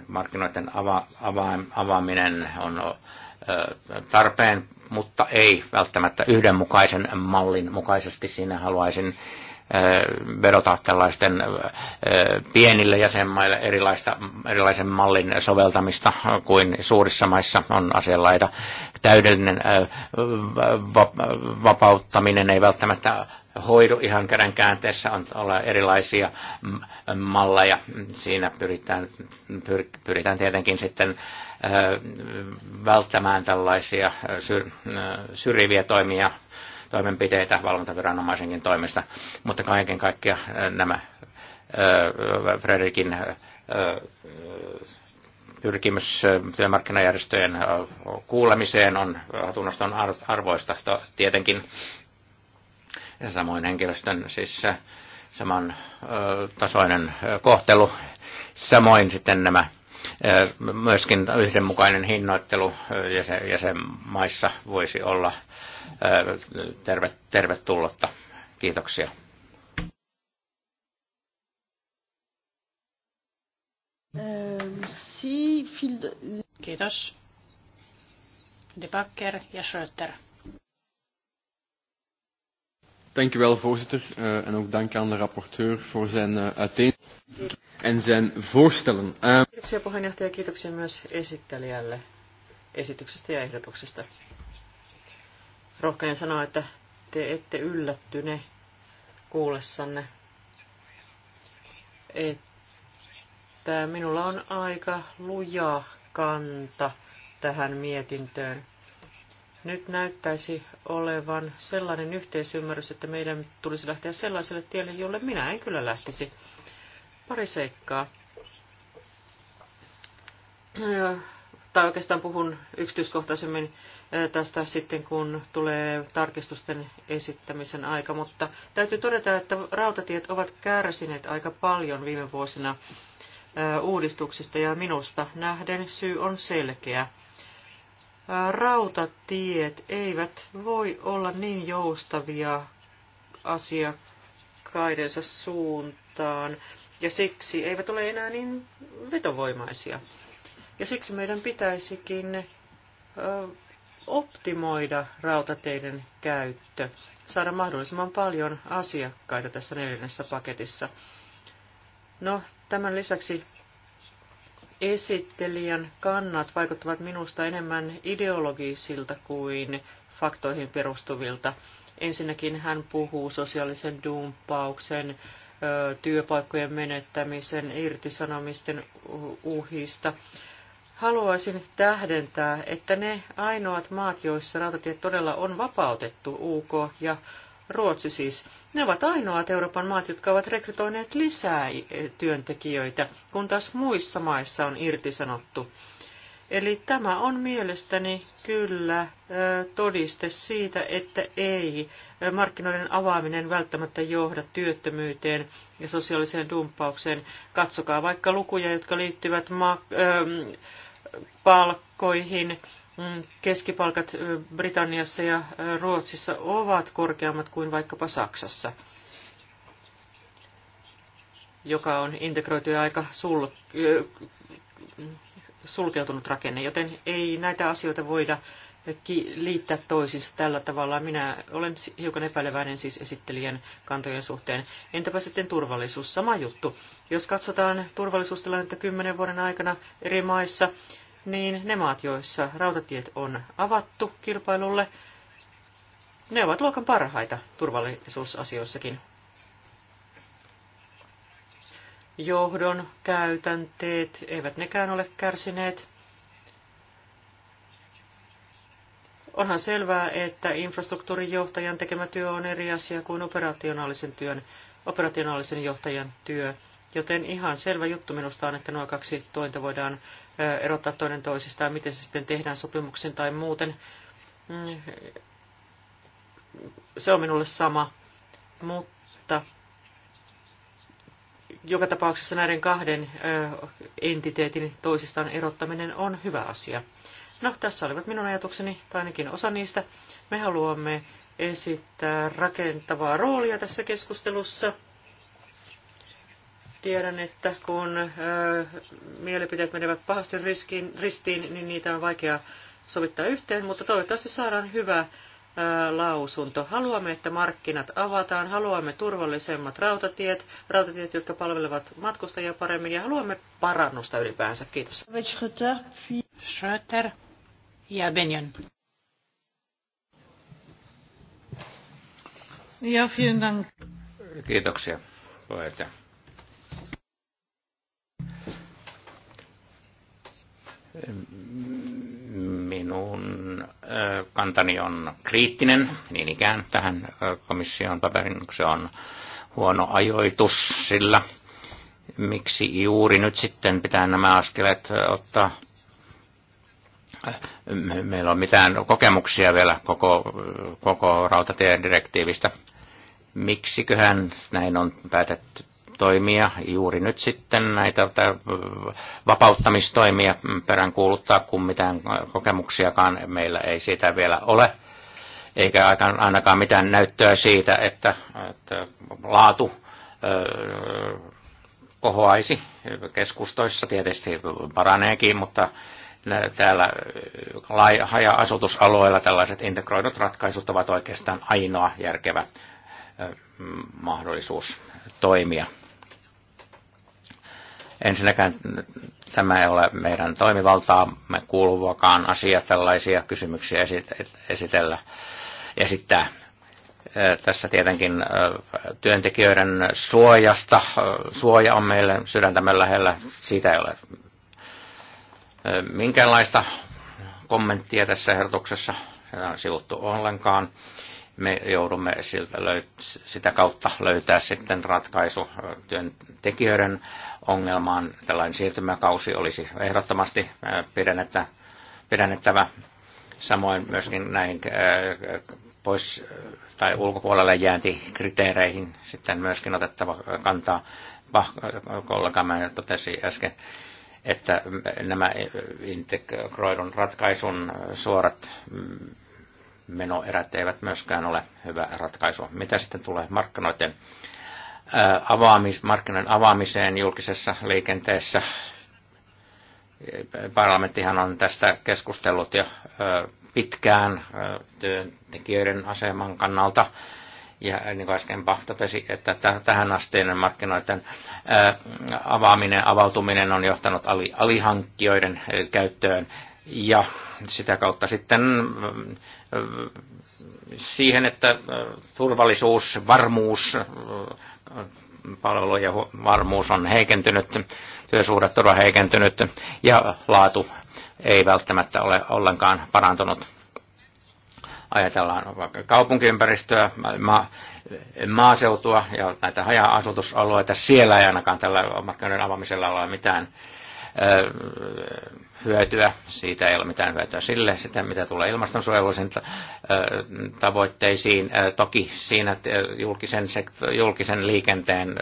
markkinoiden ava, ava, avaaminen on tarpeen, mutta ei välttämättä yhdenmukaisen mallin mukaisesti. Siinä haluaisin vedota tällaisten pienille jäsenmaille erilaista, erilaisen mallin soveltamista kuin suurissa maissa on asianlaita. Täydellinen vapauttaminen ei välttämättä hoidu ihan käden käänteessä on olla erilaisia malleja. Siinä pyritään, pyritään tietenkin sitten välttämään tällaisia syrjiviä toimia toimenpiteitä valvontaviranomaisenkin toimesta. Mutta kaiken kaikkiaan nämä Fredrikin pyrkimys työmarkkinajärjestöjen kuulemiseen on hatunnoston arvoista tietenkin. Ja samoin henkilöstön siis saman tasoinen kohtelu. Samoin sitten nämä myöskin yhdenmukainen hinnoittelu jäsenmaissa voisi olla terve, tervetullutta. Kiitoksia. Kiitos. Debakker ja Schröter. Dank u wel, voorzitter. Uh, en ook dank aan de rapporteur voor zijn uh, uiteen en zijn voorstellen. Uh... Kiitoksia puheenjohtaja, kiitoksia myös esittelijälle esityksestä ja ehdotuksesta rohkeen sanoa, että te ette yllättyne kuullessanne, että minulla on aika luja kanta tähän mietintöön. Nyt näyttäisi olevan sellainen yhteisymmärrys, että meidän tulisi lähteä sellaiselle tielle, jolle minä en kyllä lähtisi. Pari seikkaa tai oikeastaan puhun yksityiskohtaisemmin tästä sitten, kun tulee tarkistusten esittämisen aika, mutta täytyy todeta, että rautatiet ovat kärsineet aika paljon viime vuosina uudistuksista ja minusta nähden syy on selkeä. Rautatiet eivät voi olla niin joustavia asiakkaidensa suuntaan ja siksi eivät ole enää niin vetovoimaisia. Ja siksi meidän pitäisikin optimoida rautateiden käyttö, saada mahdollisimman paljon asiakkaita tässä neljännessä paketissa. No, tämän lisäksi esittelijän kannat vaikuttavat minusta enemmän ideologisilta kuin faktoihin perustuvilta. Ensinnäkin hän puhuu sosiaalisen dumppauksen, työpaikkojen menettämisen, irtisanomisten uhista. Haluaisin tähdentää, että ne ainoat maat, joissa rautatiet todella on vapautettu, UK ja Ruotsi siis, ne ovat ainoat Euroopan maat, jotka ovat rekrytoineet lisää työntekijöitä, kun taas muissa maissa on irtisanottu. Eli tämä on mielestäni kyllä todiste siitä, että ei markkinoiden avaaminen välttämättä johda työttömyyteen ja sosiaaliseen dumppaukseen. Katsokaa vaikka lukuja, jotka liittyvät ma- palkkoihin. Keskipalkat Britanniassa ja Ruotsissa ovat korkeammat kuin vaikkapa Saksassa, joka on integroitu ja aika sul, sulkeutunut rakenne, joten ei näitä asioita voida liittää toisiinsa tällä tavalla. Minä olen hiukan epäileväinen siis esittelijän kantojen suhteen. Entäpä sitten turvallisuus? Sama juttu. Jos katsotaan turvallisuustilannetta kymmenen vuoden aikana eri maissa, niin ne maat, joissa rautatiet on avattu kilpailulle, ne ovat luokan parhaita turvallisuusasioissakin. Johdon käytänteet eivät nekään ole kärsineet Onhan selvää, että infrastruktuurin johtajan tekemä työ on eri asia kuin operationaalisen, työn, operationaalisen johtajan työ. Joten ihan selvä juttu minusta on, että nuo kaksi tointa voidaan erottaa toinen toisistaan, miten se sitten tehdään sopimuksen tai muuten. Mm, se on minulle sama, mutta joka tapauksessa näiden kahden entiteetin toisistaan erottaminen on hyvä asia. No, tässä olivat minun ajatukseni, tai ainakin osa niistä. Me haluamme esittää rakentavaa roolia tässä keskustelussa. Tiedän, että kun ö, mielipiteet menevät pahasti riskiin, ristiin, niin niitä on vaikea sovittaa yhteen, mutta toivottavasti saadaan hyvä lausunto. Haluamme, että markkinat avataan, haluamme turvallisemmat rautatiet, rautatiet, jotka palvelevat matkustajia paremmin ja haluamme parannusta ylipäänsä. Kiitos. Schröter ja Benjamin. Ja, vielen dank. Kiitoksia, puheenjohtaja. Minun äh, kantani on kriittinen, niin ikään tähän äh, komission paperin, se on huono ajoitus sillä. Miksi juuri nyt sitten pitää nämä askeleet äh, ottaa meillä on mitään kokemuksia vielä koko, koko rautatiedirektiivistä. Miksiköhän näin on päätetty toimia juuri nyt sitten näitä vapauttamistoimia peräänkuuluttaa, kun mitään kokemuksiakaan meillä ei siitä vielä ole eikä ainakaan mitään näyttöä siitä, että, että laatu kohoaisi keskustoissa, tietysti paraneekin, mutta täällä äh, haja-asutusalueella tällaiset integroidut ratkaisut ovat oikeastaan ainoa järkevä äh, mahdollisuus toimia. Ensinnäkään tämä ei ole meidän toimivaltaa, me kuuluvakaan asia tällaisia kysymyksiä esitellä, esittää. Äh, tässä tietenkin työntekijöiden suojasta, suoja on meille sydäntämme lähellä, siitä ei ole minkäänlaista kommenttia tässä ehdotuksessa sitä on sivuttu ollenkaan. Me joudumme siltä löyt- sitä kautta löytää sitten ratkaisu työntekijöiden ongelmaan. Tällainen siirtymäkausi olisi ehdottomasti pidennettä, pidennettävä. Samoin myöskin näihin pois tai ulkopuolelle jääntikriteereihin sitten myöskin otettava kantaa. Kollegamme totesi äsken, että nämä integroidun ratkaisun suorat menoerät eivät myöskään ole hyvä ratkaisu. Mitä sitten tulee markkinoiden, äh, avaamis, markkinoiden avaamiseen julkisessa liikenteessä? Parlamenttihan on tästä keskustellut jo äh, pitkään äh, työntekijöiden aseman kannalta ja niin kuin äsken Bach totesi, että tähän asteinen markkinoiden avaaminen, avautuminen on johtanut alihankkijoiden käyttöön ja sitä kautta sitten siihen, että turvallisuus, varmuus, palvelujen varmuus on heikentynyt, on heikentynyt ja laatu ei välttämättä ole ollenkaan parantunut ajatellaan kaupunkiympäristöä, ma- maaseutua ja näitä haja-asutusalueita, siellä ei ainakaan tällä markkinoiden avaamisella ole mitään hyötyä. Siitä ei ole mitään hyötyä sille, sitä mitä tulee ilmastonsuojelullisiin tavoitteisiin. Toki siinä julkisen, sektor, julkisen liikenteen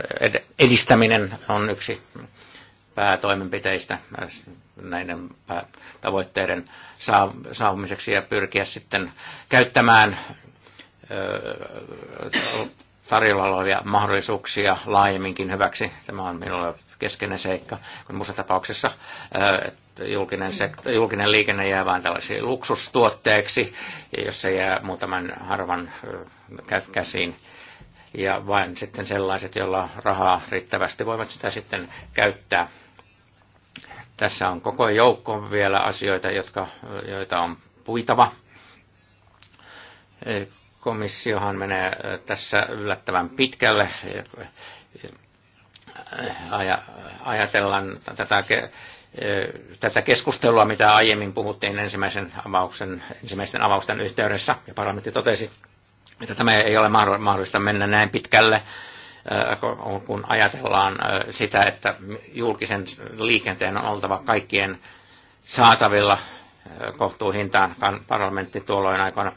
edistäminen on yksi päätoimenpiteistä näiden äh, tavoitteiden saamiseksi ja pyrkiä sitten käyttämään äh, tarjolla olevia mahdollisuuksia laajemminkin hyväksi. Tämä on minulle keskeinen seikka, kun muussa tapauksessa äh, julkinen, sekt- julkinen liikenne jää vain tällaisiin luksustuotteeksi, jos se jää muutaman harvan käsiin. Ja vain sitten sellaiset, joilla rahaa riittävästi, voivat sitä sitten käyttää tässä on koko joukko vielä asioita, jotka, joita on puitava. Komissiohan menee tässä yllättävän pitkälle. Ajatellaan tätä tätä keskustelua, mitä aiemmin puhuttiin ensimmäisen avauksen, ensimmäisten avausten yhteydessä, ja parlamentti totesi, että tämä ei ole mahdollista mennä näin pitkälle Äh, kun ajatellaan äh, sitä, että julkisen liikenteen on oltava kaikkien saatavilla äh, kohtuuhintaan. Parlamentti tuolloin aikana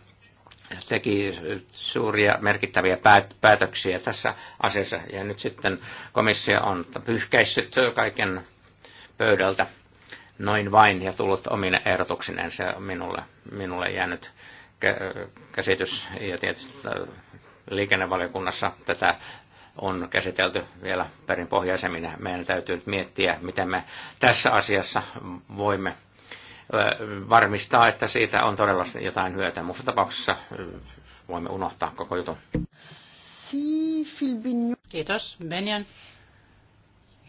teki suuria merkittäviä päätöksiä tässä asiassa ja nyt sitten komissio on pyyhkäissyt kaiken pöydältä noin vain ja tullut omine ehdotuksineen. Se on minulle, minulle jäänyt käsitys ja tietysti liikennevaliokunnassa tätä on käsitelty vielä perinpohjaisemmin. Meidän täytyy nyt miettiä, miten me tässä asiassa voimme varmistaa, että siitä on todella jotain hyötyä. Muussa tapauksessa voimme unohtaa koko jutun. Kiitos, Benjan.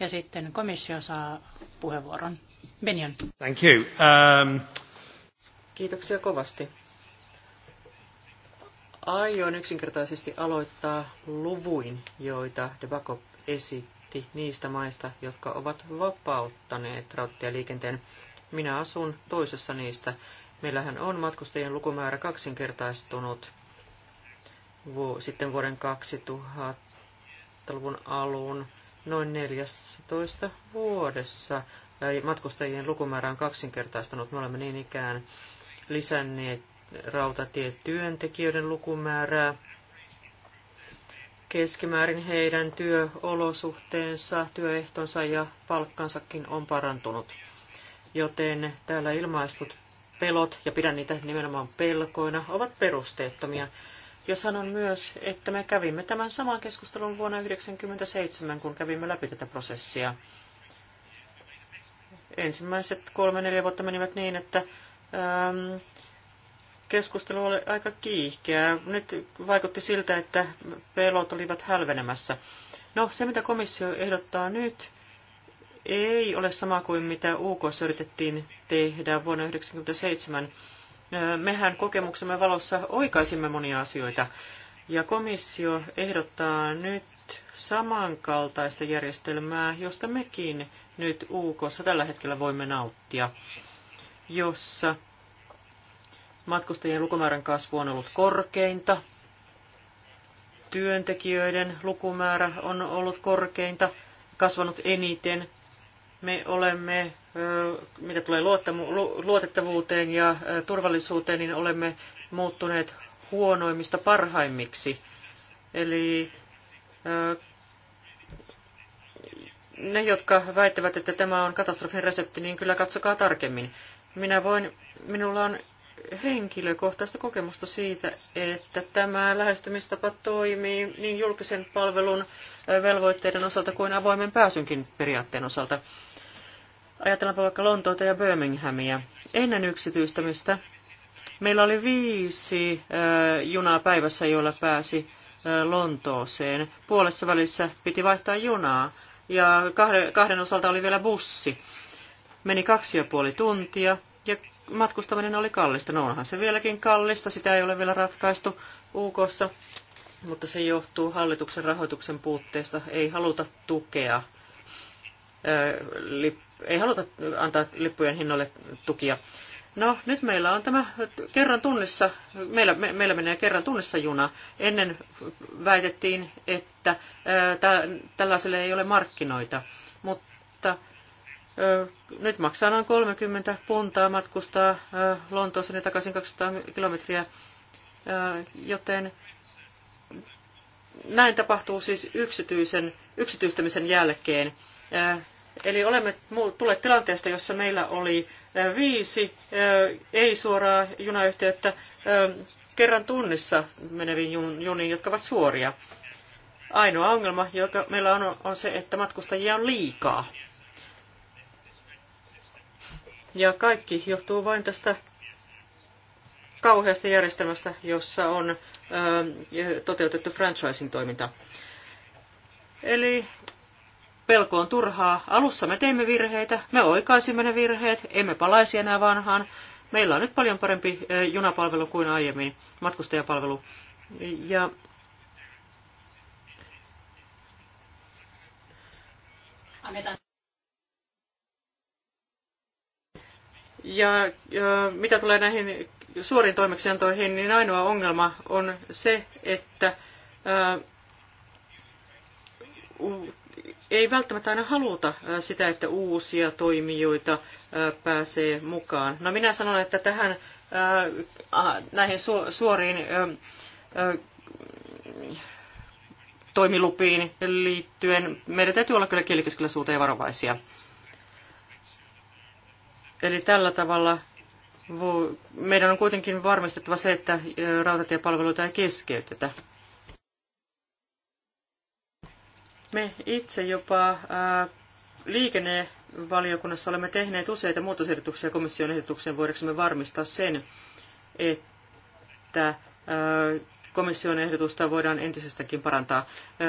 Ja sitten komissio saa puheenvuoron. Benjan. Thank you. Um... Kiitoksia kovasti. Aion yksinkertaisesti aloittaa luvuin, joita Debakop esitti niistä maista, jotka ovat vapauttaneet rautatieliikenteen. Minä asun toisessa niistä. Meillähän on matkustajien lukumäärä kaksinkertaistunut sitten vuoden 2000-luvun alun noin 14 vuodessa. Matkustajien lukumäärä on kaksinkertaistunut. Me olemme niin ikään lisänneet rautatietyöntekijöiden lukumäärää. Keskimäärin heidän työolosuhteensa, työehtonsa ja palkkansakin on parantunut. Joten täällä ilmaistut pelot, ja pidän niitä nimenomaan pelkoina, ovat perusteettomia. Ja sanon myös, että me kävimme tämän saman keskustelun vuonna 1997, kun kävimme läpi tätä prosessia. Ensimmäiset kolme-neljä vuotta menivät niin, että ähm, keskustelu oli aika kiihkeä. Nyt vaikutti siltä, että pelot olivat hälvenemässä. No, se mitä komissio ehdottaa nyt, ei ole sama kuin mitä UK yritettiin tehdä vuonna 1997. Mehän kokemuksemme valossa oikaisimme monia asioita. Ja komissio ehdottaa nyt samankaltaista järjestelmää, josta mekin nyt UKssa tällä hetkellä voimme nauttia, jossa matkustajien lukumäärän kasvu on ollut korkeinta, työntekijöiden lukumäärä on ollut korkeinta, kasvanut eniten. Me olemme, mitä tulee luotettavuuteen ja turvallisuuteen, niin olemme muuttuneet huonoimmista parhaimmiksi. Eli ne, jotka väittävät, että tämä on katastrofin resepti, niin kyllä katsokaa tarkemmin. Minä voin, minulla on henkilökohtaista kokemusta siitä, että tämä lähestymistapa toimii niin julkisen palvelun velvoitteiden osalta kuin avoimen pääsynkin periaatteen osalta. Ajatellaanpa vaikka Lontoota ja Birminghamia. Ennen yksityistämistä meillä oli viisi junaa päivässä, joilla pääsi Lontooseen. Puolessa välissä piti vaihtaa junaa ja kahden osalta oli vielä bussi. Meni kaksi ja puoli tuntia, ja matkustaminen oli kallista. No onhan se vieläkin kallista, sitä ei ole vielä ratkaistu UKssa, mutta se johtuu hallituksen rahoituksen puutteesta. Ei haluta tukea, ei haluta antaa lippujen hinnoille tukia. No, nyt meillä on tämä kerran tunnissa, meillä, me, meillä menee kerran tunnissa juna. Ennen väitettiin, että ää, tä, tällaiselle ei ole markkinoita, mutta nyt maksaa noin 30 puntaa matkustaa Lontoossa ja takaisin 200 kilometriä, joten näin tapahtuu siis yksityisen, yksityistämisen jälkeen. Eli olemme tulleet tilanteesta, jossa meillä oli viisi ei-suoraa junayhteyttä kerran tunnissa meneviin juniin, jotka ovat suoria. Ainoa ongelma, joka meillä on, on se, että matkustajia on liikaa. Ja kaikki johtuu vain tästä kauheasta järjestelmästä, jossa on ö, toteutettu franchising-toiminta. Eli pelko on turhaa. Alussa me teimme virheitä, me oikaisimme ne virheet, emme palaisi enää vanhaan. Meillä on nyt paljon parempi junapalvelu kuin aiemmin, matkustajapalvelu. Ja Annetaan Ja, ja mitä tulee näihin suoriin toimeksiantoihin, niin ainoa ongelma on se, että ää, ei välttämättä aina haluta sitä, että uusia toimijoita pääsee mukaan. No minä sanon, että tähän näihin suoriin toimilupiin liittyen meidän täytyy olla kyllä kielikeskellä suuteen varovaisia. Eli tällä tavalla meidän on kuitenkin varmistettava se, että rautatiepalveluita ei keskeytetä. Me itse jopa liikennevaliokunnassa olemme tehneet useita muutosehdotuksia komission ehdotukseen, voidaanko me varmistaa sen, että komission ehdotusta voidaan entisestäkin parantaa.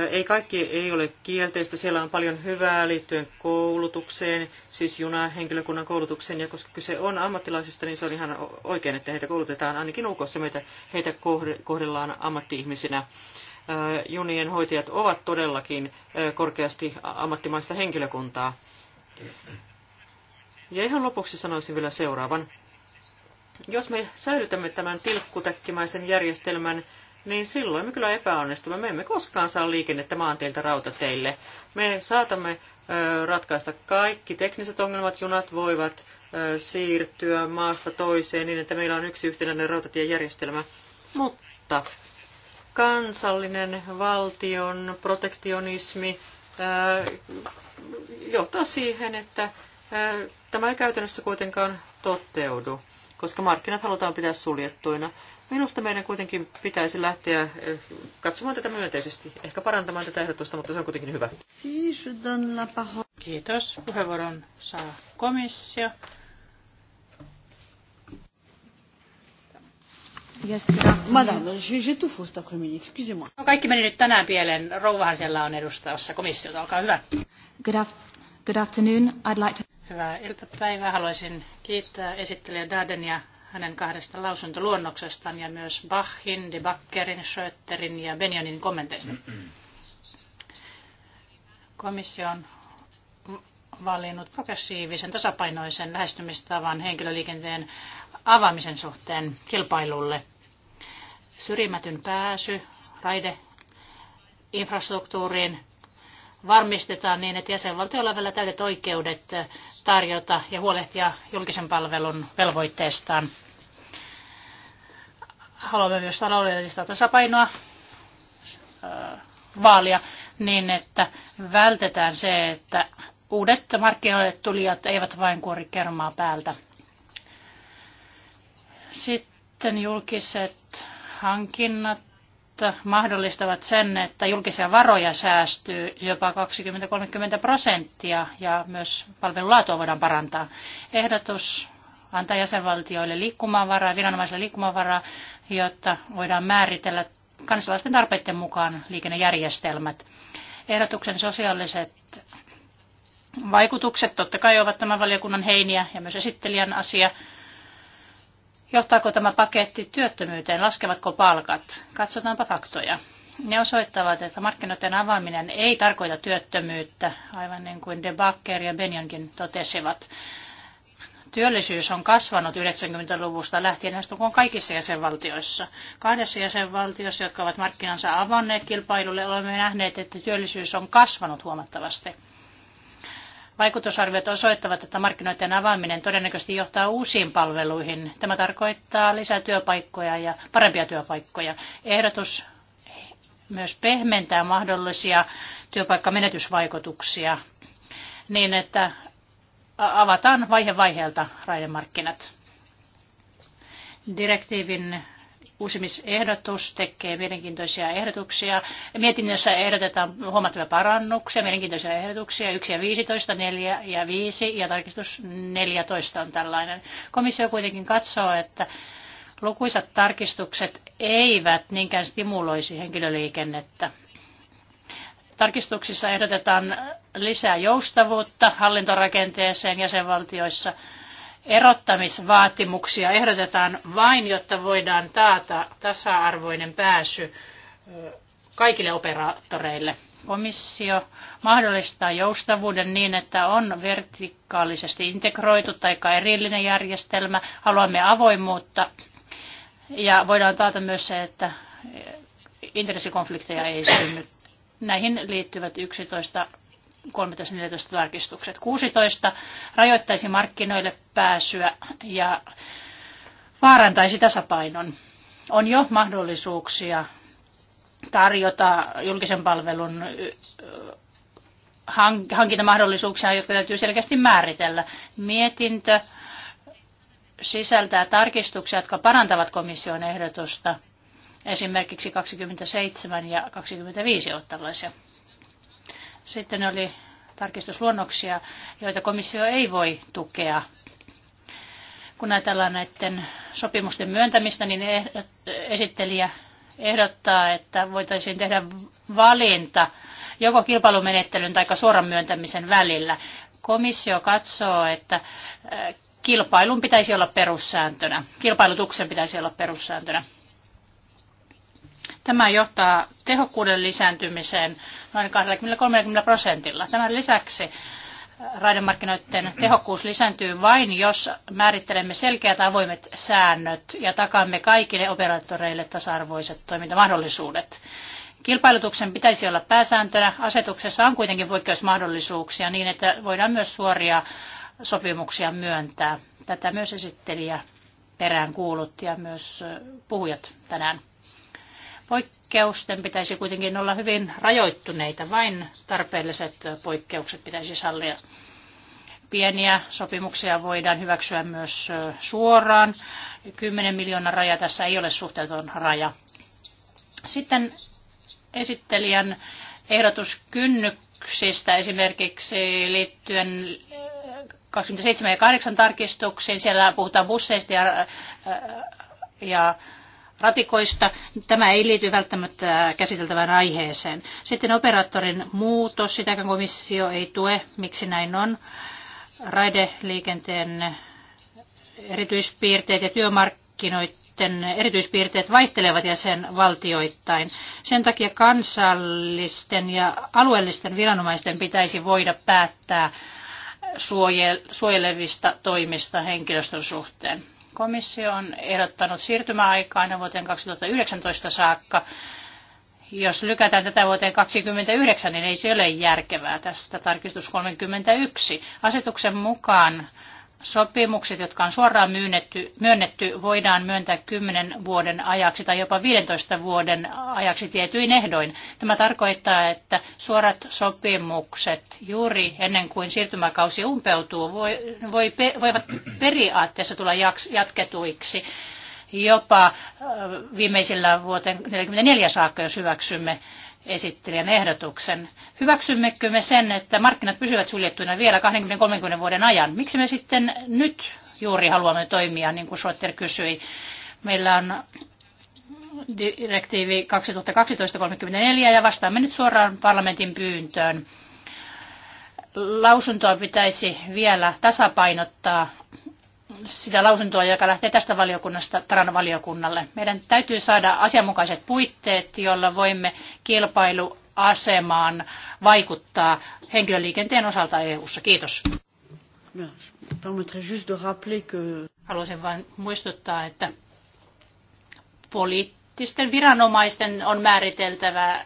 Ei kaikki ei ole kielteistä, siellä on paljon hyvää liittyen koulutukseen, siis junahenkilökunnan koulutukseen, ja koska kyse on ammattilaisista, niin se on ihan oikein, että heitä koulutetaan, ainakin UKssa meitä, heitä kohdellaan ammatti-ihmisinä. Junien hoitajat ovat todellakin korkeasti ammattimaista henkilökuntaa. Ja ihan lopuksi sanoisin vielä seuraavan jos me säilytämme tämän tilkkutäkkimäisen järjestelmän, niin silloin me kyllä epäonnistumme. Me emme koskaan saa liikennettä maantieltä rautateille. Me saatamme ratkaista kaikki tekniset ongelmat. Junat voivat siirtyä maasta toiseen niin, että meillä on yksi yhtenäinen rautatiejärjestelmä. Mutta kansallinen valtion protektionismi johtaa siihen, että tämä ei käytännössä kuitenkaan toteudu, koska markkinat halutaan pitää suljettuina. Minusta meidän kuitenkin pitäisi lähteä eh, katsomaan tätä myönteisesti, ehkä parantamaan tätä ehdotusta, mutta se on kuitenkin hyvä. Kiitos. Puheenvuoron saa komissio. No, kaikki meni nyt tänään pieleen. Rouvahan siellä on edustavassa komissiota, olkaa hyvä. good afternoon, I'd like to... Hyvää iltapäivää. Haluaisin kiittää esittelijä Dardenia hänen kahdesta lausuntoluonnoksestaan ja myös Bachin, De Bakkerin, Schröterin ja Benjamin kommenteista. Komissio on valinnut progressiivisen tasapainoisen lähestymistavan henkilöliikenteen avaamisen suhteen kilpailulle. Syrjimätön pääsy raide infrastruktuuriin varmistetaan niin, että jäsenvaltioilla on vielä täydet oikeudet tarjota ja huolehtia julkisen palvelun velvoitteestaan. Haluamme myös taloudellista tasapainoa vaalia niin, että vältetään se, että uudet markkinoille tulijat eivät vain kuori kermaa päältä. Sitten julkiset hankinnat mahdollistavat sen, että julkisia varoja säästyy jopa 20-30 prosenttia ja myös palvelulaatua voidaan parantaa. Ehdotus antaa jäsenvaltioille liikkumavaraa, viranomaisille liikkumavaraa, jotta voidaan määritellä kansalaisten tarpeiden mukaan liikennejärjestelmät. Ehdotuksen sosiaaliset vaikutukset totta kai ovat tämän valiokunnan heiniä ja myös esittelijän asia Johtaako tämä paketti työttömyyteen? Laskevatko palkat? Katsotaanpa faktoja. Ne osoittavat, että markkinoiden avaaminen ei tarkoita työttömyyttä, aivan niin kuin Backer ja Benjankin totesivat. Työllisyys on kasvanut 90-luvusta lähtien lähestulkoon kaikissa jäsenvaltioissa. Kahdessa jäsenvaltiossa, jotka ovat markkinansa avanneet kilpailulle, olemme nähneet, että työllisyys on kasvanut huomattavasti. Vaikutusarviot osoittavat, että markkinoiden avaaminen todennäköisesti johtaa uusiin palveluihin. Tämä tarkoittaa lisää työpaikkoja ja parempia työpaikkoja. Ehdotus myös pehmentää mahdollisia työpaikkamenetysvaikutuksia niin, että avataan vaihe vaiheelta raidemarkkinat. Direktiivin uusimisehdotus tekee mielenkiintoisia ehdotuksia. Mietinnössä ehdotetaan huomattavia parannuksia, mielenkiintoisia ehdotuksia. 1 ja 15, 4 ja 5 ja tarkistus 14 on tällainen. Komissio kuitenkin katsoo, että lukuisat tarkistukset eivät niinkään stimuloisi henkilöliikennettä. Tarkistuksissa ehdotetaan lisää joustavuutta hallintorakenteeseen jäsenvaltioissa – erottamisvaatimuksia ehdotetaan vain, jotta voidaan taata tasa-arvoinen pääsy kaikille operaattoreille. Komissio mahdollistaa joustavuuden niin, että on vertikaalisesti integroitu tai erillinen järjestelmä. Haluamme avoimuutta ja voidaan taata myös se, että intressikonflikteja ei synny. Näihin liittyvät 11 13-14 tarkistukset. 16 rajoittaisi markkinoille pääsyä ja vaarantaisi tasapainon. On jo mahdollisuuksia tarjota julkisen palvelun hankintamahdollisuuksia, jotka täytyy selkeästi määritellä. Mietintö sisältää tarkistuksia, jotka parantavat komission ehdotusta. Esimerkiksi 27 ja 25 ovat tällaisia. Sitten oli tarkistusluonnoksia, joita komissio ei voi tukea. Kun ajatellaan näiden sopimusten myöntämistä, niin e- esittelijä ehdottaa, että voitaisiin tehdä valinta joko kilpailumenettelyn tai suoran myöntämisen välillä. Komissio katsoo, että kilpailun pitäisi olla perussääntönä, kilpailutuksen pitäisi olla perussääntönä. Tämä johtaa tehokkuuden lisääntymiseen noin 20-30 prosentilla. Tämän lisäksi äh, raidemarkkinoiden tehokkuus lisääntyy vain, jos määrittelemme selkeät avoimet säännöt ja takaamme kaikille operaattoreille tasa-arvoiset toimintamahdollisuudet. Kilpailutuksen pitäisi olla pääsääntönä. Asetuksessa on kuitenkin poikkeusmahdollisuuksia niin, että voidaan myös suoria sopimuksia myöntää. Tätä myös esittelijä perään kuulut ja myös äh, puhujat tänään. Poikkeusten pitäisi kuitenkin olla hyvin rajoittuneita, vain tarpeelliset poikkeukset pitäisi sallia. Pieniä sopimuksia voidaan hyväksyä myös suoraan. 10 miljoonan raja tässä ei ole suhteeton raja. Sitten esittelijän ehdotus kynnyksistä esimerkiksi liittyen 27 ja 8 tarkistuksiin. Siellä puhutaan busseista ja, ja ratikoista. Tämä ei liity välttämättä käsiteltävään aiheeseen. Sitten operaattorin muutos, sitäkään komissio ei tue. Miksi näin on? Raideliikenteen erityispiirteet ja työmarkkinoiden erityispiirteet vaihtelevat jäsenvaltioittain. Sen takia kansallisten ja alueellisten viranomaisten pitäisi voida päättää suojelevista toimista henkilöstön suhteen. Komissio on ehdottanut siirtymäaikaa aina vuoteen 2019 saakka. Jos lykätään tätä vuoteen 2029, niin ei se ole järkevää. Tästä tarkistus 31. Asetuksen mukaan sopimukset, jotka on suoraan myönnetty, myönnetty, voidaan myöntää 10 vuoden ajaksi tai jopa 15 vuoden ajaksi tietyin ehdoin. Tämä tarkoittaa, että suorat sopimukset juuri ennen kuin siirtymäkausi umpeutuu voi, voi, voivat periaatteessa tulla jatketuiksi jopa viimeisillä vuoteen 1944 saakka, jos hyväksymme esittelijän ehdotuksen. Hyväksymmekö me sen, että markkinat pysyvät suljettuina vielä 20-30 vuoden ajan? Miksi me sitten nyt juuri haluamme toimia, niin kuin Schotter kysyi? Meillä on direktiivi 2012-34 ja vastaamme nyt suoraan parlamentin pyyntöön. Lausuntoa pitäisi vielä tasapainottaa sitä lausuntoa, joka lähtee tästä valiokunnasta Taran valiokunnalle. Meidän täytyy saada asianmukaiset puitteet, joilla voimme kilpailuasemaan vaikuttaa henkilöliikenteen osalta EU-ssa. Kiitos. Haluaisin vain muistuttaa, että poliittisten viranomaisten on määriteltävä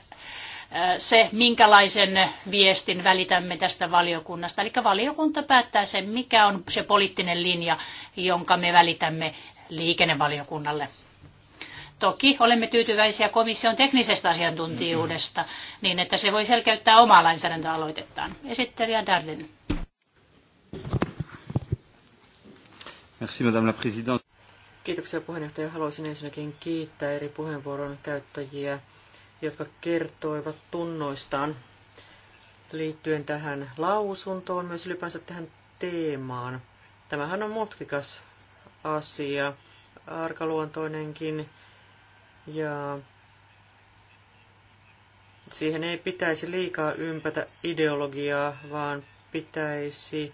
se, minkälaisen viestin välitämme tästä valiokunnasta. Eli valiokunta päättää sen, mikä on se poliittinen linja, jonka me välitämme liikennevaliokunnalle. Toki olemme tyytyväisiä komission teknisestä asiantuntijuudesta, niin että se voi selkeyttää omaa lainsäädäntöaloitettaan. Esittelijä Darden. Merci, Madame la Présidente. Kiitoksia puheenjohtaja. Haluaisin ensinnäkin kiittää eri puheenvuoron käyttäjiä jotka kertoivat tunnoistaan liittyen tähän lausuntoon, myös ylipäänsä tähän teemaan. Tämähän on mutkikas asia, arkaluontoinenkin, ja siihen ei pitäisi liikaa ympätä ideologiaa, vaan pitäisi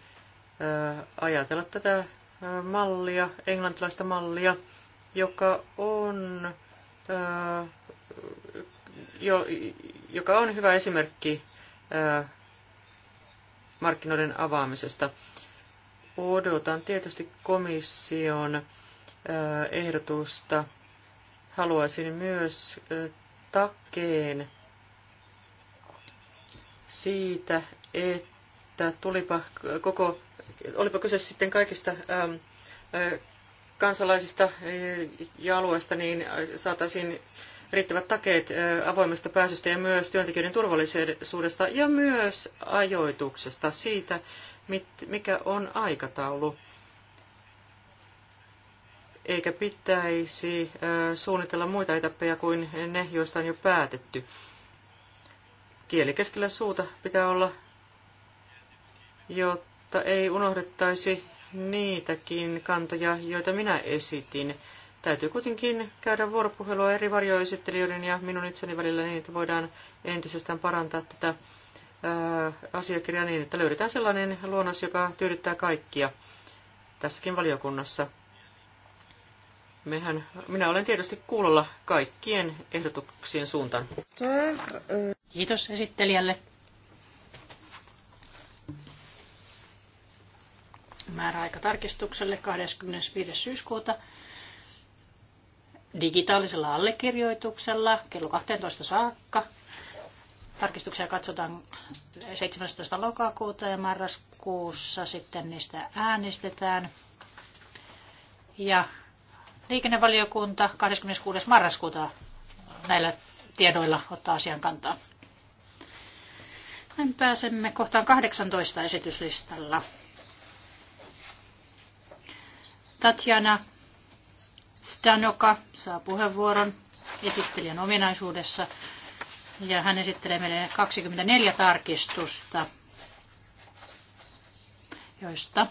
ajatella tätä mallia, englantilaista mallia, joka on jo, joka on hyvä esimerkki markkinoiden avaamisesta. Odotan tietysti komission ehdotusta. Haluaisin myös takeen siitä, että tulipa koko, olipa kyse sitten kaikista kansalaisista ja alueista, niin saataisiin riittävät takeet avoimesta pääsystä ja myös työntekijöiden turvallisuudesta ja myös ajoituksesta siitä, mikä on aikataulu. Eikä pitäisi suunnitella muita etappeja kuin ne, joista on jo päätetty. Kieli keskellä suuta pitää olla, jotta ei unohdettaisi niitäkin kantoja, joita minä esitin täytyy kuitenkin käydä vuoropuhelua eri varjoesittelijöiden ja minun itseni välillä niin, että voidaan entisestään parantaa tätä asiakirjaa niin, että löydetään sellainen luonnos, joka tyydyttää kaikkia tässäkin valiokunnassa. Mehän, minä olen tietysti kuulolla kaikkien ehdotuksien suuntaan. Kiitos esittelijälle. Määräaika tarkistukselle 25. syyskuuta digitaalisella allekirjoituksella kello 12 saakka. Tarkistuksia katsotaan 17. lokakuuta ja marraskuussa sitten niistä äänestetään. Ja liikennevaliokunta 26. marraskuuta näillä tiedoilla ottaa asian kantaa. Näin pääsemme kohtaan 18 esityslistalla. Tatjana Stanoka saa puheenvuoron esittelijän ominaisuudessa ja hän esittelee meille 24 tarkistusta, joista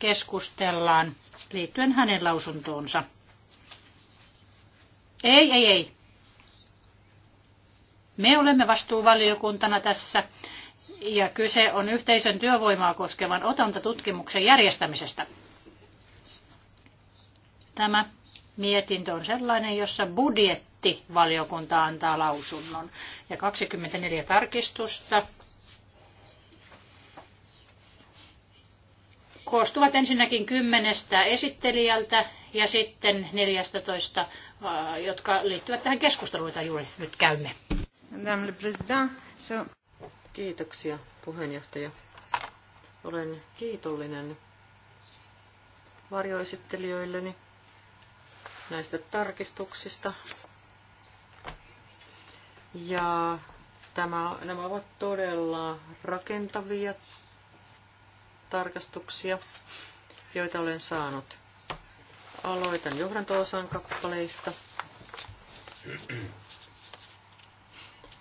keskustellaan liittyen hänen lausuntoonsa. Ei, ei, ei. Me olemme vastuuvaliokuntana tässä ja kyse on yhteisön työvoimaa koskevan otantatutkimuksen järjestämisestä. Tämä mietintö on sellainen, jossa budjettivaliokunta antaa lausunnon. Ja 24 tarkistusta koostuvat ensinnäkin kymmenestä esittelijältä ja sitten 14, äh, jotka liittyvät tähän keskusteluun, jota juuri nyt käymme. Kiitoksia puheenjohtaja. Olen kiitollinen varjoesittelijöilleni näistä tarkistuksista. Ja tämä, nämä ovat todella rakentavia tarkastuksia, joita olen saanut. Aloitan johdanto-osan kappaleista.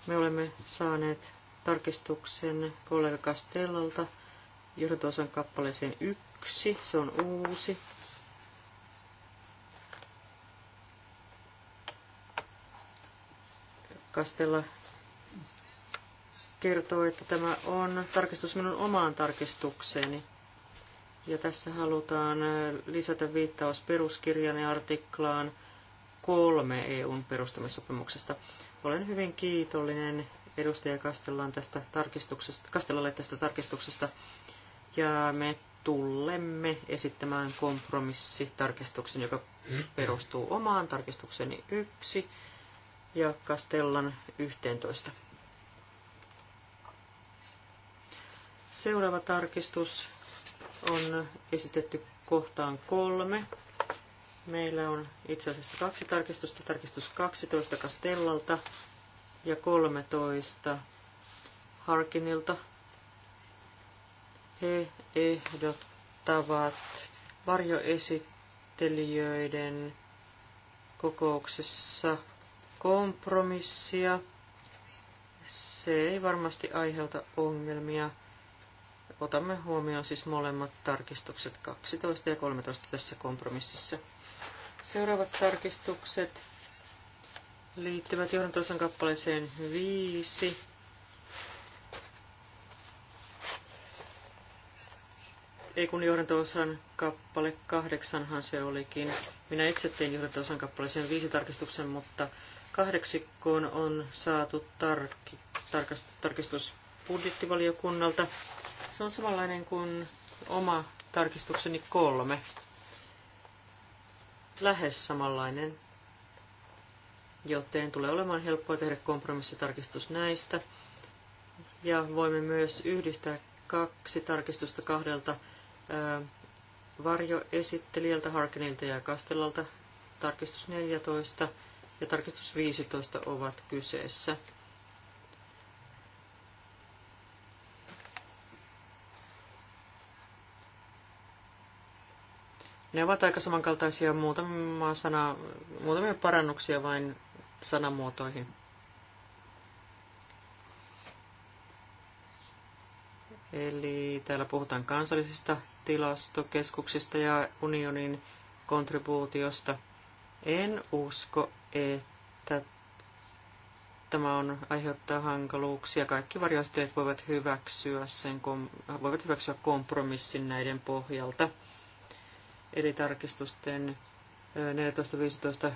Me olemme saaneet tarkistuksen kollega Castellalta johdanto-osan kappaleeseen yksi. Se on uusi. tarkastella, kertoo, että tämä on tarkistus minun omaan tarkistukseeni. Ja tässä halutaan äh, lisätä viittaus peruskirjan ja artiklaan kolme EUn perustamissopimuksesta. Olen hyvin kiitollinen edustaja Kastellaan tästä tarkistuksesta, Kastellalle tästä tarkistuksesta. Ja me tullemme esittämään kompromissitarkistuksen, joka perustuu omaan tarkistukseni yksi ja Kastellan 11. Seuraava tarkistus on esitetty kohtaan kolme. Meillä on itse asiassa kaksi tarkistusta. Tarkistus 12 Kastellalta ja 13 Harkinilta. He ehdottavat varjoesittelijöiden kokouksessa kompromissia. Se ei varmasti aiheuta ongelmia. Otamme huomioon siis molemmat tarkistukset 12 ja 13 tässä kompromississa. Seuraavat tarkistukset liittyvät johdantosan kappaleeseen 5. Ei kun johdantoosan kappale kahdeksanhan se olikin. Minä itse tein johdantoosan kappaleeseen viisi tarkistuksen, mutta Kahdeksikkoon on saatu tarkki, tarkast, tarkistus budjettivaliokunnalta. Se on samanlainen kuin oma tarkistukseni kolme. Lähes samanlainen, joten tulee olemaan helppoa tehdä kompromissitarkistus näistä. Ja voimme myös yhdistää kaksi tarkistusta kahdelta varjoesittelijältä harkenilta ja Kastellalta, tarkistus 14 ja tarkistus 15 ovat kyseessä. Ne ovat aika samankaltaisia, muutama sana, muutamia parannuksia vain sanamuotoihin. Eli täällä puhutaan kansallisista tilastokeskuksista ja unionin kontribuutiosta – en usko, että tämä on, aiheuttaa hankaluuksia. Kaikki varjoasteet voivat hyväksyä, sen, voivat hyväksyä kompromissin näiden pohjalta. Eli tarkistusten 14, 15,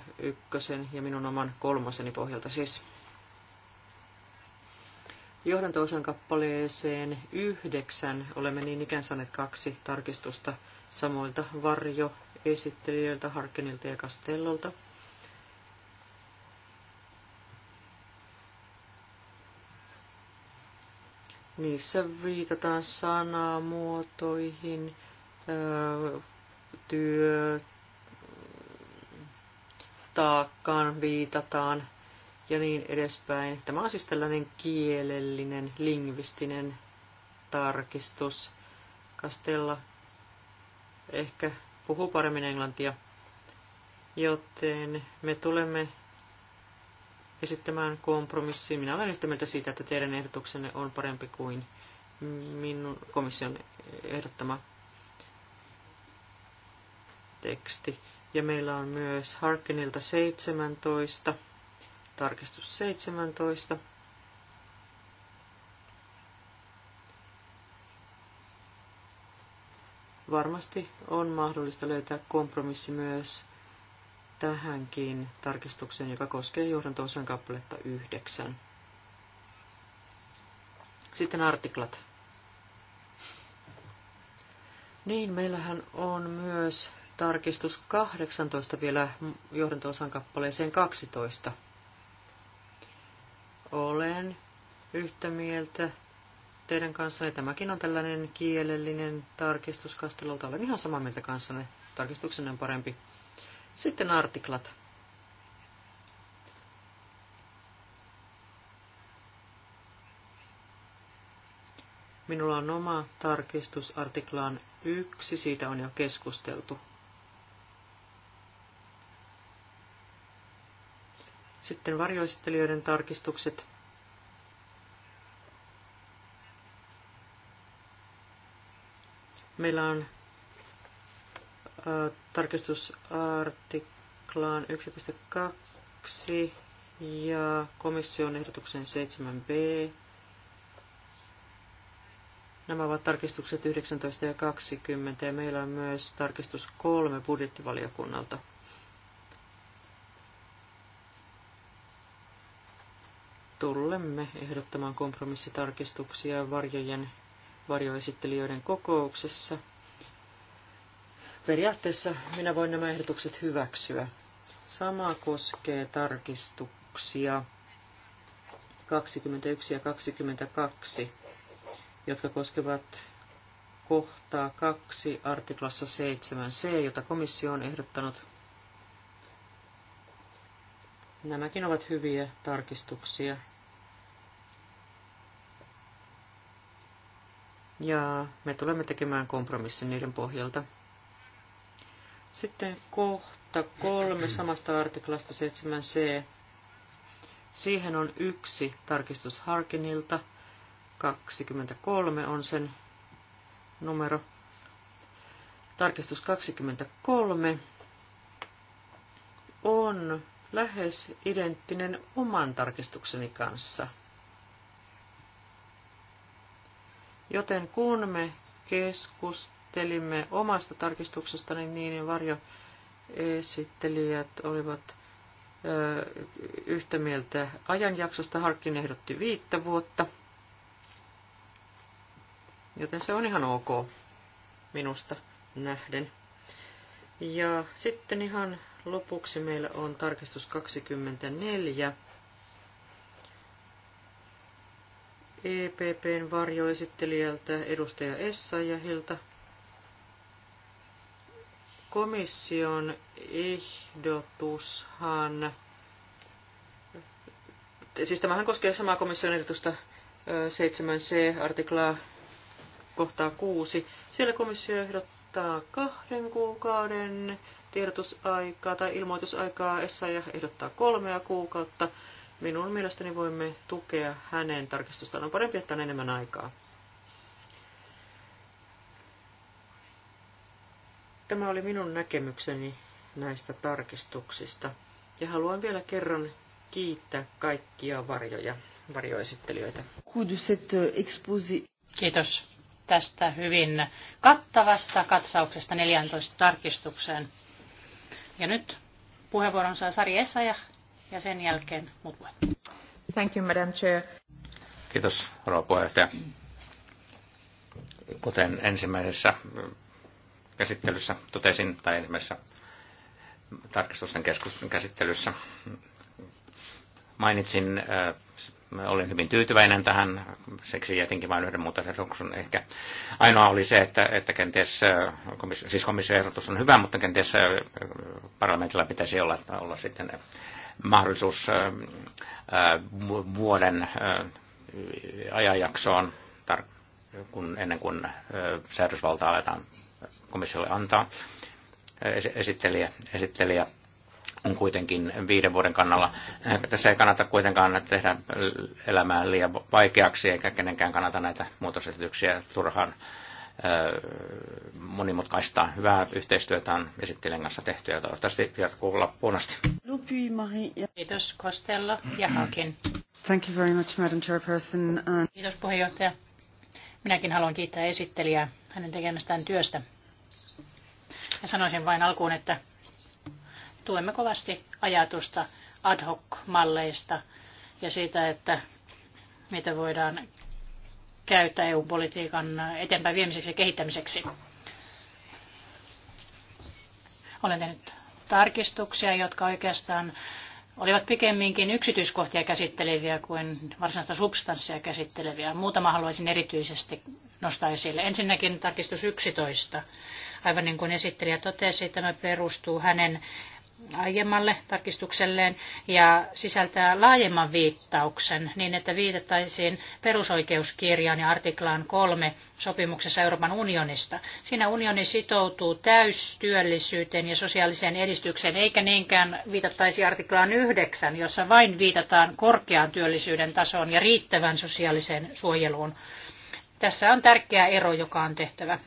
ja minun oman kolmoseni pohjalta siis. Johdanto-osan kappaleeseen yhdeksän olemme niin ikään saaneet kaksi tarkistusta samoilta varjoesittelijöiltä Harkenilta ja Kastellolta. Niissä viitataan sanamuotoihin, työ, taakkaan viitataan ja niin edespäin. Tämä on siis tällainen kielellinen, lingvistinen tarkistus. Kastella ehkä puhuu paremmin englantia. Joten me tulemme esittämään kompromissiin. Minä olen yhtä mieltä siitä, että teidän ehdotuksenne on parempi kuin minun komission ehdottama teksti. Ja meillä on myös Harkinilta 17, tarkistus 17. varmasti on mahdollista löytää kompromissi myös tähänkin tarkistukseen, joka koskee johdanto-osan kappaletta 9. Sitten artiklat. Niin, meillähän on myös tarkistus 18 vielä johdanto-osan kappaleeseen 12. Olen yhtä mieltä teidän kanssanne. Tämäkin on tällainen kielellinen tarkistus kastelulta. Olen ihan samaa mieltä kanssanne. Tarkistuksenne on parempi. Sitten artiklat. Minulla on oma tarkistus artiklaan yksi, siitä on jo keskusteltu. Sitten varjoesittelijöiden tarkistukset Meillä on tarkistusartiklaan 1.2 ja komission ehdotuksen 7b. Nämä ovat tarkistukset 19 ja 20 ja meillä on myös tarkistus 3 budjettivaliokunnalta. Tulemme ehdottamaan kompromissitarkistuksia varjojen varjoesittelijöiden kokouksessa. Periaatteessa minä voin nämä ehdotukset hyväksyä. Sama koskee tarkistuksia 21 ja 22, jotka koskevat kohtaa 2 artiklassa 7c, jota komissio on ehdottanut. Nämäkin ovat hyviä tarkistuksia. ja me tulemme tekemään kompromissin niiden pohjalta. Sitten kohta kolme samasta artiklasta 7c. Siihen on yksi tarkistus Harkinilta. 23 on sen numero. Tarkistus 23 on lähes identtinen oman tarkistukseni kanssa – Joten kun me keskustelimme omasta tarkistuksesta, niin varjoesittelijät olivat yhtä mieltä ajanjaksosta. Harkkin ehdotti viittä vuotta, joten se on ihan ok minusta nähden. Ja sitten ihan lopuksi meillä on tarkistus 24 EPPn varjoesittelijältä edustaja Essayahilta komission ehdotushan, siis tämähän koskee samaa komission ehdotusta 7c artiklaa kohtaa 6. Siellä komissio ehdottaa kahden kuukauden tiedotusaikaa tai ilmoitusaikaa, Essa ja ehdottaa kolmea kuukautta. Minun mielestäni voimme tukea hänen tarkistustaan. On parempi, että on enemmän aikaa. Tämä oli minun näkemykseni näistä tarkistuksista. Ja haluan vielä kerran kiittää kaikkia varjoja, varjoesittelijöitä. Kiitos tästä hyvin kattavasta katsauksesta 14 tarkistukseen. Ja nyt puheenvuoron saa Sari Essayah ja sen jälkeen muut puheet. Thank you, Madam Chair. Kiitos, rouva puheenjohtaja. Kuten ensimmäisessä käsittelyssä totesin, tai ensimmäisessä tarkastusten keskusten käsittelyssä mainitsin, äh, olin hyvin tyytyväinen tähän, seksi jätinkin vain yhden muutoksen ruksun. Ehkä ainoa oli se, että, että kenties, äh, siis komission ehdotus on hyvä, mutta kenties äh, parlamentilla pitäisi olla, olla sitten mahdollisuus vuoden ajanjaksoon, kun ennen kuin säädösvaltaa aletaan komissiolle antaa. Esittelijä, esittelijä on kuitenkin viiden vuoden kannalla. Tässä ei kannata kuitenkaan tehdä elämää liian vaikeaksi, eikä kenenkään kannata näitä muutosesityksiä turhaan monimutkaista hyvää yhteistyötä on esittelen kanssa tehty ja toivottavasti jatkuu loppuun asti. Kiitos Kostella ja hakin. Thank you very much, Madam Chairperson. Kiitos puheenjohtaja. Minäkin haluan kiittää esittelijää hänen tekemästään työstä. Ja sanoisin vain alkuun, että tuemme kovasti ajatusta ad hoc-malleista ja siitä, että mitä voidaan käytä EU-politiikan eteenpäin viemiseksi ja kehittämiseksi. Olen tehnyt tarkistuksia, jotka oikeastaan olivat pikemminkin yksityiskohtia käsitteleviä kuin varsinaista substanssia käsitteleviä. Muutama haluaisin erityisesti nostaa esille. Ensinnäkin tarkistus 11. Aivan niin kuin esittelijä totesi, tämä perustuu hänen aiemmalle tarkistukselleen ja sisältää laajemman viittauksen niin, että viitattaisiin perusoikeuskirjaan ja artiklaan kolme sopimuksessa Euroopan unionista. Siinä unioni sitoutuu täystyöllisyyteen ja sosiaaliseen edistykseen, eikä niinkään viitattaisi artiklaan yhdeksän, jossa vain viitataan korkeaan työllisyyden tasoon ja riittävän sosiaaliseen suojeluun. Tässä on tärkeä ero, joka on tehtävä.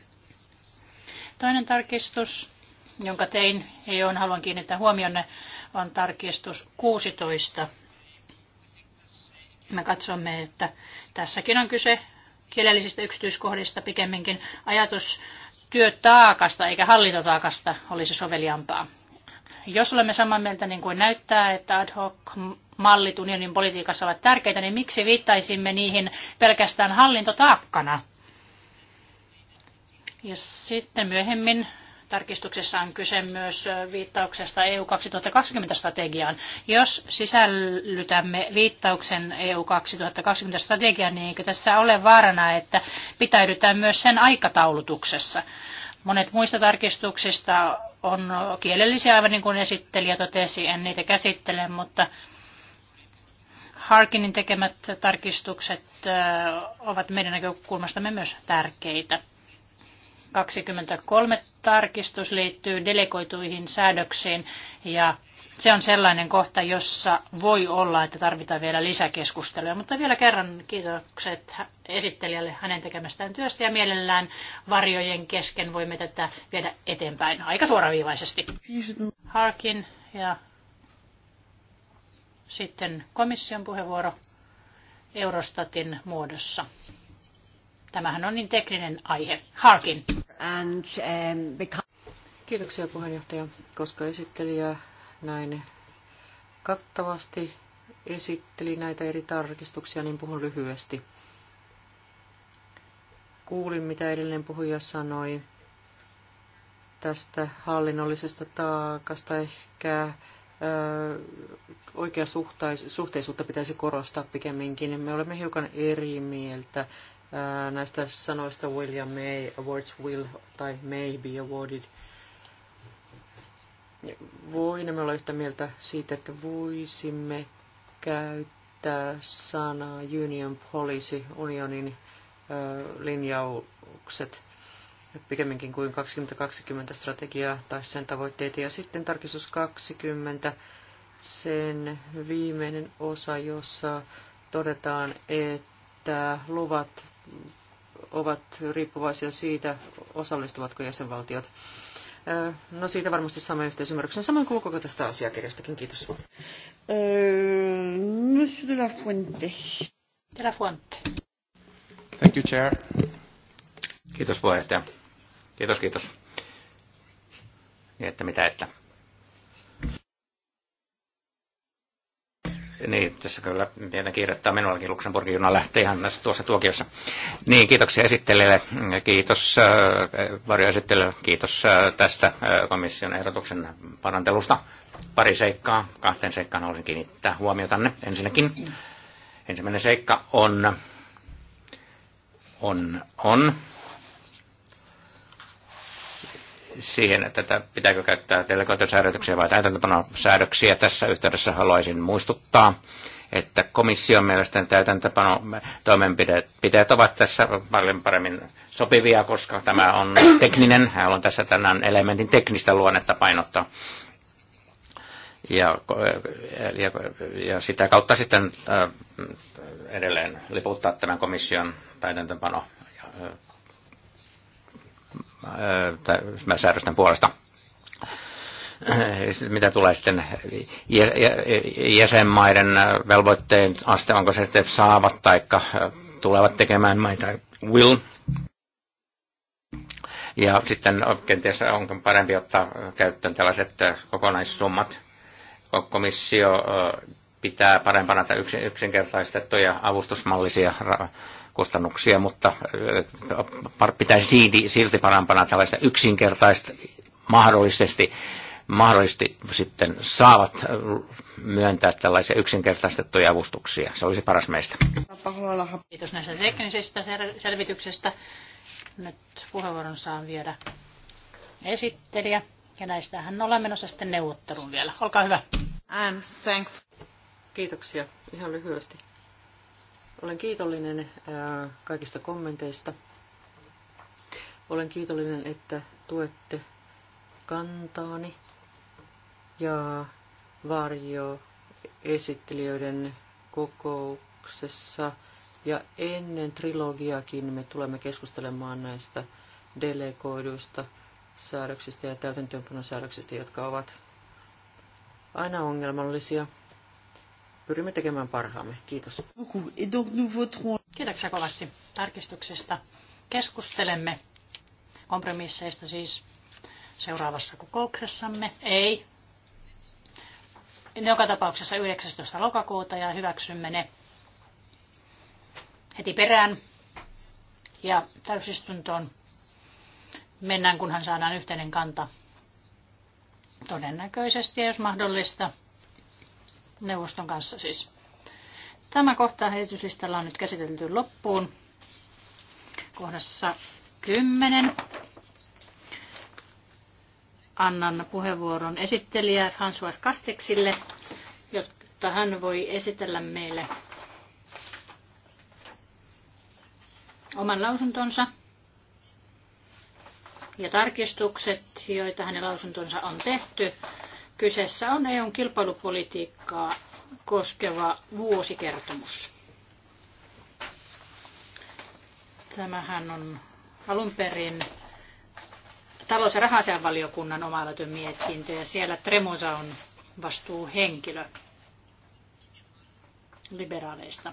Toinen tarkistus jonka tein ja e johon haluan kiinnittää huomionne, on tarkistus 16. Me katsomme, että tässäkin on kyse kielellisistä yksityiskohdista pikemminkin. Ajatus työtaakasta eikä hallintotaakasta olisi soveliampaa. Jos olemme samaa mieltä niin kuin näyttää, että ad hoc mallit unionin politiikassa ovat tärkeitä, niin miksi viittaisimme niihin pelkästään hallintotaakkana? Ja sitten myöhemmin tarkistuksessa on kyse myös viittauksesta EU 2020-strategiaan. Jos sisällytämme viittauksen EU 2020-strategiaan, niin eikö tässä ole vaarana, että pitäydytään myös sen aikataulutuksessa? Monet muista tarkistuksista on kielellisiä, aivan niin kuin esittelijä totesi, en niitä käsittele, mutta Harkinin tekemät tarkistukset ovat meidän näkökulmastamme myös tärkeitä. 23 tarkistus liittyy delegoituihin säädöksiin ja se on sellainen kohta, jossa voi olla, että tarvitaan vielä lisäkeskustelua. Mutta vielä kerran kiitokset esittelijälle hänen tekemästään työstä ja mielellään varjojen kesken voimme tätä viedä eteenpäin aika suoraviivaisesti. Harkin ja sitten komission puheenvuoro Eurostatin muodossa. Tämähän on niin tekninen aihe. Harkin and um, because... Kiitoksia puheenjohtaja, koska esittelijä näin kattavasti esitteli näitä eri tarkistuksia, niin puhun lyhyesti. Kuulin, mitä edellinen puhuja sanoi tästä hallinnollisesta taakasta. Ehkä oikea suhteisuutta pitäisi korostaa pikemminkin. Me olemme hiukan eri mieltä näistä sanoista will ja may, awards will tai may be awarded. me olla yhtä mieltä siitä, että voisimme käyttää sanaa union policy, unionin linjaukset, pikemminkin kuin 2020 strategiaa tai sen tavoitteita. Ja sitten tarkistus 20, sen viimeinen osa, jossa todetaan, että luvat ovat riippuvaisia siitä, osallistuvatko jäsenvaltiot. Äh, no siitä varmasti saamme yhteisymmärryksen. Samoin kuin koko tästä asiakirjastakin. Kiitos. Äh, Monsieur de la Fuente. De la Fuente. Thank you, Chair. Kiitos puheenjohtaja. Kiitos, kiitos. Niin, että mitä, että Niin, tässä kyllä tietenkin kiirettä minullakin Luxemburgin juna lähtee ihan tuossa tuokiossa. Niin, kiitoksia esittelijälle, kiitos äh, varjoesittelijälle, kiitos äh, tästä äh, komission ehdotuksen parantelusta. Pari seikkaa, kahteen seikkaan haluaisin kiinnittää huomiotanne ensinnäkin. Ensimmäinen seikka on, on, on siihen, että tätä pitääkö käyttää delegaatiosäädöksiä vai täytäntöpanosäädöksiä. Tässä yhteydessä haluaisin muistuttaa, että komission mielestä täytäntöpano toimenpiteet ovat tässä paljon paremmin sopivia, koska tämä on tekninen. Haluan tässä tänään elementin teknistä luonnetta painottaa. Ja, ja, ja sitä kautta sitten äh, edelleen liputtaa tämän komission täytäntöpano äh, Äh, mä säädösten puolesta mitä tulee sitten jäsenmaiden äh, velvoitteen aste, onko se sitten saavat tai äh, tulevat tekemään maita will. Ja sitten no, kenties onko parempi ottaa käyttöön tällaiset kokonaissummat. Komissio pitää parempana yksinkertaistettuja avustusmallisia kustannuksia, mutta pitäisi silti parampana tällaista yksinkertaista mahdollisesti mahdollisesti sitten saavat myöntää tällaisia yksinkertaistettuja avustuksia. Se olisi paras meistä. Kiitos näistä teknisistä selvityksestä. Nyt puheenvuoron saa viedä esittelijä. Ja näistähän ollaan menossa sitten neuvotteluun vielä. Olkaa hyvä. thankful. Kiitoksia. Ihan lyhyesti. Olen kiitollinen kaikista kommenteista. Olen kiitollinen, että tuette kantaani ja varjo esittelijöiden kokouksessa ja ennen trilogiakin me tulemme keskustelemaan näistä delegoiduista säädöksistä ja täytäntöönpanosäädöksistä, jotka ovat aina ongelmallisia pyrimme tekemään parhaamme. Kiitos. Kiitoksia kovasti tarkistuksesta. Keskustelemme kompromisseista siis seuraavassa kokouksessamme. Ei. Joka tapauksessa 19. lokakuuta ja hyväksymme ne heti perään. Ja täysistuntoon mennään, kunhan saadaan yhteinen kanta. Todennäköisesti, jos mahdollista, neuvoston kanssa siis. Tämä kohta heityslistalla on nyt käsitelty loppuun. Kohdassa 10 annan puheenvuoron esittelijä François Kasteksille, jotta hän voi esitellä meille oman lausuntonsa ja tarkistukset, joita hänen lausuntonsa on tehty, Kyseessä on EUn kilpailupolitiikkaa koskeva vuosikertomus. Tämähän on alun perin talous- ja rahasianvaliokunnan oma mietintö ja siellä Tremosa on vastuuhenkilö liberaaleista.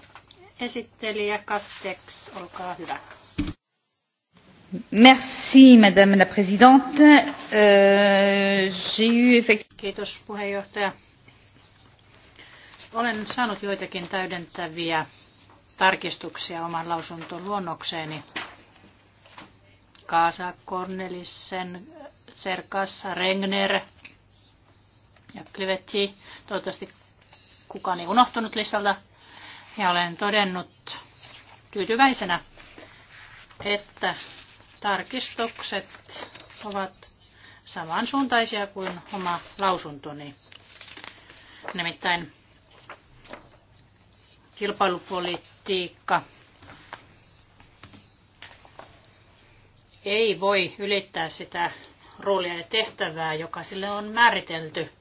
Esittelijä Kasteks olkaa hyvä. Euh, Kiitos, Olen saanut joitakin täydentäviä tarkistuksia oman lausuntoluonnokseeni. Kaasa, Cornelissen, Serkas, Regner ja Klivetti. Toivottavasti kukaan ei unohtunut listalta. Ja olen todennut tyytyväisenä, että Tarkistukset ovat samansuuntaisia kuin oma lausuntoni. Nimittäin kilpailupolitiikka ei voi ylittää sitä roolia ja tehtävää, joka sille on määritelty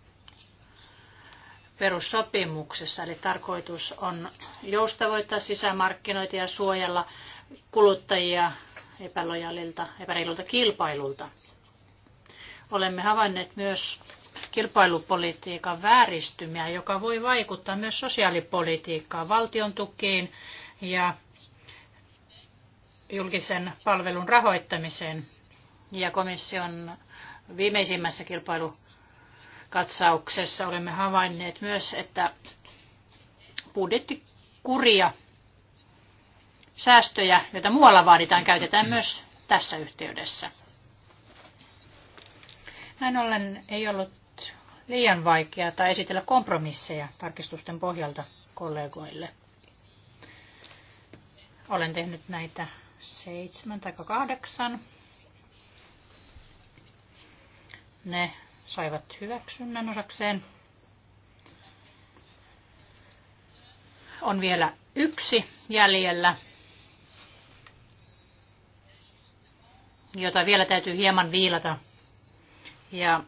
perussopimuksessa. Eli tarkoitus on joustavoittaa sisämarkkinoita ja suojella kuluttajia epälojalilta, epäreilulta kilpailulta. Olemme havainneet myös kilpailupolitiikan vääristymiä, joka voi vaikuttaa myös sosiaalipolitiikkaan, valtion tukiin ja julkisen palvelun rahoittamiseen. Ja komission viimeisimmässä kilpailukatsauksessa olemme havainneet myös, että budjettikuria säästöjä, joita muualla vaaditaan, käytetään myös tässä yhteydessä. Näin ollen ei ollut liian vaikeaa tai esitellä kompromisseja tarkistusten pohjalta kollegoille. Olen tehnyt näitä seitsemän tai kahdeksan. Ne saivat hyväksynnän osakseen. On vielä yksi jäljellä. jota vielä täytyy hieman viilata. Ja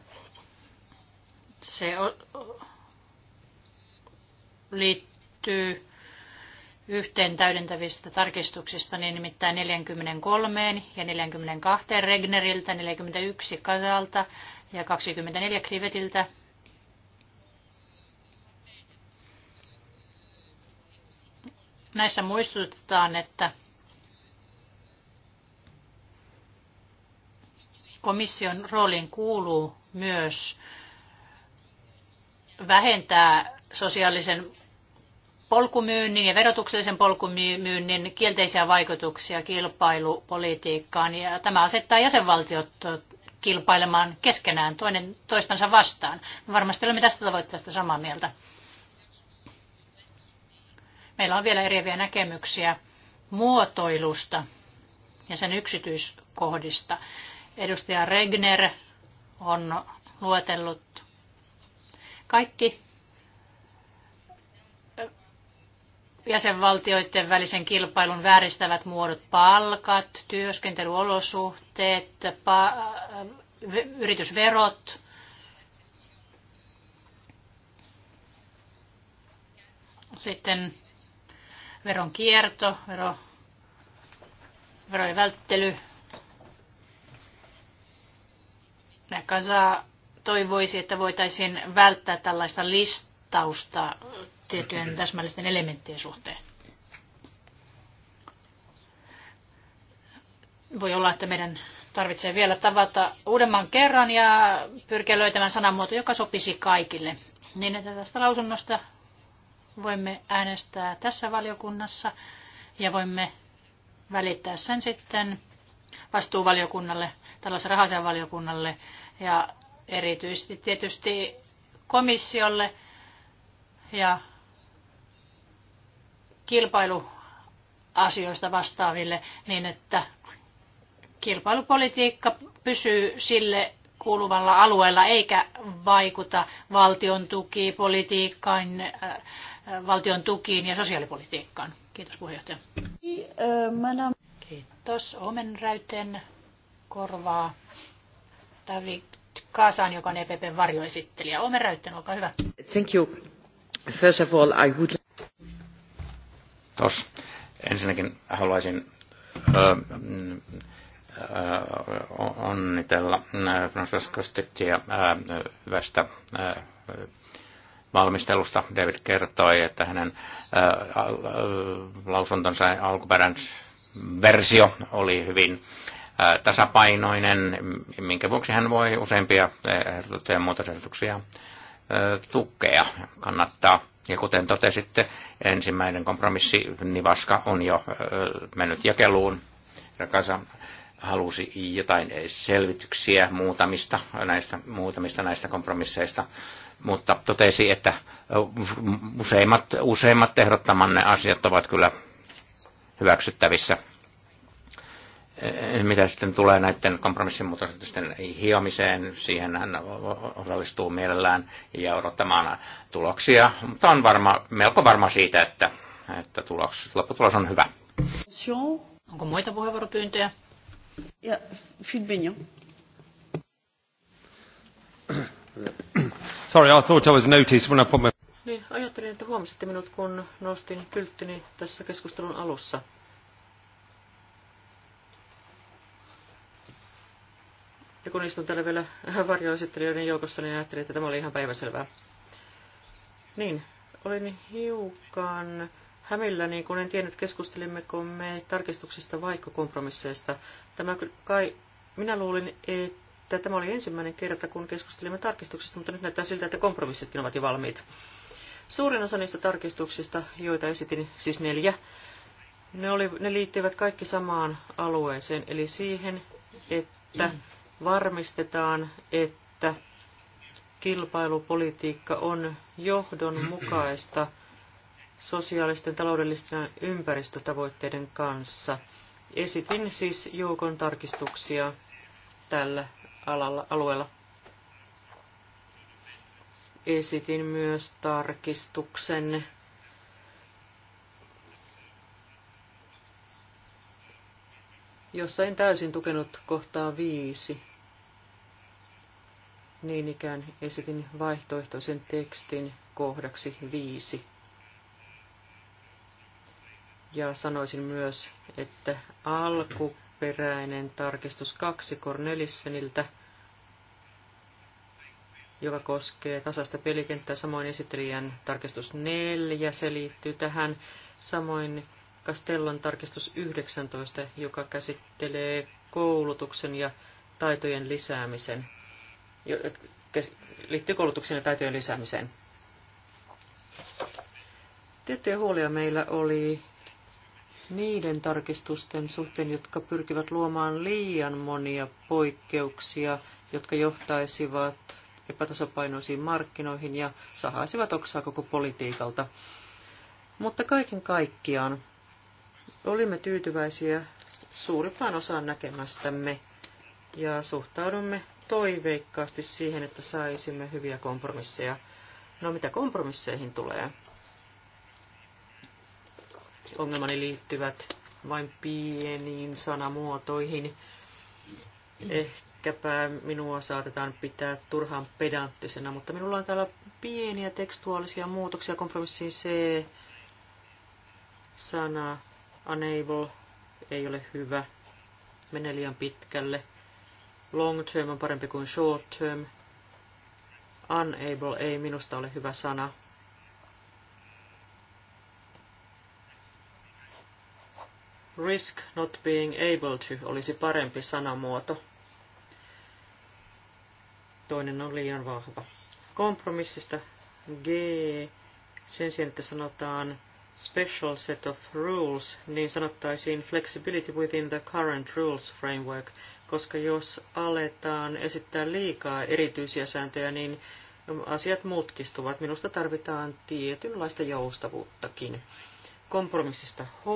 se liittyy yhteen täydentävistä tarkistuksista, niin nimittäin 43 ja 42 Regneriltä, 41 Kasalta ja 24 Krivetiltä. Näissä muistutetaan, että Komission rooliin kuuluu myös vähentää sosiaalisen polkumyynnin ja verotuksellisen polkumyynnin kielteisiä vaikutuksia kilpailupolitiikkaan. Ja tämä asettaa jäsenvaltiot kilpailemaan keskenään toinen toistansa vastaan. Me varmasti olemme tästä tavoitteesta samaa mieltä. Meillä on vielä eriäviä näkemyksiä muotoilusta ja sen yksityiskohdista. Edustaja Regner on luetellut kaikki jäsenvaltioiden välisen kilpailun vääristävät muodot, palkat, työskentelyolosuhteet, pa- yritysverot. Sitten veron kierto, vero, verojen välttely, Kaza toivoisi, että voitaisiin välttää tällaista listausta tiettyjen täsmällisten elementtien suhteen. Voi olla, että meidän tarvitsee vielä tavata uudemman kerran ja pyrkiä löytämään sanamuoto, joka sopisi kaikille. Niin, että tästä lausunnosta voimme äänestää tässä valiokunnassa ja voimme välittää sen sitten vastuuvaliokunnalle, tällaisen valiokunnalle ja erityisesti tietysti komissiolle ja kilpailuasioista vastaaville niin, että kilpailupolitiikka pysyy sille kuuluvalla alueella eikä vaikuta valtion tukipolitiikkaan, äh, äh, valtion tukiin ja sosiaalipolitiikkaan. Kiitos puheenjohtaja. Äh, Kiitos. Omenräyten korvaa David Kasan, joka on EPPn varjoesittelijä. Omenräyten, olkaa hyvä. Thank you. First of all, I would... Tos. Ensinnäkin haluaisin öö, onnitella Francesco Stitchia hyvästä valmistelusta. David kertoi, että hänen lausuntonsa alkuperäinen versio oli hyvin tasapainoinen, minkä vuoksi hän voi useimpia ehdotuksia ja muutosehdotuksia tukea, kannattaa. Ja kuten totesitte, ensimmäinen kompromissi Nivaska on jo mennyt jakeluun. Rakasa halusi jotain selvityksiä muutamista näistä, muutamista näistä kompromisseista, mutta totesi, että useimmat, useimmat ehdottamanne asiat ovat kyllä hyväksyttävissä. Eh, mitä sitten tulee näiden kompromissimuutosten hiomiseen, siihen hän osallistuu mielellään ja odottamaan tuloksia, mutta on varma, melko varma siitä, että, että tuloks, lopputulos on hyvä. Onko muita puheenvuoropyyntöjä? Ja, Phil Sorry, I thought I was noticed when I put my... Niin, ajattelin, että huomasitte minut, kun nostin kylttini tässä keskustelun alussa. Ja kun istun täällä vielä varjoesittelijöiden joukossa, niin ajattelin, että tämä oli ihan päiväselvää. Niin, olin hiukan niin kun en tiennyt keskustelimmeko me tarkistuksista vaikka kompromisseista. Tämä kai, minä luulin, että tämä oli ensimmäinen kerta, kun keskustelimme tarkistuksista, mutta nyt näyttää siltä, että kompromissitkin ovat jo valmiit. Suurin osa niistä tarkistuksista, joita esitin, siis neljä, ne, oli, ne liittyivät kaikki samaan alueeseen, eli siihen, että varmistetaan, että kilpailupolitiikka on johdonmukaista sosiaalisten, taloudellisten ja ympäristötavoitteiden kanssa. Esitin siis joukon tarkistuksia tällä alalla, alueella esitin myös tarkistuksen jossa en täysin tukenut kohtaa viisi. Niin ikään esitin vaihtoehtoisen tekstin kohdaksi viisi. Ja sanoisin myös, että alkuperäinen tarkistus kaksi Cornelisseniltä – joka koskee tasasta pelikenttää. Samoin esittelijän tarkistus 4, se liittyy tähän. Samoin Castellon tarkistus 19, joka käsittelee koulutuksen ja taitojen lisäämisen. Liittyy koulutuksen ja taitojen lisäämiseen. Tiettyjä huolia meillä oli niiden tarkistusten suhteen, jotka pyrkivät luomaan liian monia poikkeuksia, jotka johtaisivat epätasapainoisiin markkinoihin ja sahaisivat oksaa koko politiikalta. Mutta kaiken kaikkiaan olimme tyytyväisiä suurimpaan osaan näkemästämme ja suhtaudumme toiveikkaasti siihen, että saisimme hyviä kompromisseja. No mitä kompromisseihin tulee? Ongelmani liittyvät vain pieniin sanamuotoihin. Ehkäpä minua saatetaan pitää turhaan pedanttisena, mutta minulla on täällä pieniä tekstuaalisia muutoksia kompromissiin C. Sana unable ei ole hyvä, menee liian pitkälle. Long term on parempi kuin short term. Unable ei minusta ole hyvä sana. risk not being able to olisi parempi sanamuoto. Toinen on liian vahva. Kompromissista G, sen sijaan, että sanotaan special set of rules, niin sanottaisiin flexibility within the current rules framework, koska jos aletaan esittää liikaa erityisiä sääntöjä, niin asiat mutkistuvat. Minusta tarvitaan tietynlaista joustavuuttakin. Kompromissista H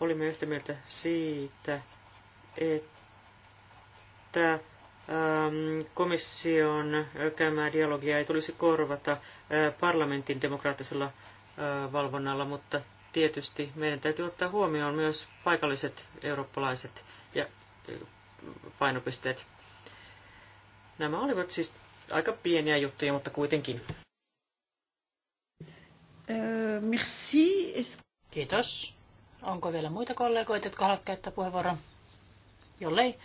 olimme yhtä mieltä siitä, että ähm, komission äh, käymää dialogia ei tulisi korvata äh, parlamentin demokraattisella äh, valvonnalla, mutta tietysti meidän täytyy ottaa huomioon myös paikalliset eurooppalaiset ja painopisteet. Nämä olivat siis aika pieniä juttuja, mutta kuitenkin. Merci. Kiitos. Onko vielä muita kollegoita, jotka haluavat käyttää puheenvuoron? Jollei,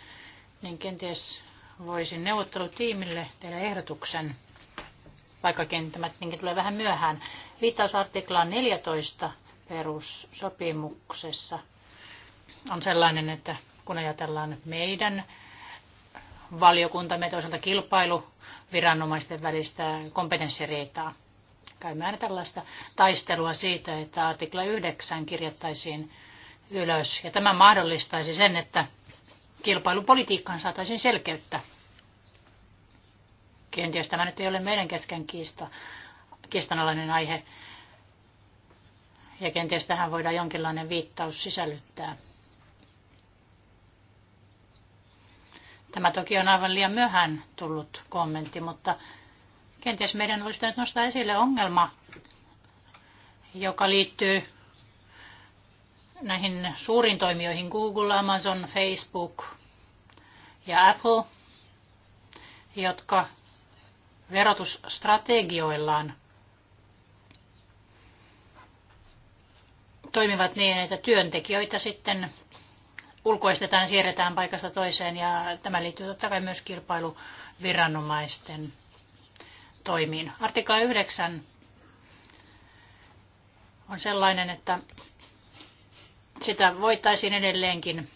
niin kenties voisin neuvottelutiimille tehdä ehdotuksen, kenttämät niinkin tulee vähän myöhään. Viittaus 14 perussopimuksessa on sellainen, että kun ajatellaan meidän valiokuntamme toisaalta kilpailuviranomaisten välistä kompetenssiriitaa, käymään tällaista taistelua siitä, että artikla 9 kirjattaisiin ylös. Ja tämä mahdollistaisi sen, että kilpailupolitiikkaan saataisiin selkeyttä. Kenties tämä nyt ei ole meidän kesken kiista, kiistanalainen aihe. Ja kenties tähän voidaan jonkinlainen viittaus sisällyttää. Tämä toki on aivan liian myöhään tullut kommentti, mutta Kenties meidän olisi pitänyt nostaa esille ongelma, joka liittyy näihin suurin toimijoihin Google, Amazon, Facebook ja Apple, jotka verotusstrategioillaan toimivat niin, että työntekijöitä sitten ulkoistetaan, siirretään paikasta toiseen ja tämä liittyy totta kai myös kilpailuviranomaisten toimiin. Artikla 9 on sellainen, että sitä voitaisiin edelleenkin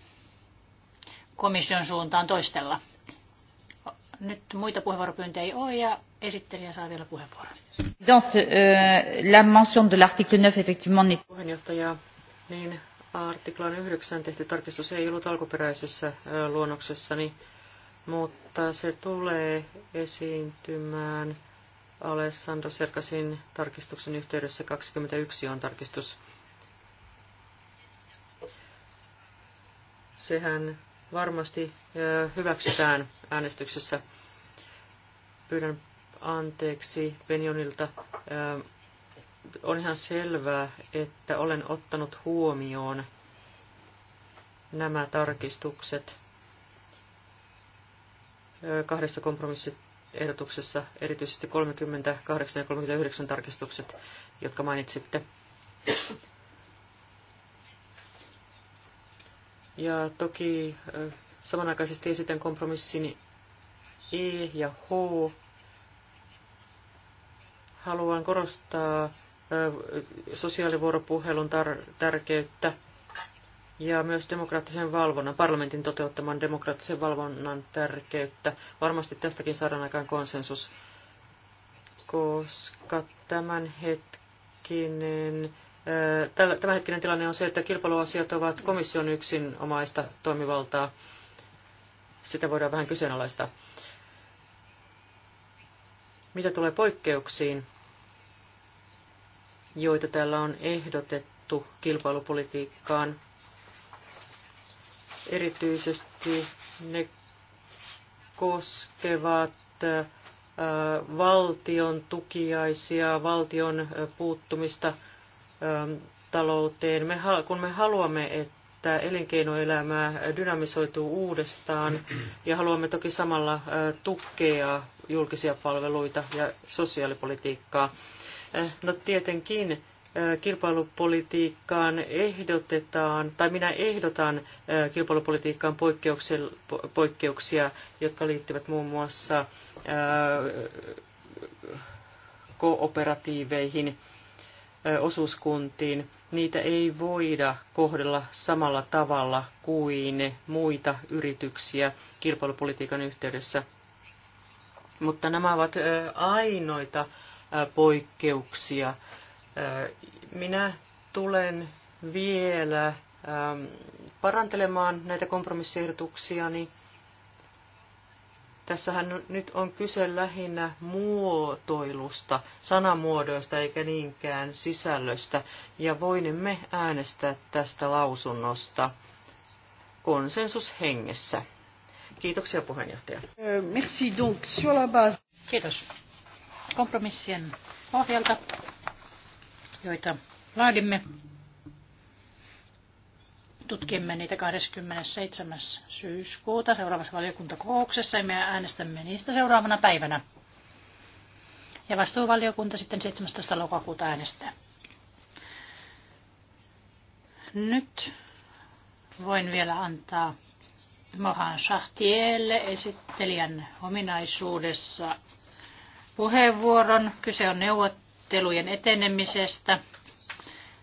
komission suuntaan toistella. Nyt muita puheenvuoropyyntöjä ei ole ja esittelijä saa vielä puheenvuoron. Donc, euh, la mention de l'article 9, effectivement, Puheenjohtaja, niin artiklan 9 tehty tarkistus ei ollut alkuperäisessä luonnoksessani, mutta se tulee esiintymään Alessandro Serkasin tarkistuksen yhteydessä 21 on tarkistus. Sehän varmasti hyväksytään äänestyksessä. Pyydän anteeksi Benjonilta. On ihan selvää, että olen ottanut huomioon nämä tarkistukset kahdessa kompromissit ehdotuksessa, erityisesti 38 ja 39 tarkistukset, jotka mainitsitte. Ja toki samanaikaisesti esitän kompromissin E ja H. Haluan korostaa sosiaalivuoropuhelun tar- tärkeyttä ja myös demokraattisen valvonnan, parlamentin toteuttaman demokraattisen valvonnan tärkeyttä. Varmasti tästäkin saadaan aikaan konsensus, koska tämänhetkinen, tämänhetkinen tilanne on se, että kilpailuasiat ovat komission yksinomaista toimivaltaa. Sitä voidaan vähän kyseenalaistaa. Mitä tulee poikkeuksiin, joita täällä on ehdotettu kilpailupolitiikkaan, Erityisesti ne koskevat valtion tukiaisia, valtion puuttumista talouteen. Me, kun me haluamme, että elinkeinoelämää dynamisoituu uudestaan ja haluamme toki samalla tukea julkisia palveluita ja sosiaalipolitiikkaa, no tietenkin kilpailupolitiikkaan ehdotetaan, tai minä ehdotan kilpailupolitiikkaan poikkeuksia, jotka liittyvät muun muassa kooperatiiveihin, osuuskuntiin. Niitä ei voida kohdella samalla tavalla kuin muita yrityksiä kilpailupolitiikan yhteydessä. Mutta nämä ovat ainoita poikkeuksia minä tulen vielä ähm, parantelemaan näitä kompromissiehdotuksiani. Tässähän nyt on kyse lähinnä muotoilusta, sanamuodoista eikä niinkään sisällöstä, ja voinemme äänestää tästä lausunnosta konsensushengessä. Kiitoksia puheenjohtaja. Merci donc sur la base. Kiitos. Kompromissien pohjalta joita laadimme. Tutkimme niitä 27. syyskuuta seuraavassa valiokuntakokouksessa ja me äänestämme niistä seuraavana päivänä. Ja vastuuvaliokunta sitten 17. lokakuuta äänestää. Nyt voin vielä antaa Mohan Shahtielle esittelijän ominaisuudessa puheenvuoron. Kyse on neuvottelusta neuvottelujen etenemisestä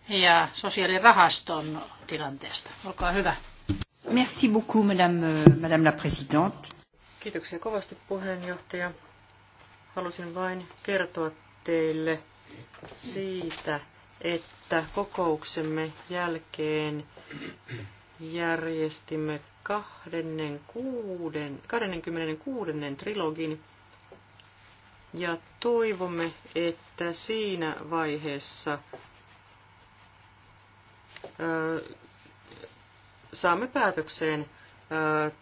ja sosiaalirahaston tilanteesta. Olkaa hyvä. Merci beaucoup, madame, madame la présidente. Kiitoksia kovasti puheenjohtaja. Halusin vain kertoa teille siitä, että kokouksemme jälkeen järjestimme 26, 26. trilogin ja toivomme, että siinä vaiheessa saamme päätökseen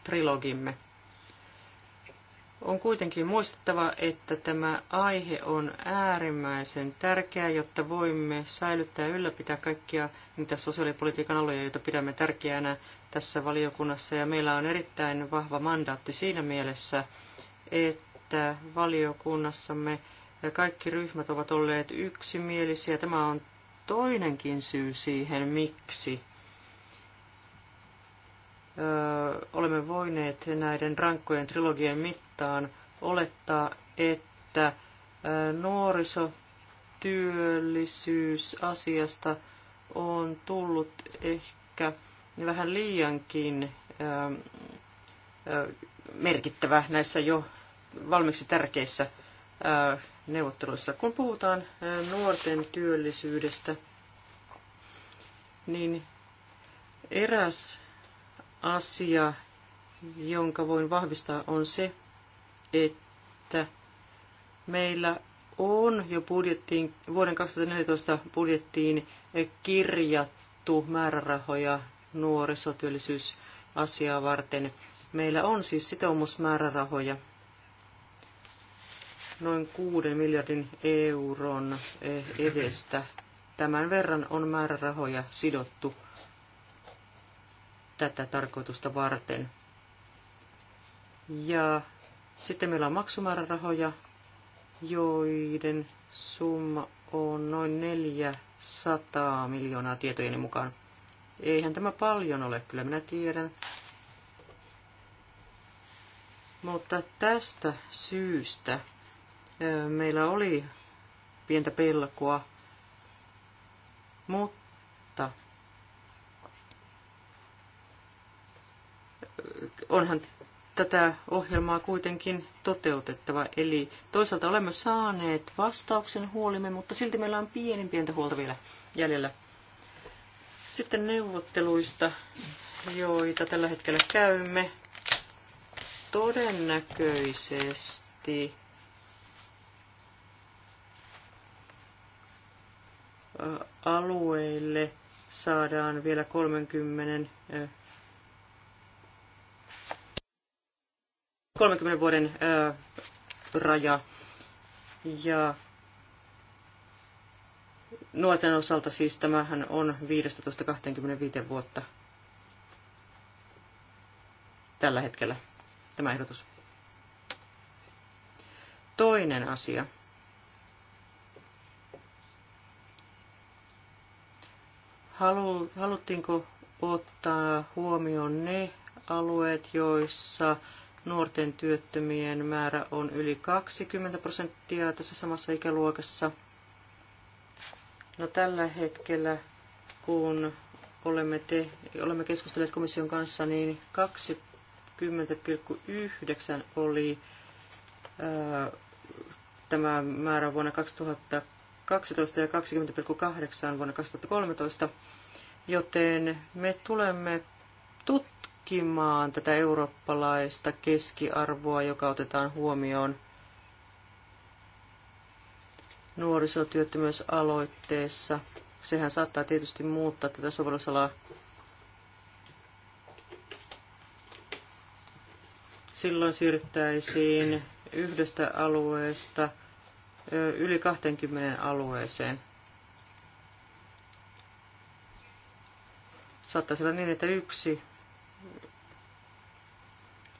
trilogimme. On kuitenkin muistettava, että tämä aihe on äärimmäisen tärkeä, jotta voimme säilyttää ja ylläpitää kaikkia niitä sosiaalipolitiikan aloja, joita pidämme tärkeänä tässä valiokunnassa. Ja meillä on erittäin vahva mandaatti siinä mielessä, että että valiokunnassamme kaikki ryhmät ovat olleet yksimielisiä. Tämä on toinenkin syy siihen, miksi öö, olemme voineet näiden rankkojen trilogien mittaan olettaa, että öö, nuorisotyöllisyysasiasta on tullut ehkä vähän liiankin öö, merkittävä näissä jo valmiiksi tärkeissä neuvotteluissa. Kun puhutaan nuorten työllisyydestä, niin eräs asia, jonka voin vahvistaa, on se, että meillä on jo budjettiin, vuoden 2014 budjettiin kirjattu määrärahoja nuorisotyöllisyysasiaa varten. Meillä on siis sitoumusmäärärahoja noin 6 miljardin euron eh, edestä. Tämän verran on määrärahoja sidottu tätä tarkoitusta varten. Ja sitten meillä on maksumäärärahoja, joiden summa on noin 400 miljoonaa tietojeni mukaan. Eihän tämä paljon ole, kyllä minä tiedän. Mutta tästä syystä meillä oli pientä pelkoa, mutta onhan tätä ohjelmaa kuitenkin toteutettava. Eli toisaalta olemme saaneet vastauksen huolimme, mutta silti meillä on pienin pientä huolta vielä jäljellä. Sitten neuvotteluista, joita tällä hetkellä käymme. Todennäköisesti alueille saadaan vielä 30, 30 vuoden raja. Ja nuorten osalta siis tämähän on 15-25 vuotta tällä hetkellä tämä ehdotus. Toinen asia. Halu, haluttiinko ottaa huomioon ne alueet, joissa nuorten työttömien määrä on yli 20 prosenttia tässä samassa ikäluokassa. No tällä hetkellä, kun olemme, te, olemme keskustelleet komission kanssa, niin 20,9 oli ää, tämä määrä vuonna 2000 12 ja 20,8 vuonna 2013, joten me tulemme tutkimaan tätä eurooppalaista keskiarvoa, joka otetaan huomioon nuorisotyöttömyysaloitteessa. Sehän saattaa tietysti muuttaa tätä sovellusalaa silloin siirryttäisiin yhdestä alueesta yli 20 alueeseen. Saattaisi olla niin, että yksi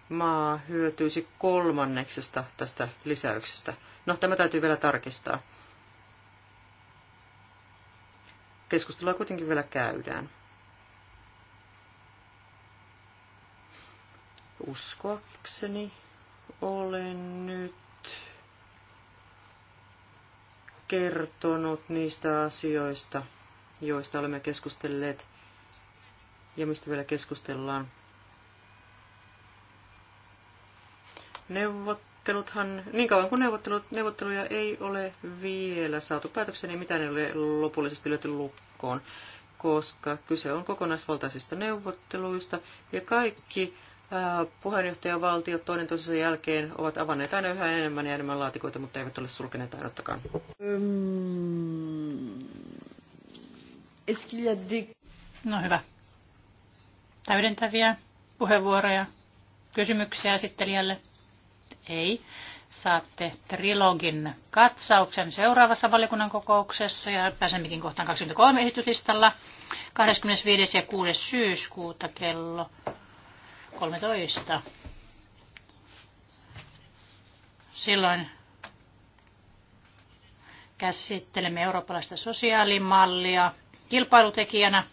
maa hyötyisi kolmanneksesta tästä lisäyksestä. No, tämä täytyy vielä tarkistaa. Keskustelua kuitenkin vielä käydään. Uskoakseni olen nyt kertonut niistä asioista, joista olemme keskustelleet ja mistä vielä keskustellaan. Neuvotteluthan, niin kauan kuin neuvottelut, neuvotteluja ei ole vielä saatu päätökseen, niin mitään ei ole lopullisesti löyty lukkoon, koska kyse on kokonaisvaltaisista neuvotteluista ja kaikki Äh, puheenjohtajavaltiot toinen toisensa jälkeen ovat avanneet aina yhä enemmän ja enemmän laatikoita, mutta eivät ole sulkeneet ainuttakaan. Ähm, no hyvä. Täydentäviä puheenvuoroja, kysymyksiä esittelijälle? Ei. Saatte trilogin katsauksen seuraavassa valiokunnan kokouksessa ja pääsemmekin kohtaan 23 esityslistalla 25. ja 6. syyskuuta kello 13. Silloin käsittelemme eurooppalaista sosiaalimallia kilpailutekijänä.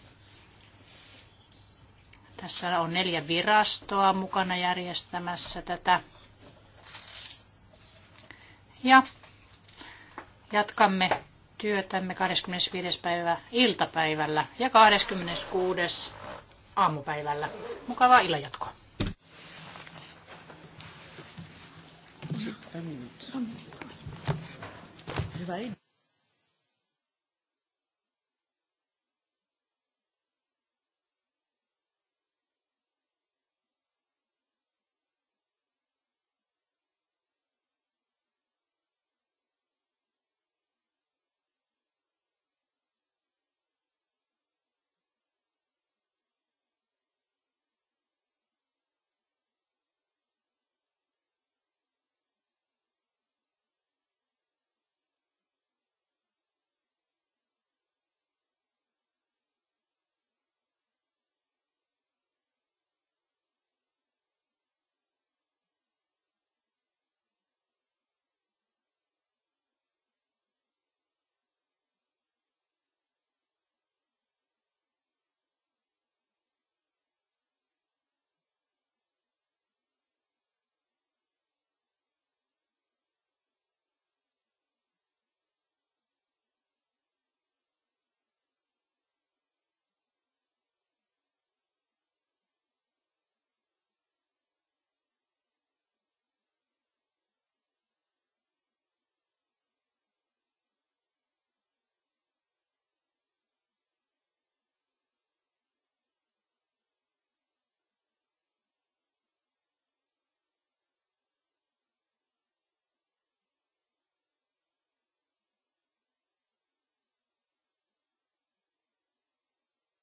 Tässä on neljä virastoa mukana järjestämässä tätä. Ja jatkamme työtämme 25. päivä iltapäivällä ja 26 aamupäivällä. Mukavaa illanjatkoa. Hyvä